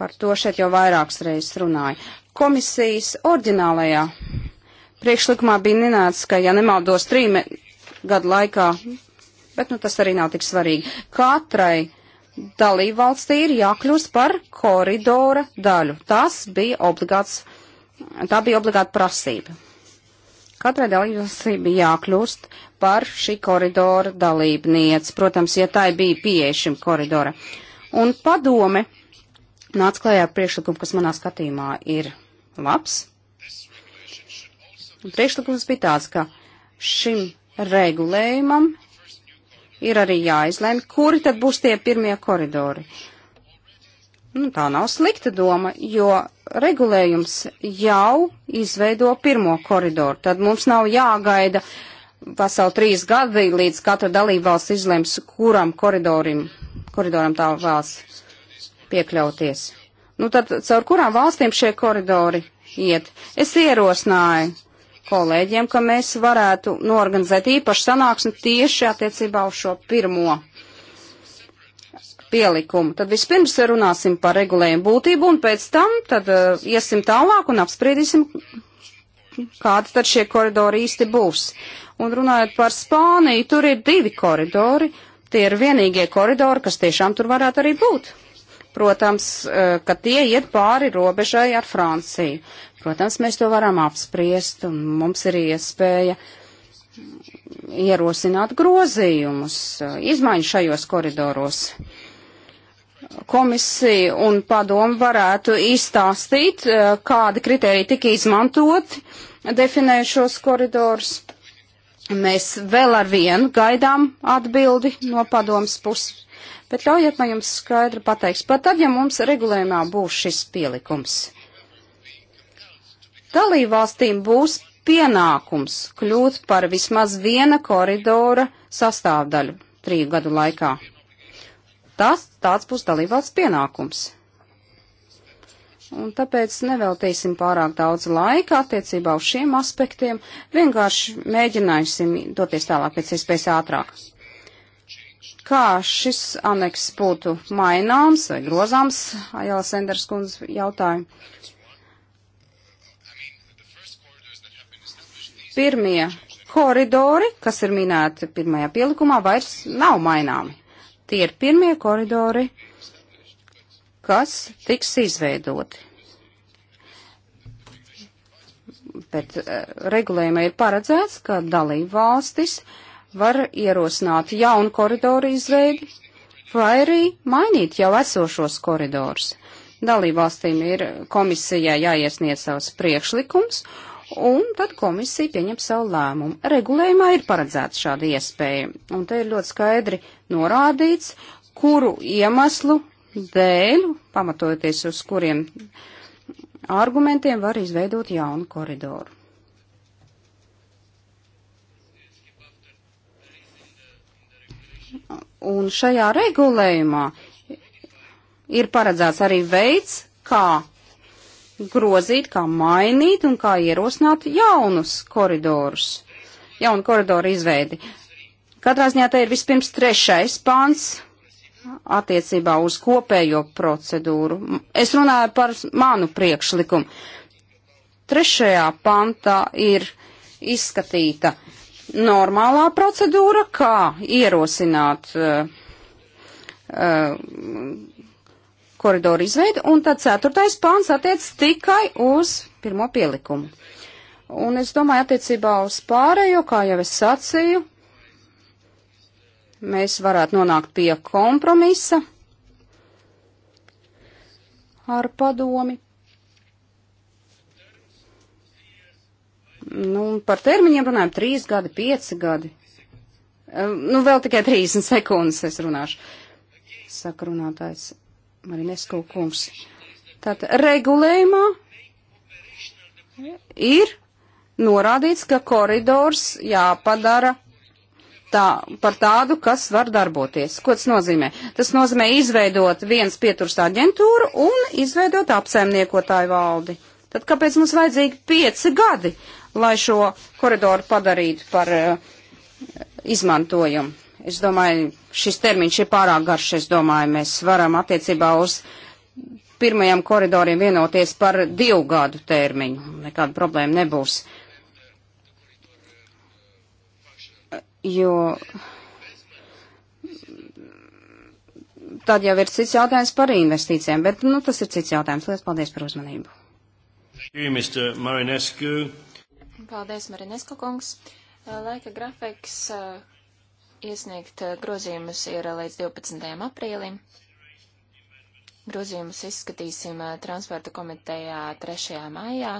Par to šeit jau vairākas reizes runāju. Komisijas orģinālajā priekšlikumā bija minēts, ka, ja nemaldos, trīme gadu laikā, bet nu, tas arī nav tik svarīgi, katrai dalībvalstī ir jākļūst par koridora daļu. Tas bija obligāts, tā bija obligāta prasība. Katrai dalībvalstī bija jākļūst par šī koridora dalībniec, protams, ja tai bija pieeja šim koridora. Un padome nāca klajā ar priekšlikumu, kas manā skatījumā ir labs. Un priekšlikums bija tāds, ka šim regulējumam ir arī jāizlēma, kuri tad būs tie pirmie koridori. Nu, tā nav slikta doma, jo regulējums jau izveido pirmo koridoru. Tad mums nav jāgaida veseli trīs gadi, līdz katra dalībvalsts izlems, kuram koridorim, koridoram tā vēlas piekļauties. Nu, tad caur kurām valstīm šie koridori iet? Es ierosināju kolēģiem, ka mēs varētu norganizēt īpašu sanāksmi tieši attiecībā uz šo pirmo pielikumu. Tad vispirms runāsim par regulējumu būtību un pēc tam tad uh, iesim tālāk un apspriedīsim, kādi tad šie koridori īsti būs. Un runājot par Spāniju, tur ir divi koridori. Tie ir vienīgie koridori, kas tiešām tur varētu arī būt. Protams, eh, ka tie iet pāri robežai ar Franciju. Protams, mēs to varam apspriest, un mums ir iespēja ierosināt grozījumus, eh, izmaiņu šajos koridoros. Komisija un padomu varētu izstāstīt, eh, kādi kriteriji tika izmantoti, definējot šos koridorus. Mēs vēl ar vienu gaidām atbildi no padomas puses, bet ļaujiet man jums skaidri pateikt, pat tad, ja mums regulējumā būs šis pielikums Dalībvalstīm būs pienākums kļūt par vismaz viena koridora sastāvdaļu triju gadu laikā. Tas tāds būs dalībvalsts pienākums. Un tāpēc neveltīsim pārāk daudz laika attiecībā uz šiem aspektiem, vienkārši mēģināsim doties tālāk pēc iespējas ātrāk. Kā šis aneks būtu maināms vai grozāms, Ajala Senders kundze jautāja. pirmie koridori, kas ir minēti pirmajā pielikumā, vairs nav maināmi. Tie ir pirmie koridori, kas tiks izveidoti. Bet eh, regulējumā ir paredzēts, ka dalību valstis var ierosināt jaunu koridoru izveidi vai arī mainīt jau esošos koridorus. Dalību valstīm ir komisijā jāiesniedz savs priekšlikums, uh, un tad komisija pieņem savu lēmumu. Regulējumā ir paredzēta šāda iespēja, un te ir ļoti skaidri norādīts, kuru iemeslu dēļ, pamatojoties uz kuriem argumentiem, var izveidot jaunu koridoru. Un šajā regulējumā ir paredzēts arī veids, kā grozīt, kā mainīt un kā ierosināt jaunus koridorus, jaunu koridoru izveidi. Katrā ziņā te ir vispirms trešais pāns attiecībā uz kopējo procedūru. Es runāju par manu priekšlikumu. Trešajā pantā ir izskatīta normālā procedūra, kā ierosināt uh, uh, koridoru izveidu, un tad ceturtais pāns attiec tikai uz pirmo pielikumu. Un es domāju, attiecībā uz pārējo, kā jau es sacīju, mēs varētu nonākt pie kompromisa ar padomi. Nu, par termiņiem runājam trīs gadi, pieci gadi. Nu, vēl tikai 30 sekundes es runāšu. Saka runātājs. Marinesko kungs. Tātad regulējumā ir norādīts, ka koridors jāpadara tā, par tādu, kas var darboties. Ko tas nozīmē? Tas nozīmē izveidot viens pieturs aģentūru un izveidot apsaimniekotāju valdi. Tad kāpēc mums vajadzīgi pieci gadi, lai šo koridoru padarītu par uh, izmantojumu? Es domāju, šis termiņš ir pārāk garš. Es domāju, mēs varam attiecībā uz pirmajam koridoriem vienoties par divu gadu termiņu. Nekāda problēma nebūs. Jo tad jau ir cits jautājums par investīcijām, bet nu, tas ir cits jautājums. Lielas paldies par uzmanību. Paldies, Marinesku kungs. Laika grafiks Iesniegt eh, grozījumus ir eh, līdz 12. aprīlim. Grozījumus izskatīsim eh, transporta komitejā 3. maijā.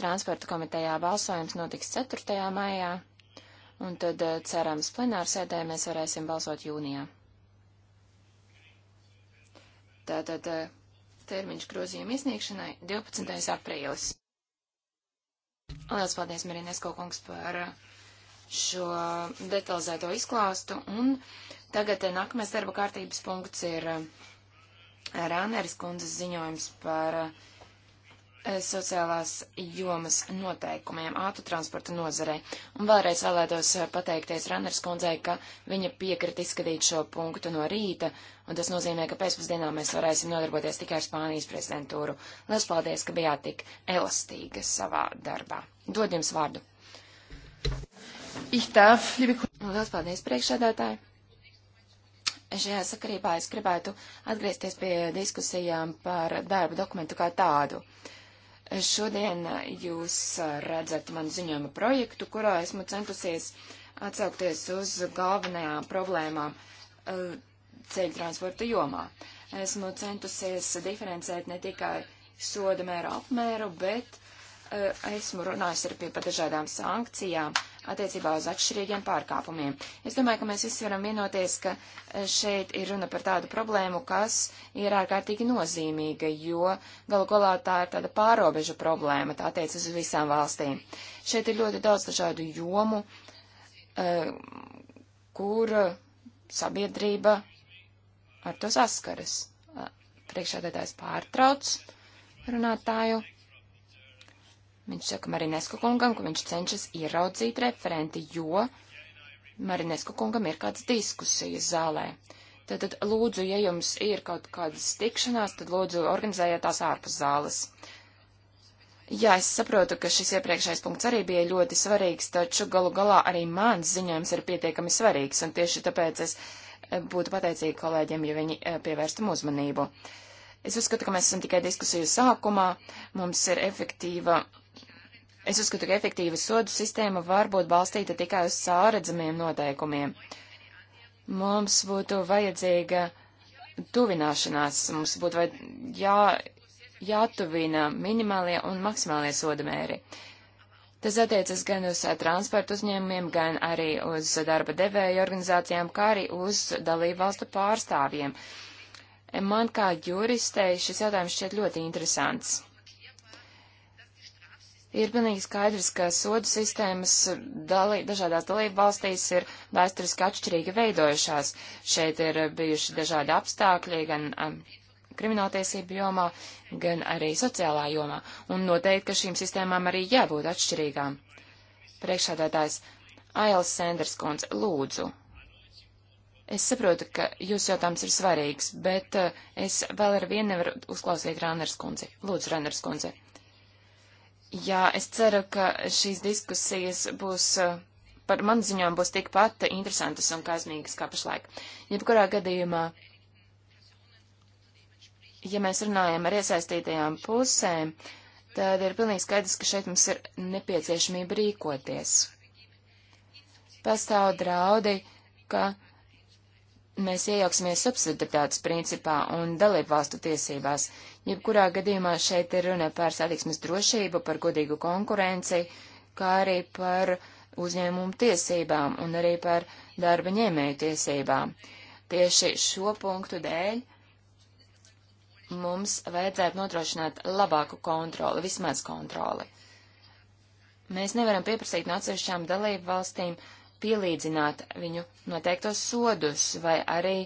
Transporta komitejā balsojums notiks 4. maijā, un tad cerams plenārsēdē mēs varēsim balsot jūnijā. Tātad termiņš grozījuma iesniegšanai 12. aprīlis. Lielas paldies, Marinesko kungs, par uh, šo detalizēto izklāstu. Un tagad eh, nākamais darba kārtības punkts ir eh, Rāneris kundzes ziņojums par eh, sociālās jomas noteikumiem autotransporta nozarei. Un vēlreiz vēlētos pateikties Ranners kundzei, ka viņa piekrit izskatīt šo punktu no rīta, un tas nozīmē, ka pēcpusdienā mēs varēsim nodarboties tikai ar Spānijas prezidentūru. Lielas paldies, ka bijāt tik elastīgas savā darbā. Dod jums vārdu. Ich darf, liebe Lielas paldies priekšsēdētāji. Šajā sakarībā es gribētu atgriezties pie diskusijām par darba dokumentu kā tādu. Šodien jūs redzat manu ziņojumu projektu, kurā esmu centusies atsaukties uz galvenajām problēmām eh, ceļu transporta jomā. Esmu centusies diferencēt ne tikai soda mēru apmēru, bet eh, esmu runājis arī par dažādām sankcijām attiecībā uz atšķirīgiem pārkāpumiem. Es domāju, ka mēs visi varam vienoties, ka e, šeit ir runa par tādu problēmu, kas ir ārkārtīgi nozīmīga, jo galu galā tā ir tāda pārobežu problēma, tā attiecas uz visām valstīm. Šeit ir ļoti daudz dažādu jomu, e, kur sabiedrība ar to saskaras. Priekšādētājs pārtrauc runātāju. Viņš saka Marinesku kungam, ka viņš cenšas ieraudzīt referenti, jo Marinesku kungam ir kāds diskusijas zālē. Tātad, lūdzu, ja jums ir kaut kādas tikšanās, tad lūdzu organizējiet tās ārpus zāles. Jā, es saprotu, ka šis iepriekšējais punkts arī bija ļoti svarīgs, taču galu galā arī mans ziņojums ir pietiekami svarīgs, un tieši tāpēc es eh, būtu pateicīga kolēģiem, ja viņi eh, pievērstam uzmanību. Es uzskatu, ka mēs esam tikai diskusiju sākumā, mums ir efektīva Es uzskatu, ka efektīva sodu sistēma var būt balstīta tikai uz sāredzamiem noteikumiem. Mums būtu vajadzīga tuvināšanās, mums būtu vai jā, jātuvina minimālie un maksimālie soda mēri. Tas attiecas gan uz transporta uzņēmumiem, gan arī uz darba devēju organizācijām, kā arī uz dalību valstu pārstāvjiem. Man kā juristei šis jautājums šķiet ļoti interesants. Ir pilnīgi skaidrs, ka sodu sistēmas dalī, dažādās dalību valstīs ir vēsturiski atšķirīgi veidojušās. Šeit ir bijuši dažādi apstākļi gan um, krimināltiesību jomā, gan arī sociālā jomā. Un noteikti, ka šīm sistēmām arī jābūt atšķirīgām. Priekšādātājs Ails Senderskons, lūdzu. Es saprotu, ka jūsu jautājums ir svarīgs, bet uh, es vēl ar vienu nevaru uzklausīt Rānerskundzi. Lūdzu, Rānerskundzi. Jā, es ceru, ka šīs diskusijas būs eh, par man ziņām būs tikpat interesantas un kaismīgas kā pašlaik. Jebkurā gadījumā, ja mēs runājam ar iesaistītajām pusēm, tad ir pilnīgi skaidrs, ka šeit mums ir nepieciešamība rīkoties. Pastāv draudi, ka mēs iejauksimies subsidiatātes principā un dalībvalstu tiesībās. Jebkurā gadījumā šeit ir runa par satiksmes drošību, par godīgu konkurenci, kā arī par uzņēmumu tiesībām un arī par darba ņēmēju tiesībām. Tieši šo punktu dēļ mums vajadzētu nodrošināt labāku kontroli, vismaz kontroli. Mēs nevaram pieprasīt no atsevišķām dalību valstīm pielīdzināt viņu noteiktos sodus vai arī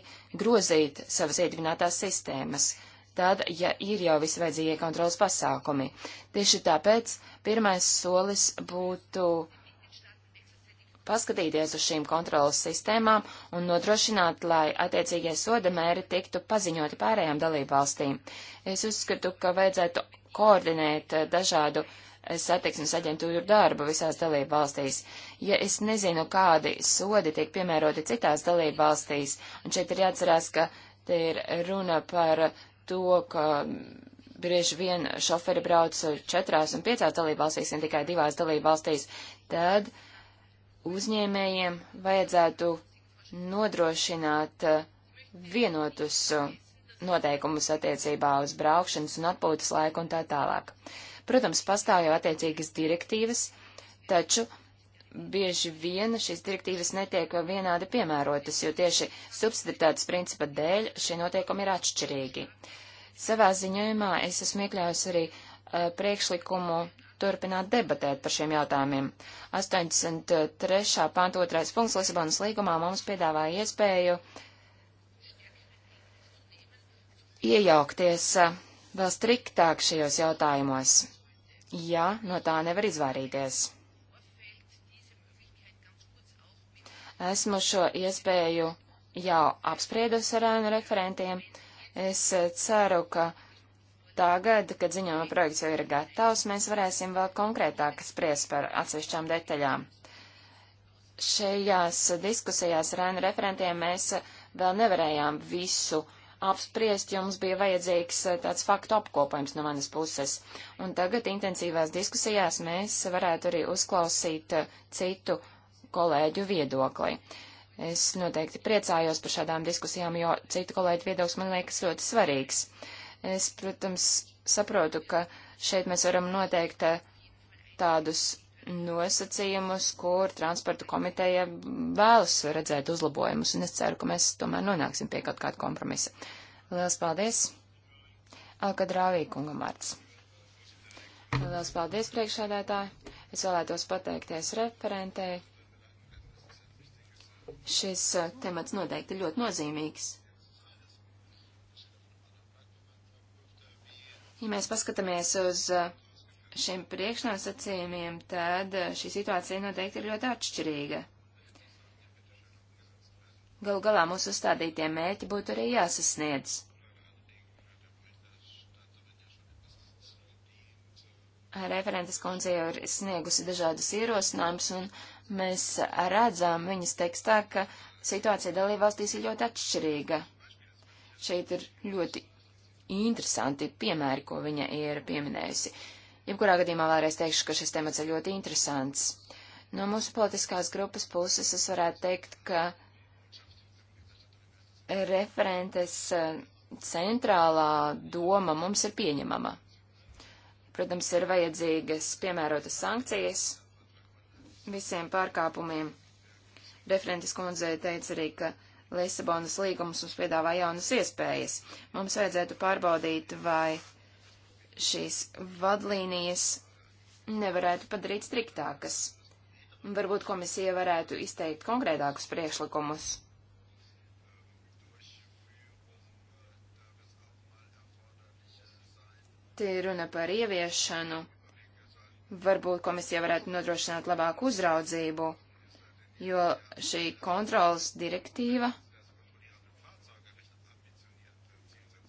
grozīt savas iedvinātās sistēmas tad, ja ir jau visvajadzīgie kontrolas pasākumi. Tieši tāpēc pirmais solis būtu paskatīties uz šīm kontrolas sistēmām un nodrošināt, lai attiecīgie soda mēri tiktu paziņoti pārējām dalībvalstīm. Es uzskatu, ka vajadzētu koordinēt eh, dažādu eh, satiksmes aģentūru darbu visās dalībvalstīs. Ja es nezinu, kādi sodi tiek piemēroti citās dalībvalstīs, un šeit ir jāatcerās, ka te ir runa par to, ka bieži vien šoferi brauc četrās un piecās dalībvalstīs, ne tikai divās dalībvalstīs, tad uzņēmējiem vajadzētu nodrošināt uh, vienotus uh, noteikumus attiecībā uz braukšanas un atpūtas laiku un tā tālāk. Protams, pastāv jau attiecīgas direktīvas, taču bieži vien šīs direktīvas netiek vienādi piemērotas, jo tieši subsidiaritātes principa dēļ šie noteikumi ir atšķirīgi. Savā ziņojumā es esmu iekļāvusi arī uh, priekšlikumu turpināt debatēt par šiem jautājumiem. 83. pānt 2. punkts Lisabonas līgumā mums piedāvāja iespēju iejaukties uh, vēl striktāk šajos jautājumos, ja no tā nevar izvairīties. Esmu šo iespēju jau apspriedusi ar ANU referentiem. Es eh, ceru, ka tagad, kad ziņojuma projekts jau ir gatavs, mēs varēsim vēl konkrētāk spriest par atsevišķām detaļām. Šajās diskusijās ar ANU referentiem mēs vēl nevarējām visu apspriest, jo mums bija vajadzīgs eh, tāds faktu apkopojums no manas puses. Un tagad intensīvās diskusijās mēs varētu arī uzklausīt eh, citu kolēģu viedokli. Es noteikti priecājos par šādām diskusijām, jo citu kolēģu viedoklis man liekas ļoti svarīgs. Es, protams, saprotu, ka šeit mēs varam noteikt eh, tādus nosacījumus, kur transporta komiteja vēlas redzēt uzlabojumus, un es ceru, ka mēs tomēr nonāksim pie kaut kāda kompromisa. Lielas paldies! Alkadrāvī kunga Marts. Lielas paldies priekšādētāji! Es vēlētos pateikties referentei Šis eh, temats noteikti ļoti nozīmīgs. Ja mēs paskatāmies uz eh, šiem priekšnosacījumiem, tad eh, šī situācija noteikti ir ļoti atšķirīga. Galu galā mūsu uzstādītie mērķi būtu arī jāsasniedz. Referentes kundze jau ir sniegusi dažādus ierosinājumus, un Mēs redzam viņas tekstā, ka situācija dalībvalstīs ir ļoti atšķirīga. Šeit ir ļoti interesanti piemēri, ko viņa ir pieminējusi. Jebkurā gadījumā vēlreiz teikšu, ka šis temats ir ļoti interesants. No mūsu politiskās grupas puses es varētu teikt, ka referentes eh, centrālā doma mums ir pieņemama. Protams, ir vajadzīgas piemērotas sankcijas, visiem pārkāpumiem. Referentes kundzei teica arī, ka Lisabonas līgums mums piedāvā jaunas iespējas. Mums vajadzētu pārbaudīt, vai šīs vadlīnijas nevarētu padarīt striktākas. Varbūt komisija varētu izteikt konkrētākus priekšlikumus. Te ir runa par ieviešanu Varbūt komisija varētu nodrošināt labāku uzraudzību, jo šī kontrolas direktīva,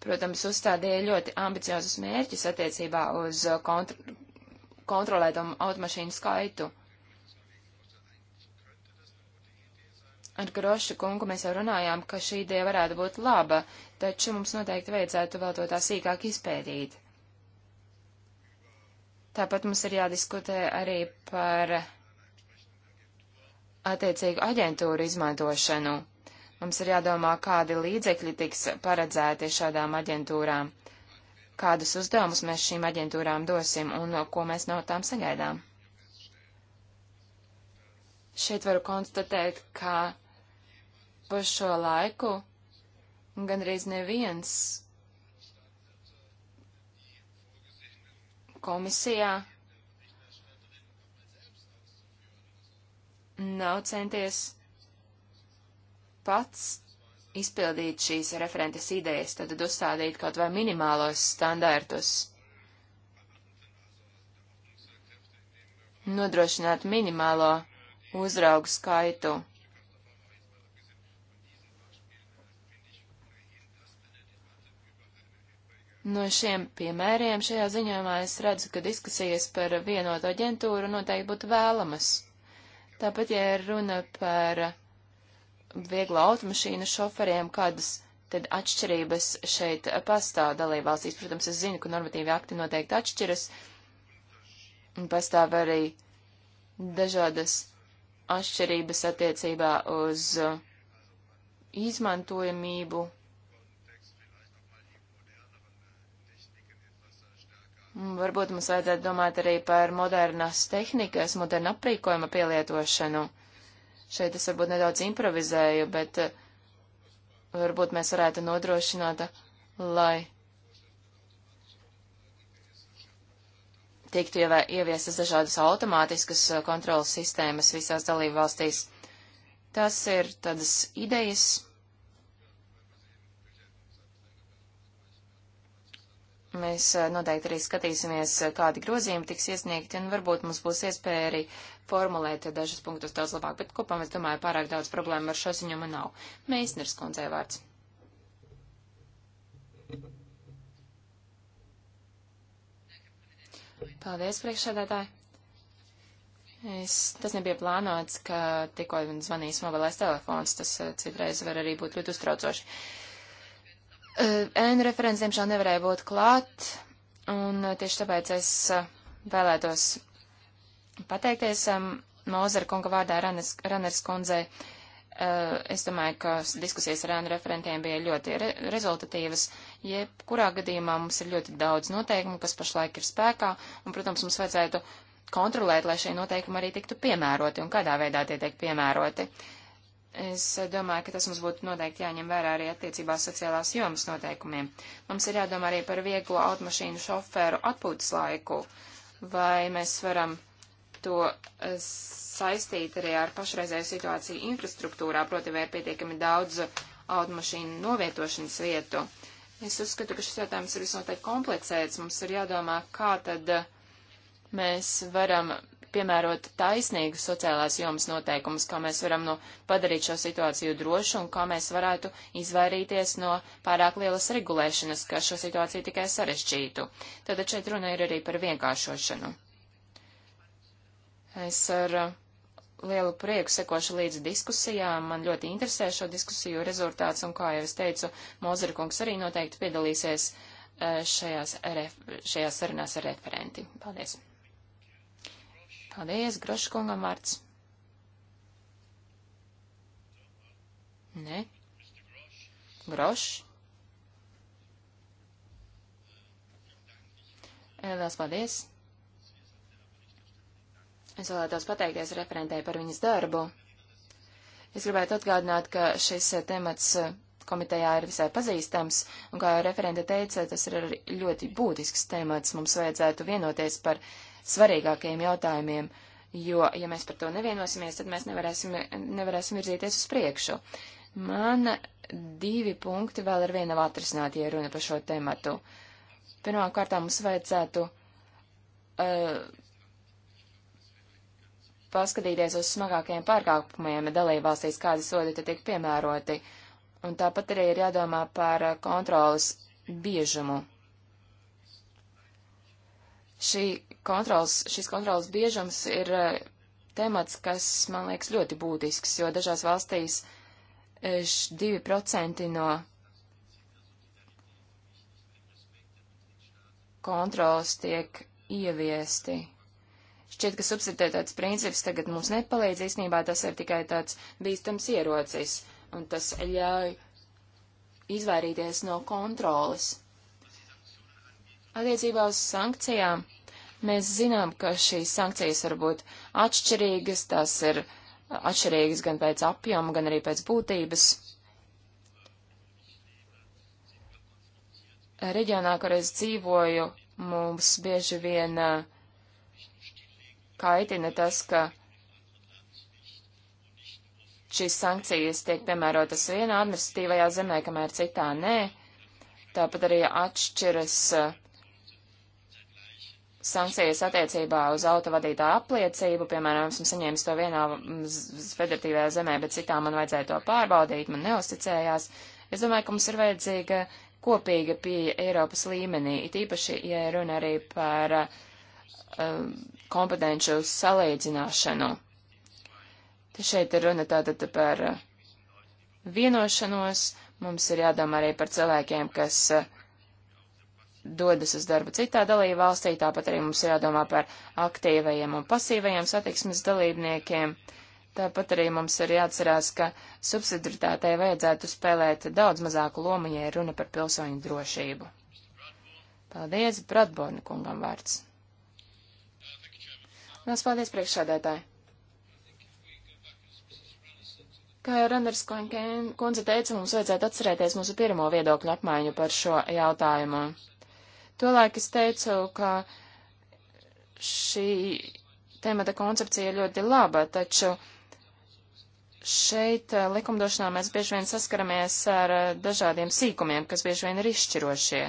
protams, uzstādīja ļoti ambiciozus mērķus attiecībā uz kontro kontrolētam automašīnu skaitu. Ar Grošu kungu mēs jau runājām, ka šī ideja varētu būt laba, taču mums noteikti vajadzētu vēl to tā sīkāk izpētīt. Tāpat mums ir jādiskutē arī par attiecīgu aģentūru izmantošanu. Mums ir jādomā, kādi līdzekļi tiks paredzēti šādām aģentūrām, kādus uzdevumus mēs šīm aģentūrām dosim un ko mēs no tām sagaidām. Šeit varu konstatēt, ka par šo laiku gandrīz neviens komisijā nav centies pats izpildīt šīs referentes idejas, tad uzstādīt kaut vai minimālos standārtus, nodrošināt minimālo uzraugu skaitu No šiem piemēriem šajā ziņojumā es redzu, ka diskusijas par vienotu aģentūru noteikti būtu vēlamas. Tāpat, ja runa par viegla automašīnu šoferiem, kādas tad atšķirības šeit pastāv dalībvalstīs. Protams, es zinu, ka normatīvi akti noteikti atšķiras, un pastāv arī dažādas atšķirības attiecībā uz izmantojamību Mm, varbūt mums vajadzētu domāt arī par modernas tehnikas, modernu aprīkojuma pielietošanu. Šeit es varbūt nedaudz improvizēju, bet eh, varbūt mēs varētu nodrošināt, lai tiktu ieviestas dažādas automātiskas eh, kontrolas sistēmas visās dalību valstīs. Tas ir tādas idejas, Mēs eh, noteikti arī skatīsimies, eh, kādi grozījumi tiks iesniegti, un varbūt mums būs iespēja arī formulēt dažus punktus daudz labāk, bet kopā es domāju, pārāk daudz problēmu ar šo ziņojumu nav. Meisners kundzei vārds. Paldies, priekšsēdētāji. Es, tas nebija plānots, ka tikko zvanīs mobilais telefons, tas eh, citreiz var arī būt ļoti uztraucoši. Uh, Ēnu referents, diemžēl, nevarēja būt klāt, un tieši tāpēc es vēlētos pateikties Mozara kunga vārdā Raners kundzei. Es domāju, ka diskusijas ar ēnu referentiem bija ļoti re rezultatīvas. Jebkurā gadījumā mums ir ļoti daudz noteikumu, kas pašlaik ir spēkā, un, protams, mums vajadzētu kontrolēt, lai šie noteikumi arī tiktu piemēroti un kādā veidā tie tiek piemēroti. Uh, Es domāju, ka tas mums būtu noteikti jāņem vērā arī attiecībās sociālās jomas noteikumiem. Mums ir jādomā arī par vieglo automašīnu šoferu atpūtas laiku, vai mēs varam to eh, saistīt arī ar pašreizēju situāciju infrastruktūrā, proti vai ir pietiekami daudz automašīnu novietošanas vietu. Es uzskatu, ka šis jautājums ir visnotaļ komplicēts. Mums ir jādomā, kā tad eh, mēs varam piemērot taisnīgus sociālās jomas noteikumus, kā mēs varam no padarīt šo situāciju drošu un kā mēs varētu izvairīties no pārāk lielas regulēšanas, kas šo situāciju tikai sarešķītu. Tātad šeit runa ir arī par vienkāršošanu. Es ar uh, lielu prieku sekošu līdz diskusijām. Man ļoti interesē šo diskusiju rezultāts, un, kā jau es teicu, Mozerkungs arī noteikti piedalīsies uh, šajās, ref, šajās sarunās ar referenti. Paldies! Paldies, Groškungam vārds. Nē. Grošs. Eh, liels paldies! Es vēlētos pateikties referentei par viņas darbu. Es gribētu atgādināt, ka šis eh, temats eh, komitejā ir visai pazīstams, un kā referente teica, tas ir ļoti būtisks temats. Mums vajadzētu vienoties par svarīgākajiem jautājumiem, jo, ja mēs par to nevienosimies, tad mēs nevarēsim, nevarēsim virzīties uz priekšu. Man divi punkti vēl ar vienu nav atrisināti, ja runa par šo tematu. Pirmkārt, mums vajadzētu uh, paskatīties uz smagākajiem pārkāpumiem dalībvalstīs, kādi sodi te tiek piemēroti. Un tāpat arī ir jādomā par uh, kontrolas biežumu Šī kontrols, šis kontrols biežums ir eh, temats, kas, man liekas, ļoti būtisks, jo dažās valstīs 2% eh, no kontrols tiek ieviesti. Šķiet, ka subsidētāts princips tagad mums nepalīdz, īstenībā tas ir tikai tāds bīstams ierocis, un tas ļauj izvairīties no kontrolas. Attiecībā uz sankcijām mēs zinām, ka šīs sankcijas var būt atšķirīgas, tās ir atšķirīgas gan pēc apjoma, gan arī pēc būtības. Reģionā, kur es dzīvoju, mums bieži vien eh, kaitina tas, ka šīs sankcijas tiek piemērotas vienā administratīvajā zemē, kamēr citā nē. Tāpat arī atšķiras uh, sankcijas attiecībā uz autovadītāju apliecību, piemēram, esmu saņēmis to vienā federatīvajā zemē, bet citā man vajadzēja to pārbaudīt, man neusticējās. Es domāju, ka mums ir vajadzīga kopīga pieeja Eiropas līmenī, it īpaši, ja runa arī par uh, kompetenču salīdzināšanu. Te šeit ir runa tātad par vienošanos, mums ir jādomā arī par cilvēkiem, kas uh, dodas uz darbu citā dalība valstī, tāpat arī mums jādomā par aktīvajiem un pasīvajiem satiksmes dalībniekiem. Tāpat arī mums ir jāatcerās, ka subsidiritātei vajadzētu spēlēt daudz mazāku lomu, ja runa par pilsoņu drošību. Paldies, Bratborni kungam vārds. Lielas paldies, priekšsādētāji. Kā jau Randers kundze teica, mums vajadzētu atcerēties mūsu pirmo viedokļu apmaiņu par šo jautājumu. Tolaik es teicu, ka šī temata koncepcija ir ļoti laba, taču šeit eh, likumdošanā mēs bieži vien saskaramies ar eh, dažādiem sīkumiem, kas bieži vien ir izšķirošie.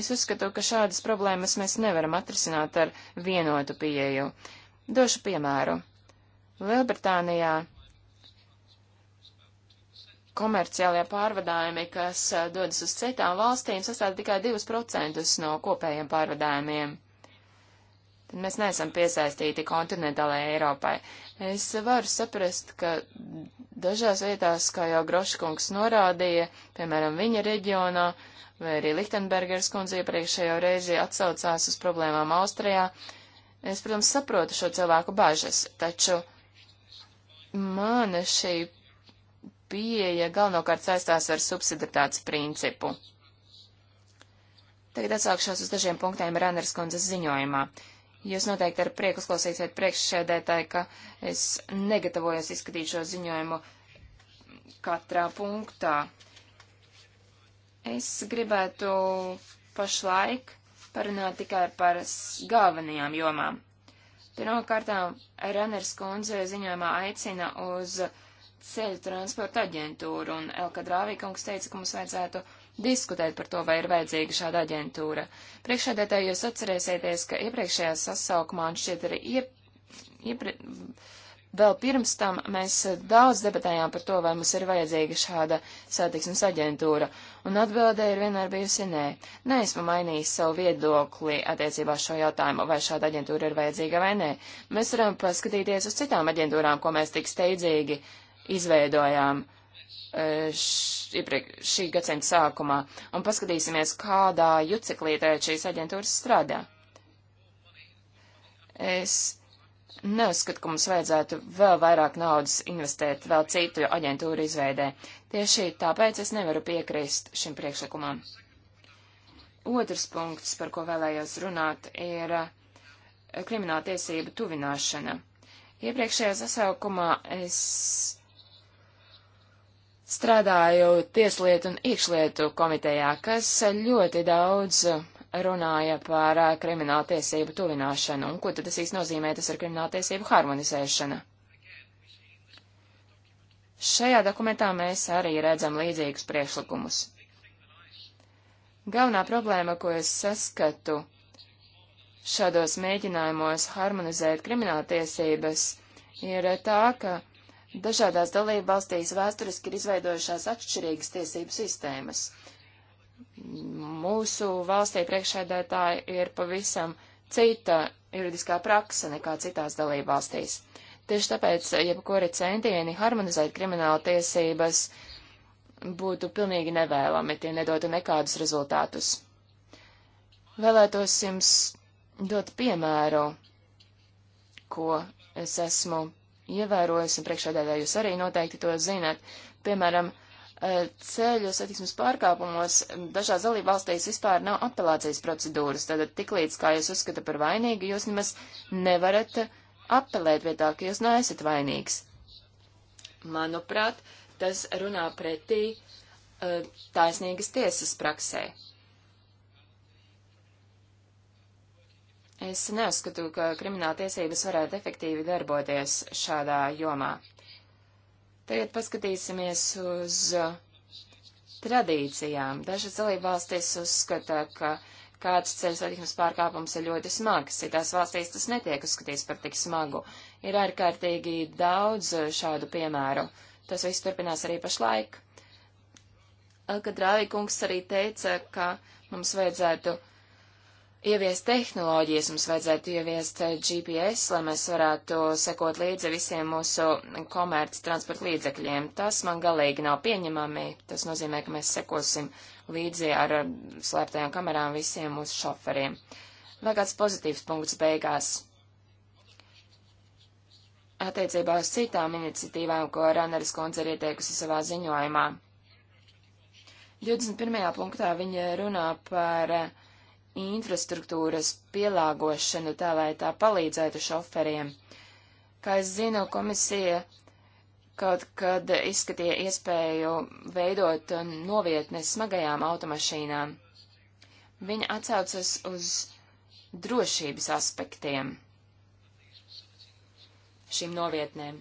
Es uzskatu, ka šādas problēmas mēs nevaram atrisināt ar vienotu pieeju. Došu piemēru. Lielbritānijā komerciālie pārvadājumi, kas eh, dodas uz citām valstīm, sastāv tikai 2% no kopējiem pārvadājumiem. Tad mēs neesam piesaistīti kontinentālajai Eiropai. Es varu saprast, ka dažās vietās, kā jau Groškungs norādīja, piemēram, viņa reģionā, vai arī Lichtenbergers kundze iepriekšējo reizi atsaucās uz problēmām Austrijā, es, protams, saprotu šo cilvēku bažas, taču man šī pieeja galvenokārt saistās ar subsidatāts principu. Tagad atsaukšos uz dažiem punktiem Ranners kundzes ziņojumā. Jūs noteikti ar prieku klausīsiet priekšsēdētāji, ka es negatavojos izskatīt šo ziņojumu katrā punktā. Es gribētu pašlaik parunāt tikai par galvenajām jomām. Pirmkārtām, Ranners kundze ziņojumā aicina uz uh, ceļu transporta aģentūru, un Elka Drāvīkungs teica, ka mums vajadzētu diskutēt par to, vai ir vajadzīga šāda aģentūra. Priekšādētāji jūs atcerēsieties, ka iepriekšējā sasaukumā, un šķiet arī iep, iepre, vēl pirms tam, mēs daudz debatējām par to, vai mums ir vajadzīga šāda satiksmes aģentūra, un atbildē ir vienmēr bijusi nē. Nē, esmu mainījis savu viedokli attiecībā šo jautājumu, vai šāda aģentūra ir vajadzīga vai nē. Mēs varam paskatīties uz citām aģentūrām, ko mēs tik steidzīgi izveidojām e, iepriekš šī gadsimta sākumā, un paskatīsimies, kādā juceklītē šīs aģentūras strādā. Es neuzskatu, ka mums vajadzētu vēl vairāk naudas investēt vēl citu aģentūru izveidē. Tieši tāpēc es nevaru piekrist šim priekšlikumam. Otrs punkts, par ko vēlējos runāt, ir e, krimināla tiesība tuvināšana. Iepriekšējā sasaukumā es strādāju Tieslietu un iekšlietu komitejā, kas ļoti daudz runāja par krimināltiesību tuvināšanu. Un ko tad tas īsti nozīmē? Tas ir krimināltiesību harmonizēšana. Šajā dokumentā mēs arī redzam līdzīgus priekšlikumus. Galvenā problēma, ko es saskatu šādos mēģinājumos harmonizēt krimināltiesības, ir tā, ka Dažādās dalībvalstīs vēsturiski ir izveidojušās atšķirīgas tiesību sistēmas. Mūsu valstī priekšēdētāji ir pavisam cita juridiskā praksa nekā citās dalībvalstīs. Tieši tāpēc, jebkuri centieni harmonizēt krimināla tiesības būtu pilnīgi nevēlami, tie nedotu nekādus rezultātus. Vēlētos jums dot piemēru, ko es esmu ievērojas, un priekšādēļ jūs arī noteikti to zinat. Piemēram, eh, ceļu satiksmes pārkāpumos dažās dalībvalstīs vispār nav apelācijas procedūras. Tātad tiklīdz, kā jūs uzskata par vainīgu, jūs nemaz nevarat apelēt vietā, ka jūs neesat vainīgs. Manuprāt, tas runā pretī eh, taisnīgas tiesas praksē. Es neuzskatu, ka krimināla tiesības varētu efektīvi darboties šādā jomā. Tagad paskatīsimies uz tradīcijām. Dažas dalībvalstis uzskata, ka kāds ceļu satiksmes pārkāpums ir ļoti smags. Citās valstīs tas netiek uzskatīts par tik smagu. Ir ārkārtīgi daudz šādu piemēru. Tas viss turpinās arī pašlaik. Kad Rāvīkungs arī teica, ka mums vajadzētu ieviest tehnoloģijas, mums vajadzētu ieviest eh, GPS, lai mēs varētu sekot līdzi visiem mūsu komerc transporta līdzekļiem. Tas man galīgi nav pieņemami. Tas nozīmē, ka mēs sekosim līdzi ar eh, slēptajām kamerām visiem mūsu šoferiem. Vēl kāds pozitīvs punkts beigās. Attiecībā uz citām iniciatīvām, ko Raneris kundze ir ieteikusi savā ziņojumā. 21. punktā viņa runā par uh, infrastruktūras pielāgošanu tā, lai tā palīdzētu šoferiem. Kā es zinu, komisija kaut kad izskatīja iespēju veidot novietnes smagajām automašīnām. Viņa atsaucas uz drošības aspektiem šīm novietnēm.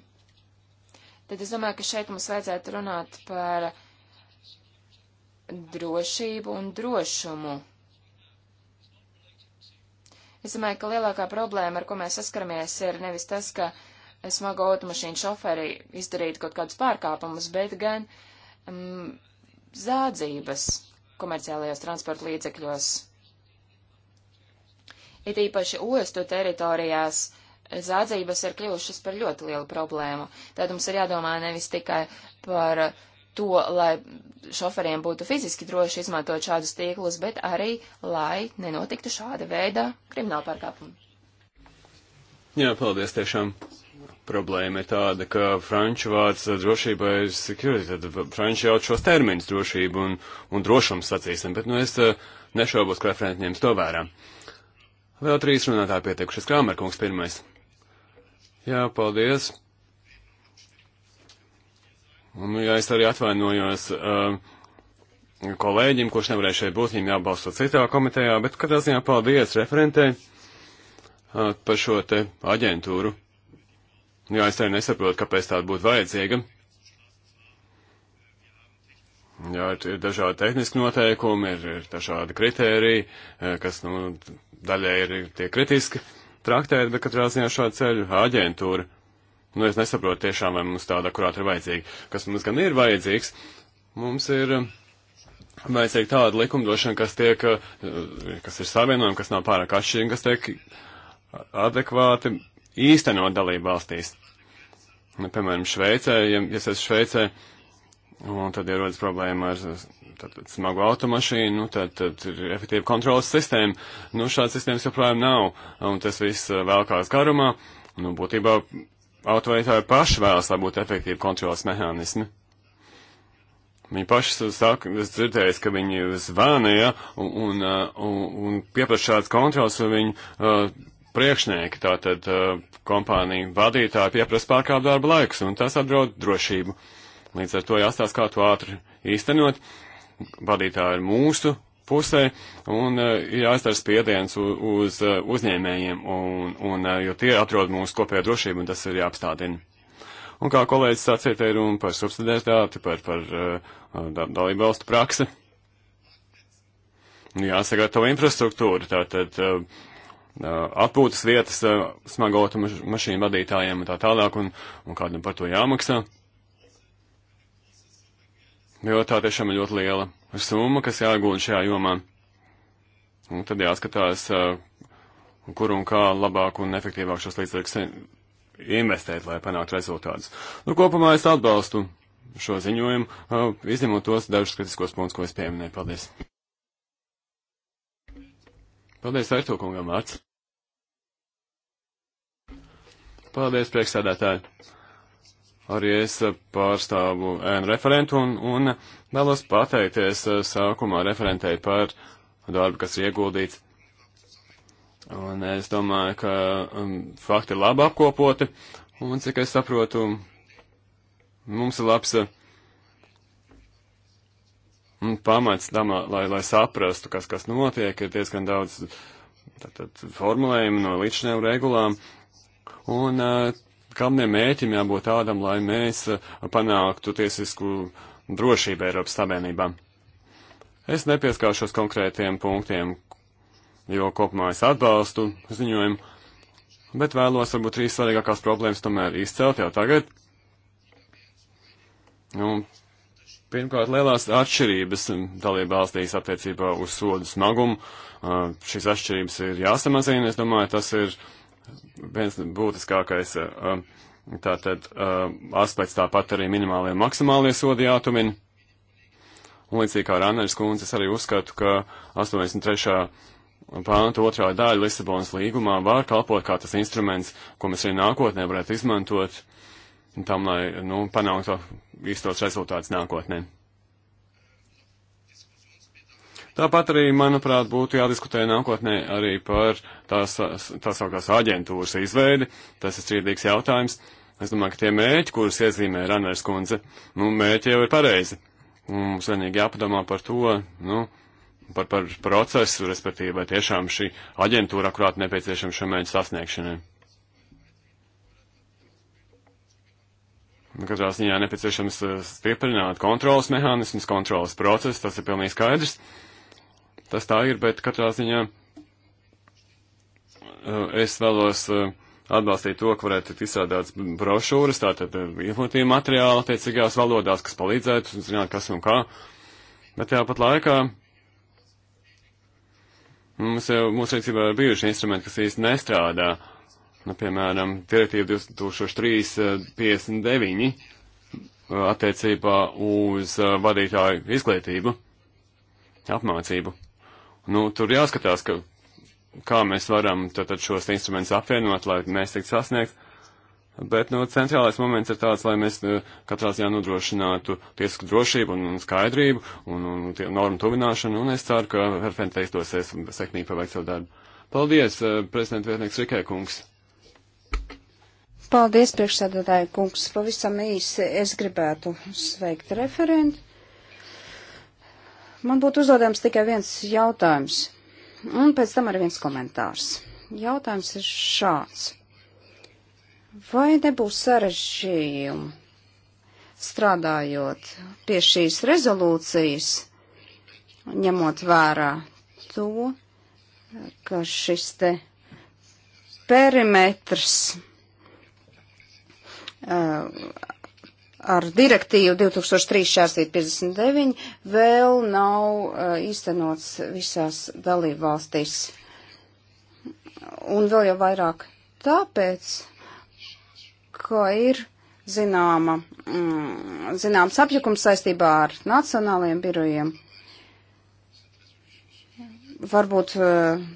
Tad es domāju, ka šeit mums vajadzētu runāt par drošību un drošumu Es domāju, ka lielākā problēma, ar ko mēs saskaramies, ir nevis tas, ka smago automašīnu šoferi izdarītu kaut kādus pārkāpumus, bet gan mm, zādzības komerciālajos transporta līdzekļos. It īpaši ostu teritorijās zādzības ir kļuvušas par ļoti lielu problēmu. Tad mums ir jādomā nevis tikai par uh, to, lai šoferiem būtu fiziski droši izmantot šādus tīklus, bet arī, lai nenotiktu šāda veida krimināla pārkāpuma. Jā, paldies tiešām. Problēma ir tāda, ka franču vārds drošībai ir security, tad franči jau šos terminus drošību un, un drošums sacīsim, bet nu es eh, nešaubos, ka referenti ņems to vērā. Vēl trīs runātāji pieteikušies Krāmerkungs pirmais. Jā, paldies. Un, ja es arī atvainojos uh, kolēģim, kurš nevarēja šeit būt, viņam jābalso citā komitejā, bet katrā ziņā paldies referentē uh, par šo te aģentūru. Jā, es arī nesaprotu, kāpēc tāda būtu vajadzīga. Jā, ir, ir dažādi tehniski noteikumi, ir, ir dažādi kritēriji, uh, kas, nu, daļai ir tie kritiski traktēti, bet katrā ziņā šāda ceļu aģentūra. Nu, es nesaprotu tiešām, vai mums tāda akurāta ir vajadzīga. Kas mums gan ir vajadzīgs, mums ir eh, vajadzīga tāda likumdošana, kas tiek, eh, kas ir savienojama, kas nav pārāk atšķirīga, kas tiek adekvāti īstenot dalību valstīs. Nu, piemēram, Šveicē, ja, ja es esmu Šveicē, un tad ierodas problēma ar tad, tad smagu automašīnu, nu, tad, tad ir efektīva kontrolas sistēma. Nu, šādas sistēmas joprojām nav, un tas viss eh, velkās garumā. Nu, būtībā autorētāji paši vēlas, lai būtu efektīvi kontrolas mehānismi. Viņi paši saka, es dzirdēju, ka viņi zvana, ja, un, un, uh, un, un pieprasa šādas kontrolas, un viņi uh, priekšnieki, tātad uh, kompānija vadītāji pieprasa pārkāpt darba laiks, un tas apdraud drošību. Līdz ar to jāstāsta, kā to ātri īstenot. Vadītāji ir mūsu pusē un ir eh, jāizdara spiediens uz, uz eh, uzņēmējiem, un, un, eh, jo tie atrod mūsu kopējo drošību un tas ir jāapstādina. Un kā kolēģis sacīja, te ir runa par subsidiaritāti, par, par da, dalību valstu praksi. Jāsagatavo infrastruktūra, tātad atpūtas vietas smago mašīnu vadītājiem un tā tālāk, un, un kādam par to jāmaksā. Jo tā tiešām ir ļoti liela summa, kas jāgūda šajā jomā. Un tad jāskatās, uh, kur un kā labāk un efektīvāk šos līdzekļus investēt, lai panāktu rezultātus. Nu, kopumā es atbalstu šo ziņojumu, uh, izņemot tos dažus kritiskos punktus, ko es pieminēju. Paldies! Paldies, Arto kungam, vārds! Paldies, priekšsādātāji! Arī es pārstāvu ēnu referentu un, un vēlos pateikties eh, sākumā referentei par darbu, kas ir ieguldīts. Un es domāju, ka um, fakti ir labi apkopoti, un cik es saprotu, mums ir labs uh, pamats tam, lai, lai saprastu, kas, kas notiek, ir diezgan daudz tātad, formulējumu no līdzinējuma regulām. Un uh, Kādam mērķim jābūt tādam, lai mēs eh, panāktu tiesisku drošību Eiropas Savienībā? Es nepieskāršos konkrētiem punktiem, jo kopumā es atbalstu ziņojumu, bet vēlos varbūt trīs svarīgākās problēmas tomēr izcelt jau tagad. Nu, Pirmkārt, lielās atšķirības dalība valstīs attiecībā uz sodu smagumu. Šīs atšķirības ir jāsamazina. Es domāju, tas ir viens būtiskākais uh, um, tātad um, aspekts tāpat arī minimālie un maksimālie sodi jātumina. Un līdzīgi kā Rāneris kundze, es arī uzskatu, ka 83. pānta otrā daļa Lisabonas līgumā var kalpot kā tas instruments, ko mēs arī nākotnē varētu izmantot tam, lai, nu, panāktu īstos rezultātus nākotnē. Tāpat arī, manuprāt, būtu jādiskutē nākotnē arī par tās, tās augās aģentūras izveidi. Tas ir strīdīgs jautājums. Es domāju, ka tie mērķi, kurus iezīmē Ranvērs kundze, nu, mērķi jau ir pareizi. Mums vienīgi jāpadomā par to, nu, par, par procesu, respektīvi, vai tiešām šī aģentūra akurāt nepieciešama šo mērķu sasniegšanai. Nu, katrā ziņā nepieciešams eh, stiprināt kontrolas mehānismus, kontrolas procesus, tas ir pilnīgi skaidrs. Uh, tas tā ir, bet katrā ziņā eh, es vēlos eh, atbalstīt to, ka varētu tikt izstrādāts brošūras, tātad eh, izglītīja materiāli attiecīgās valodās, kas palīdzētu zināt, kas un kā. Bet tāpat laikā mums jau mūsu rīcībā ir bijuši instrumenti, kas īsti nestrādā. Nu, piemēram, direktīva 2003-59 attiecībā uz vadītāju izglītību, apmācību. Nu, tur jāskatās, ka, kā mēs varam tātad šos instrumentus apvienot, lai mēs tiktu sasniegt. Bet, nu, centrālais moments ir tāds, lai mēs eh, katrā ziņā nodrošinātu tiesisku drošību un, un skaidrību un, un, un normu tuvināšanu, un es ceru, ka referenti izdosies sekmīgi paveikt savu darbu. Paldies, eh, prezidenta vietnieks Rikē kungs. Paldies, priekšsēdētāji kungs. Pavisam īsi es gribētu sveikt referentu Man būtu uzdodams tikai viens jautājums, un pēc tam arī viens komentārs. Jautājums ir šāds. Vai nebūs sarežģījumu strādājot pie šīs rezolūcijas, ņemot vērā to, ka šis te perimetrs uh, ar direktīvu 2003.59 vēl nav eh, īstenots visās dalībvalstīs. Un vēl jau vairāk tāpēc, ka ir zināma, mm, zināms apjukums saistībā ar nacionālajiem birojiem. Varbūt eh,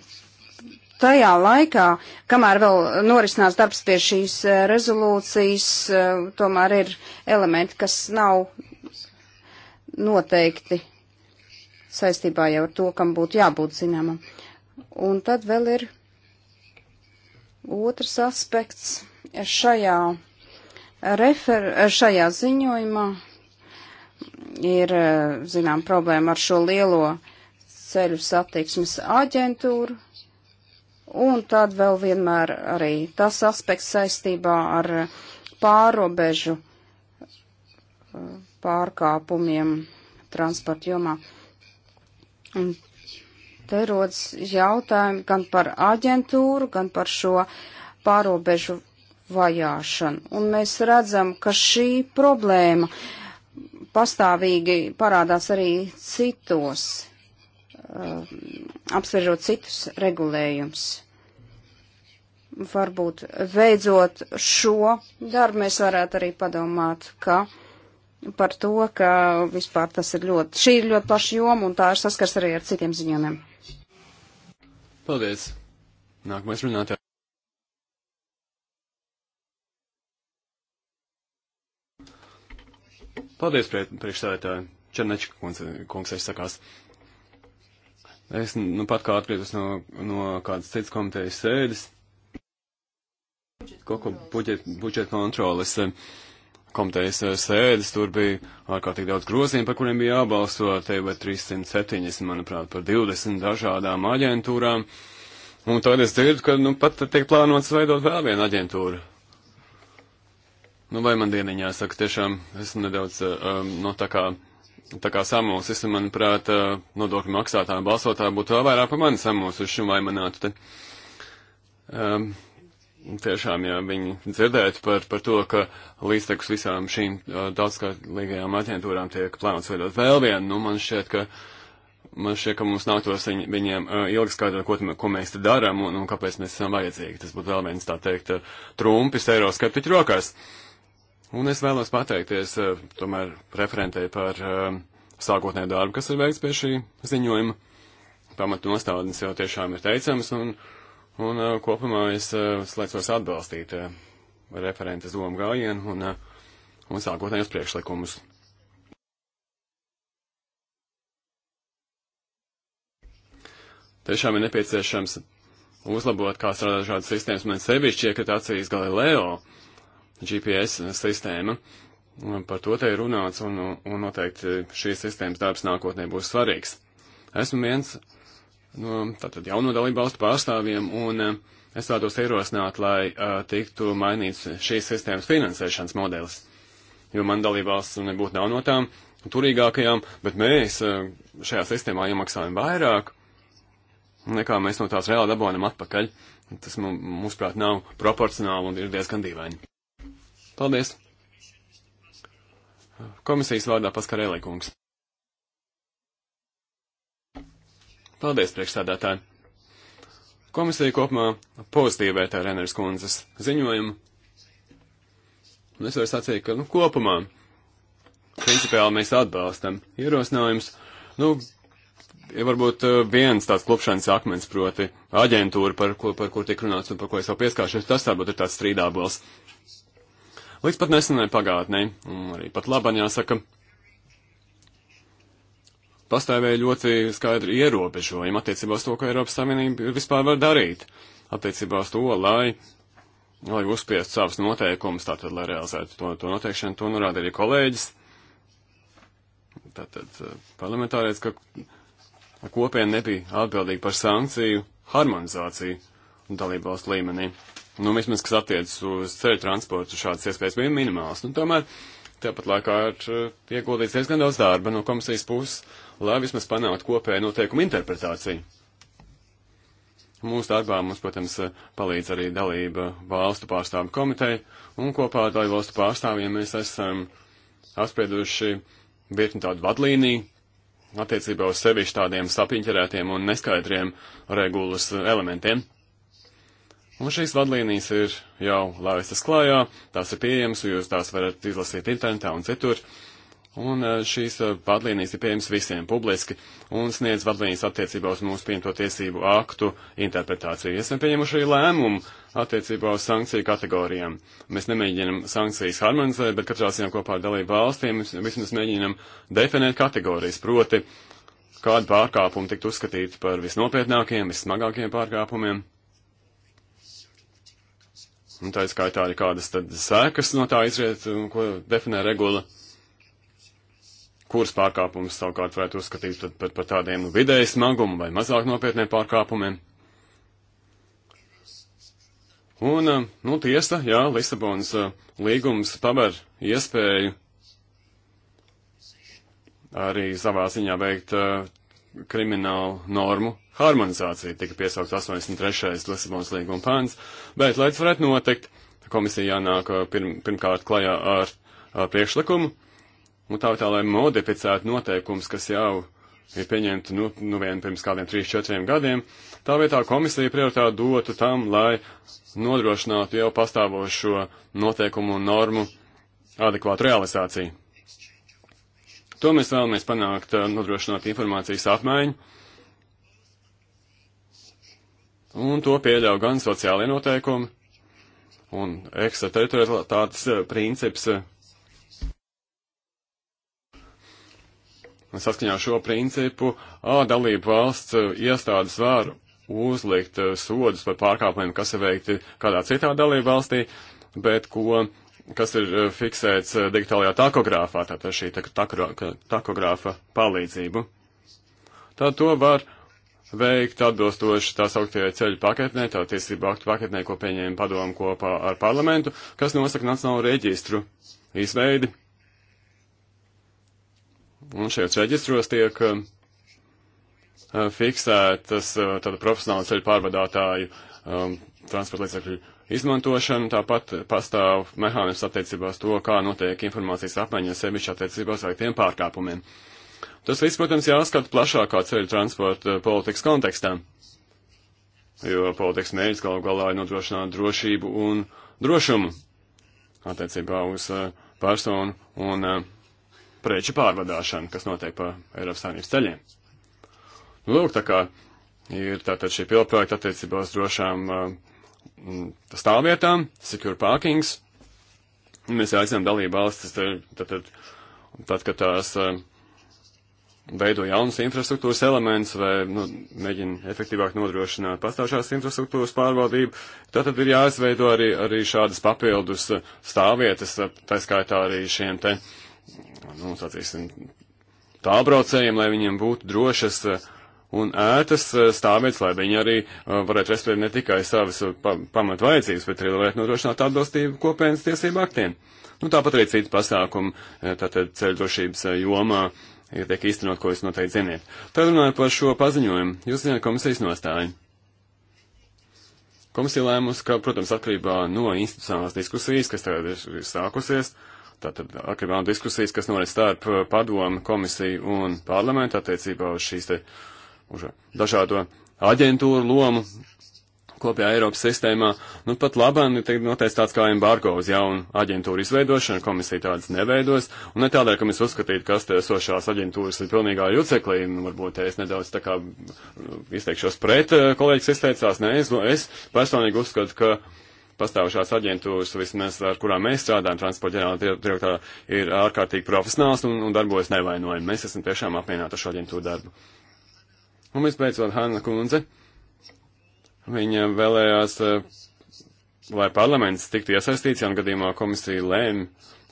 tajā laikā, kamēr vēl norisinās darbs pie šīs eh, rezolūcijas, eh, tomēr ir elementi, kas nav noteikti saistībā jau ar to, kam būtu jābūt zināmam. Un tad vēl ir otrs aspekts šajā, refer, šajā ziņojumā. Ir, eh, zinām, problēma ar šo lielo ceļu satiksmes aģentūru, Un tad vēl vienmēr arī tas aspekts saistībā ar pārobežu eh, pārkāpumiem transporta jomā. Un te rodas jautājumi gan par aģentūru, gan par šo pārobežu vajāšanu. Un mēs redzam, ka šī problēma pastāvīgi parādās arī citos, uh, eh, apsvežot citus regulējumus varbūt veidzot šo darbu, mēs varētu arī padomāt, ka par to, ka vispār tas ir ļoti, šī ir ļoti plaša joma un tā ir saskars arī ar citiem ziņojumiem. Paldies. Nākamais runātājs. Paldies, priekšstādātāji. Černečka kungs, kungs es sakās. Es nu pat kā atgriezos no, no kādas citas komitejas sēdes. Koku budžet, budžet kontroles eh, komitejas eh, sēdes, tur bija ārkārtīgi daudz grozījumu, par kuriem bija jābalso, te vai 370, manuprāt, par 20 dažādām aģentūrām. Un tad es dzirdu, ka, nu, pat tiek plānots veidot vēl vienu aģentūru. Nu, vai man dieniņā saka, tiešām esmu nedaudz, eh, um, no nu, tā kā, tā kā samūsis, un, manuprāt, uh, nodokļu maksātāju balsotāju būtu vēl vairāk par mani samūsuši un vaimanātu te. Um, tiešām, ja viņi dzirdētu par, par to, ka līdztekus visām šīm daudzkārtīgajām aģentūrām tiek plānots veidot vēl vienu, nu, man šķiet, ka, man šķiet, ka mums nāktos viņ, viņiem ilgi skaidrot, ko, ko mēs te darām un, un kāpēc mēs esam vajadzīgi. Tas būtu vēl viens, tā teikt, trumpis eiroskeptiķu rokās. Un es vēlos pateikties, tomēr, referentei par sākotnēju darbu, kas ir veikts pie šī ziņojuma. Pamatu nostādnes jau tiešām ir teicamas un. Uh, Un uh, kopumā es uh, slēdzos atbalstīt uh, referentes domu gājienu un, uh, un sākotnējos priekšlikumus. Tiešām ir nepieciešams uzlabot, kā strādā šādas sistēmas. Man sevišķi iekrita acīs Galileo GPS sistēma. Un par to te ir runāts, un, un noteikti šīs sistēmas darbs nākotnē būs svarīgs. Esmu viens no, tātad jauno dalību valstu pārstāvjiem, un eh, es vēlētos ierosināt, lai eh, tiktu mainīts šīs sistēmas finansēšanas modelis, jo man dalību valsts nebūtu nav no tām turīgākajām, bet mēs eh, šajā sistēmā iemaksājam vairāk, nekā mēs no tās reāli dabonam atpakaļ. Tas, mūsuprāt, nav proporcionāli un ir diezgan dīvaini. Paldies! Komisijas vārdā Paskarēlī kungs. Paldies, priekšstādātāji! Komisija kopumā pozitīvi vērtē Reners kundzes ziņojumu. Un es varu sacīt, ka, nu, kopumā, principiāli mēs atbalstam ierosinājums. Nu, ir varbūt eh, viens tāds klupšanas akmens, proti aģentūra, par, ko, par kur tiek runāts un par ko es jau pieskāršos, tas varbūt ir tāds strīdābols. Līdz pat nesenai pagātnē, un arī pat labāk jāsaka, pastāvēja ļoti skaidri ierobežojumi attiecībā uz to, ko Eiropas Savienība vispār var darīt, attiecībā uz to, lai, lai uzspiest savus noteikumus, tātad, lai realizētu to, to noteikšanu, to norāda arī kolēģis, tātad eh, parlamentārietis, ka kopiena nebija atbildīga par sankciju harmonizāciju dalībvalstu līmenī. Nu, vismaz, kas attiecas uz ceļu transportu, šādas iespējas bija minimāls. Nu, tomēr, tāpat laikā ir eh, ieguldīts diezgan daudz darba no komisijas puses, lai vismaz panāktu kopēju noteikumu interpretāciju. Mūsu darbā mums, protams, palīdz arī dalība valstu pārstāvju komiteja, un kopā ar dalību valstu pārstāvjiem mēs esam apsprieduši virkni tādu vadlīniju attiecībā uz sevišķi tādiem sapiņķerētiem un neskaidriem regulas elementiem. Un šīs vadlīnijas ir jau laistas klājā, tās ir pieejamas, jūs tās varat izlasīt internetā un citur. Uh, Un eh, šīs eh, vadlīnijas ir pieejamas visiem publiski un sniedz vadlīnijas attiecībā uz mūsu pieņemto tiesību aktu interpretāciju. Esam pieņemuši arī lēmumu attiecībā uz sankciju kategorijām. Mēs nemēģinam sankcijas harmonizēt, bet katrā ziņā kopā ar dalību valstīm vismaz mēģinam definēt kategorijas, proti, kādu pārkāpumu tikt uzskatīt par visnopietnākajiem, vissmagākajiem pārkāpumiem. Un tā ir skaitā arī kādas tad sēkas no tā izriet, ko definē regula kuras pārkāpumus savukārt varētu uzskatīt par, par, par tādiem vidēji smagumu vai mazāk nopietniem pārkāpumiem. Un, eh, nu, tiesa, jā, Lisabonas eh, līgums paver iespēju arī savā ziņā veikt eh, kriminālu normu harmonizāciju. Tika piesaukts 83. Lisabonas līguma pāns, bet, lai tas varētu notikt, komisija jānāk pirm, pirmkārt klajā ar, ar priekšlikumu, Un nu, tā tā, lai modificētu noteikums, kas jau ir pieņemti nu, nu vien pirms kādiem 3-4 gadiem, tā vietā komisija prioritāti dotu tam, lai nodrošinātu jau pastāvošo noteikumu un normu adekvātu realizāciju. To mēs vēlamies panākt, eh, nodrošināt informācijas apmaiņu, un to pieļauj gan sociālajie noteikumi, un ekstrateritorialitātes eh, princips eh, saskaņā ar šo principu A dalību valsts iestādes var uzlikt sodus par pārkāpumiem, kas ir veikti kādā citā dalību valstī, bet ko kas ir fiksēts digitālajā takogrāfā, tātad šī takogrāfa palīdzību. Tātad to var veikt atbilstoši tā sauktajai ceļu paketnē, tā tiesību aktu paketnē, ko pieņēma padomu kopā ar parlamentu, kas nosaka nacionālu reģistru izveidi. Un šajos reģistros tiek uh, uh, fiksētas uh, tāda profesionāla ceļu pārvadātāju um, transporta līdzekļu izmantošana. Tāpat pastāv mehānisms attiecībās to, kā notiek informācijas apmaiņa sevišķi attiecībās vai tiem pārkāpumiem. Tas viss, protams, jāskata plašākā ceļu transporta politikas kontekstā, jo politikas mērķis galu galā ir nodrošināt drošību un drošumu attiecībā uz uh, personu un uh, preču pārvadāšanu, kas notiek pa Eiropas Savienības ceļiem. Nu, lūk, tā kā ir tātad šī pilotprojekta attiecībā uz drošām uh, stāvvietām, secure parkings. Mēs aicinām dalību valstis, tātad, tad, kad tās uh, veido jaunas infrastruktūras elementus vai nu, mēģina efektīvāk nodrošināt pastāvšās infrastruktūras pārvaldību, tad, tad ir jāizveido arī, arī šādas papildus uh, stāvvietas, uh, tā skaitā arī šiem te uh, nu, sacīsim, tālbraucējiem, lai viņiem būtu drošas eh, un ētas eh, stāvvietas, lai viņi arī eh, varētu respektēt ne tikai savas pamatvajadzības, bet arī varētu nodrošināt atbilstību kopienas tiesību aktiem. Nu, tāpat arī citi pasākumi, tātad ceļdrošības jomā ir tiek īstenot, ko jūs noteikti ziniet. Tad runāju par šo paziņojumu. Jūs zināt komisijas nostāju. Komisija lēmusi, ka, protams, atkarībā no institucionālās diskusijas, kas tagad ir sākusies, uh, Tātad akribām diskusijas, kas norit starp eh, padomu, komisiju un parlamentu attiecībā uz šīs te uz dažādo aģentūru lomu kopējā Eiropas sistēmā. Nu, pat labāk ir noteikts tāds kā embargo uz jaunu aģentūru izveidošanu, komisija tādas neveidos, un ne tādēļ, ka mēs uzskatītu, ka esošās aģentūras ir pilnīgā juceklī, un nu, varbūt es nedaudz tā kā uh, izteikšos pret, uh, kolēģis izteicās, nē, es, es personīgi uzskatu, ka pastāvošās aģentūras, vismaz ar kurām mēs strādājam, transporta ģenerāla direktorā, ir ārkārtīgi profesionāls un, un darbojas nevainojami. Mēs esam tiešām apmierināti ar šo aģentūru darbu. Un visbeidzot, Hanna Kunze, viņa vēlējās, eh, lai parlaments tiktu iesaistīts, ja gadījumā komisija lēma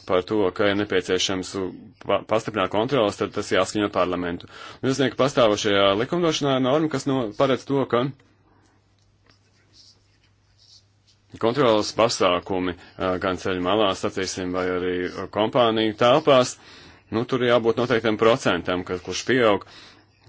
par to, ka ir nepieciešams pastiprināt kontrolas, tad tas jāskaņo parlamentu. Un es domāju, ka pastāvošajā likumdošanā ir norma, kas no, paredz to, ka kontrolas pasākumi gan ceļu malās, sacīsim, vai arī kompāniju telpās, nu, tur jābūt noteiktam procentam, kad, kurš pieaug,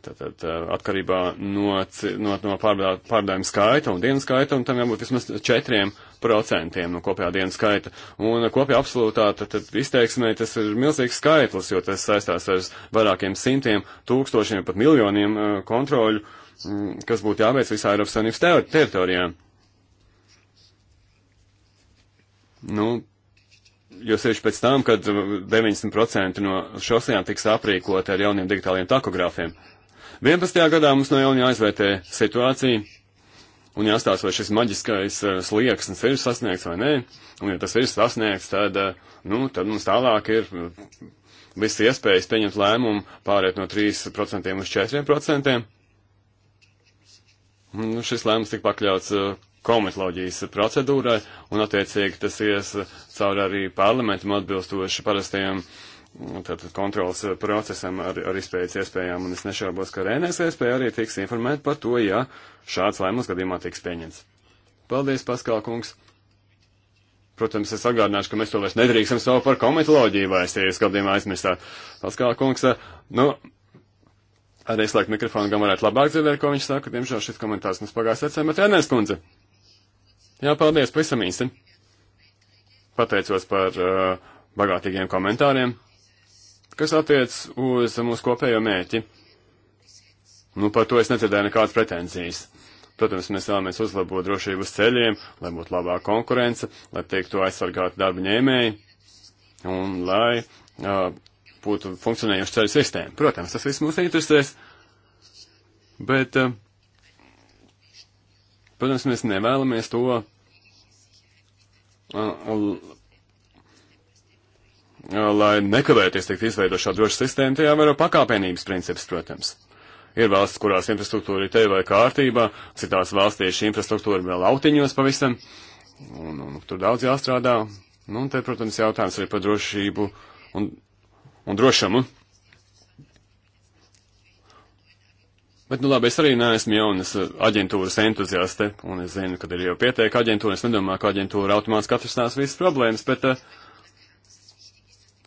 tātad atkarībā no, no, no pārdājuma skaita un dienas skaita, un tam jābūt vismaz 4% no kopējā dienas skaita. Un kopējā absolūtā tātad izteiksmē tas ir milzīgs skaitlis, jo tas saistās ar vairākiem simtiem, tūkstošiem, pat miljoniem kontroļu, mm, kas būtu jāveic visā Eiropas Savienības ter teritorijā. Ter Nu, jo sevišķi pēc tam, kad 90% no šosejām tiks aprīkoti ar jauniem digitāliem takogrāfiem. 11. gadā mums no jauna jāizvērtē situācija un jāstāsta, vai šis maģiskais uh, eh, slieksnis ir sasniegts vai nē. Un ja tas ir sasniegts, tad, uh, nu, tad mums tālāk ir eh, viss iespējas pieņemt lēmumu pāriet no 3% uz 4%. Un nu, šis lēmums tika pakļauts uh, komitoloģijas procedūrai, un attiecīgi tas ies cauri arī parlamentam atbilstoši parastajiem mm, tātad kontrols procesam ar, ar izpējas iespējām, un es nešaubos, ka Rēnēs iespēja arī tiks informēt par to, ja šāds lēmums gadījumā tiks pieņemts. Paldies, Paskal kungs! Protams, es atgādināšu, ka mēs to vairs nedrīkstam saukt par komitoloģiju, vai es jūs gadījumā aizmirstāt. Paskal kungs, nu, arī slēgt mikrofonu, gan varētu labāk dzirdēt, ko viņš saka, diemžēl šis komentārs mums pagājušajā cemetrē, Rēnēs kundze! Jā, paldies, pavisam īsi. Pateicos par uh, bagātīgiem komentāriem, kas attiec uz mūsu kopējo mērķi. Nu, par to es nedzirdēju nekādas pretenzijas. Protams, mēs vēlamies uzlabot drošību uz ceļiem, lai būtu labāka konkurence, lai tiektu aizsargāti darba ņēmēji un lai uh, būtu funkcionējoša ceļu sistēma. Protams, tas viss mūs interesēs, bet, uh, protams, mēs nevēlamies to lai nekavēties tikt izveidot šādu drošu sistēmu, tajā var pakāpenības princips, protams. Ir valsts, kurās infrastruktūra ir te vai kārtībā, citās valstīs šī infrastruktūra vēl autiņos pavisam, un, un tur daudz jāstrādā. Nu, un te, protams, jautājums arī par drošību un, un drošumu. Bet, nu labi, es arī neesmu jaunas uh, aģentūras entuziaste, un es zinu, kad ir jau pieteikta aģentūra, es nedomāju, ka aģentūra automātiski atrisinās visas problēmas, bet uh,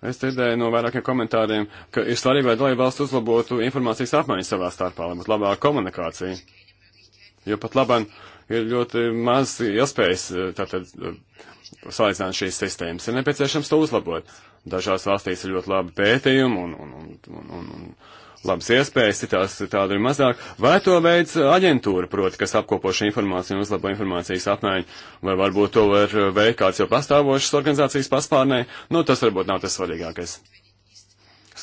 es dzirdēju no vairākiem komentāriem, ka ir svarīgi, lai dalība valsts uzlabotu informācijas apmaiņu savā starpā, lai būtu labāka komunikācija. Jo pat labam ir ļoti maz iespējas uh, tātad uh, salīdzināt šīs sistēmas. Ir nepieciešams to uzlabot. Dažās valstīs ir ļoti labi pētījumi un, un, un, un, un, un labas iespējas, citās tādu ir mazāk, vai to veids aģentūra, proti, kas apkopo šo informāciju un uzlabo informācijas apmaiņu, vai varbūt to var veikt kāds jau pastāvošas organizācijas paspārnē, nu tas varbūt nav tas svarīgākais.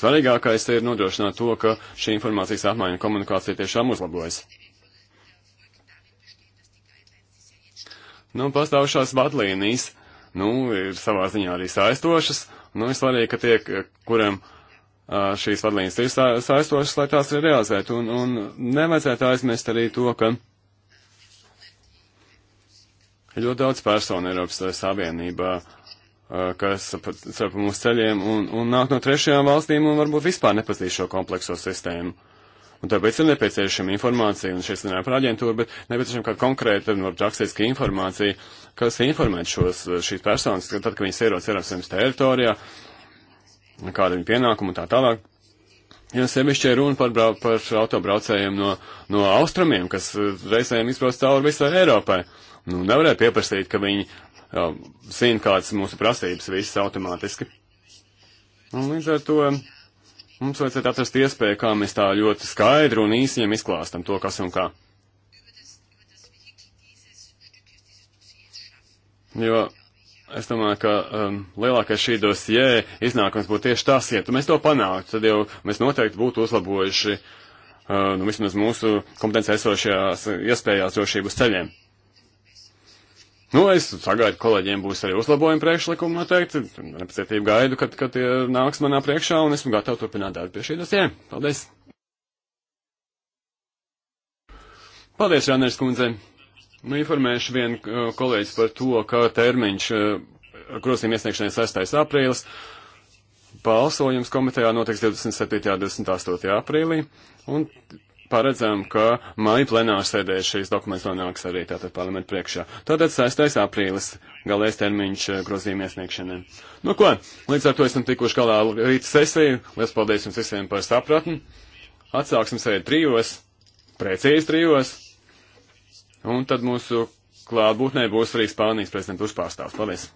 Svarīgākais ir nodrošināt to, ka šī informācijas apmaiņa un komunikācija tiešām uzlabojas. Nu, pastāvušās vadlīnijas, nu, ir savā ziņā arī saistošas, nu, ir svarīgi, ka tie, kuriem šīs vadlīnijas ir sa saistošas, lai tās ir realizētu. Un, un nevajadzētu aizmirst arī to, ka ļoti daudz personu Eiropas Savienībā, kas cer pa mūsu ceļiem un, un nāk no trešajām valstīm un varbūt vispār nepazīst šo komplekso sistēmu. Un tāpēc ir nepieciešama informācija, un šeit runājam par aģentūru, bet nepieciešama kāda konkrēta, varbūt nu, rakstiska informācija, kas informē šos, šīs personas, ka tad, kad viņas ierodas Eiropas Savienības teritorijā, kāda viņa pienākuma un tā tālāk. Ja sevišķi runa par, brau, par autobraucējiem no, no austrumiem, kas uh, reizēm izbrauc cauri visai Eiropai, nu nevarēja pieprasīt, ka viņi uh, zina, kādas mūsu prasības visas automātiski. Un līdz ar to um, mums vajadzētu atrast iespēju, kā mēs tā ļoti skaidri un īsiņam izklāstam to, kas un kā. Jo Es domāju, ka um, lielākais šī dosjē iznākums būtu tieši tas, ja mēs to panāktu, tad jau mēs noteikti būtu uzlabojuši uh, nu, vismaz mūsu kompetenci esošajās iespējās drošības ceļiem. Nu, es sagaidu, kolēģiem būs arī uzlabojumi priekšlikumi noteikti. Nepacietību gaidu, kad, kad tie nāks manā priekšā un esmu gatavs turpināt darbu pie šī dosjē. Paldies! Paldies, Rāneris kundzei! Nu, informēšu vien uh, kolēģis par to, ka termiņš grozījuma uh, iesniegšanai 6. aprīlis, balsojums komitejā notiks 27. un 28. aprīlī, un paredzam, ka maija plenāra sēdē šīs dokuments nonāks arī tātad parlamentu priekšā. Tātad 6. aprīlis galēs termiņš uh, grozījuma iesniegšanai. Nu ko, līdz ar to esam tikuši galā rīta sesiju. Lielas paldies jums visiem par sapratni. Atsāksim sēdi trijos, precīzi trijos. Un tad mūsu klātbūtnē būs arī Spānijas prezidenta uzpārstāvs. Paldies!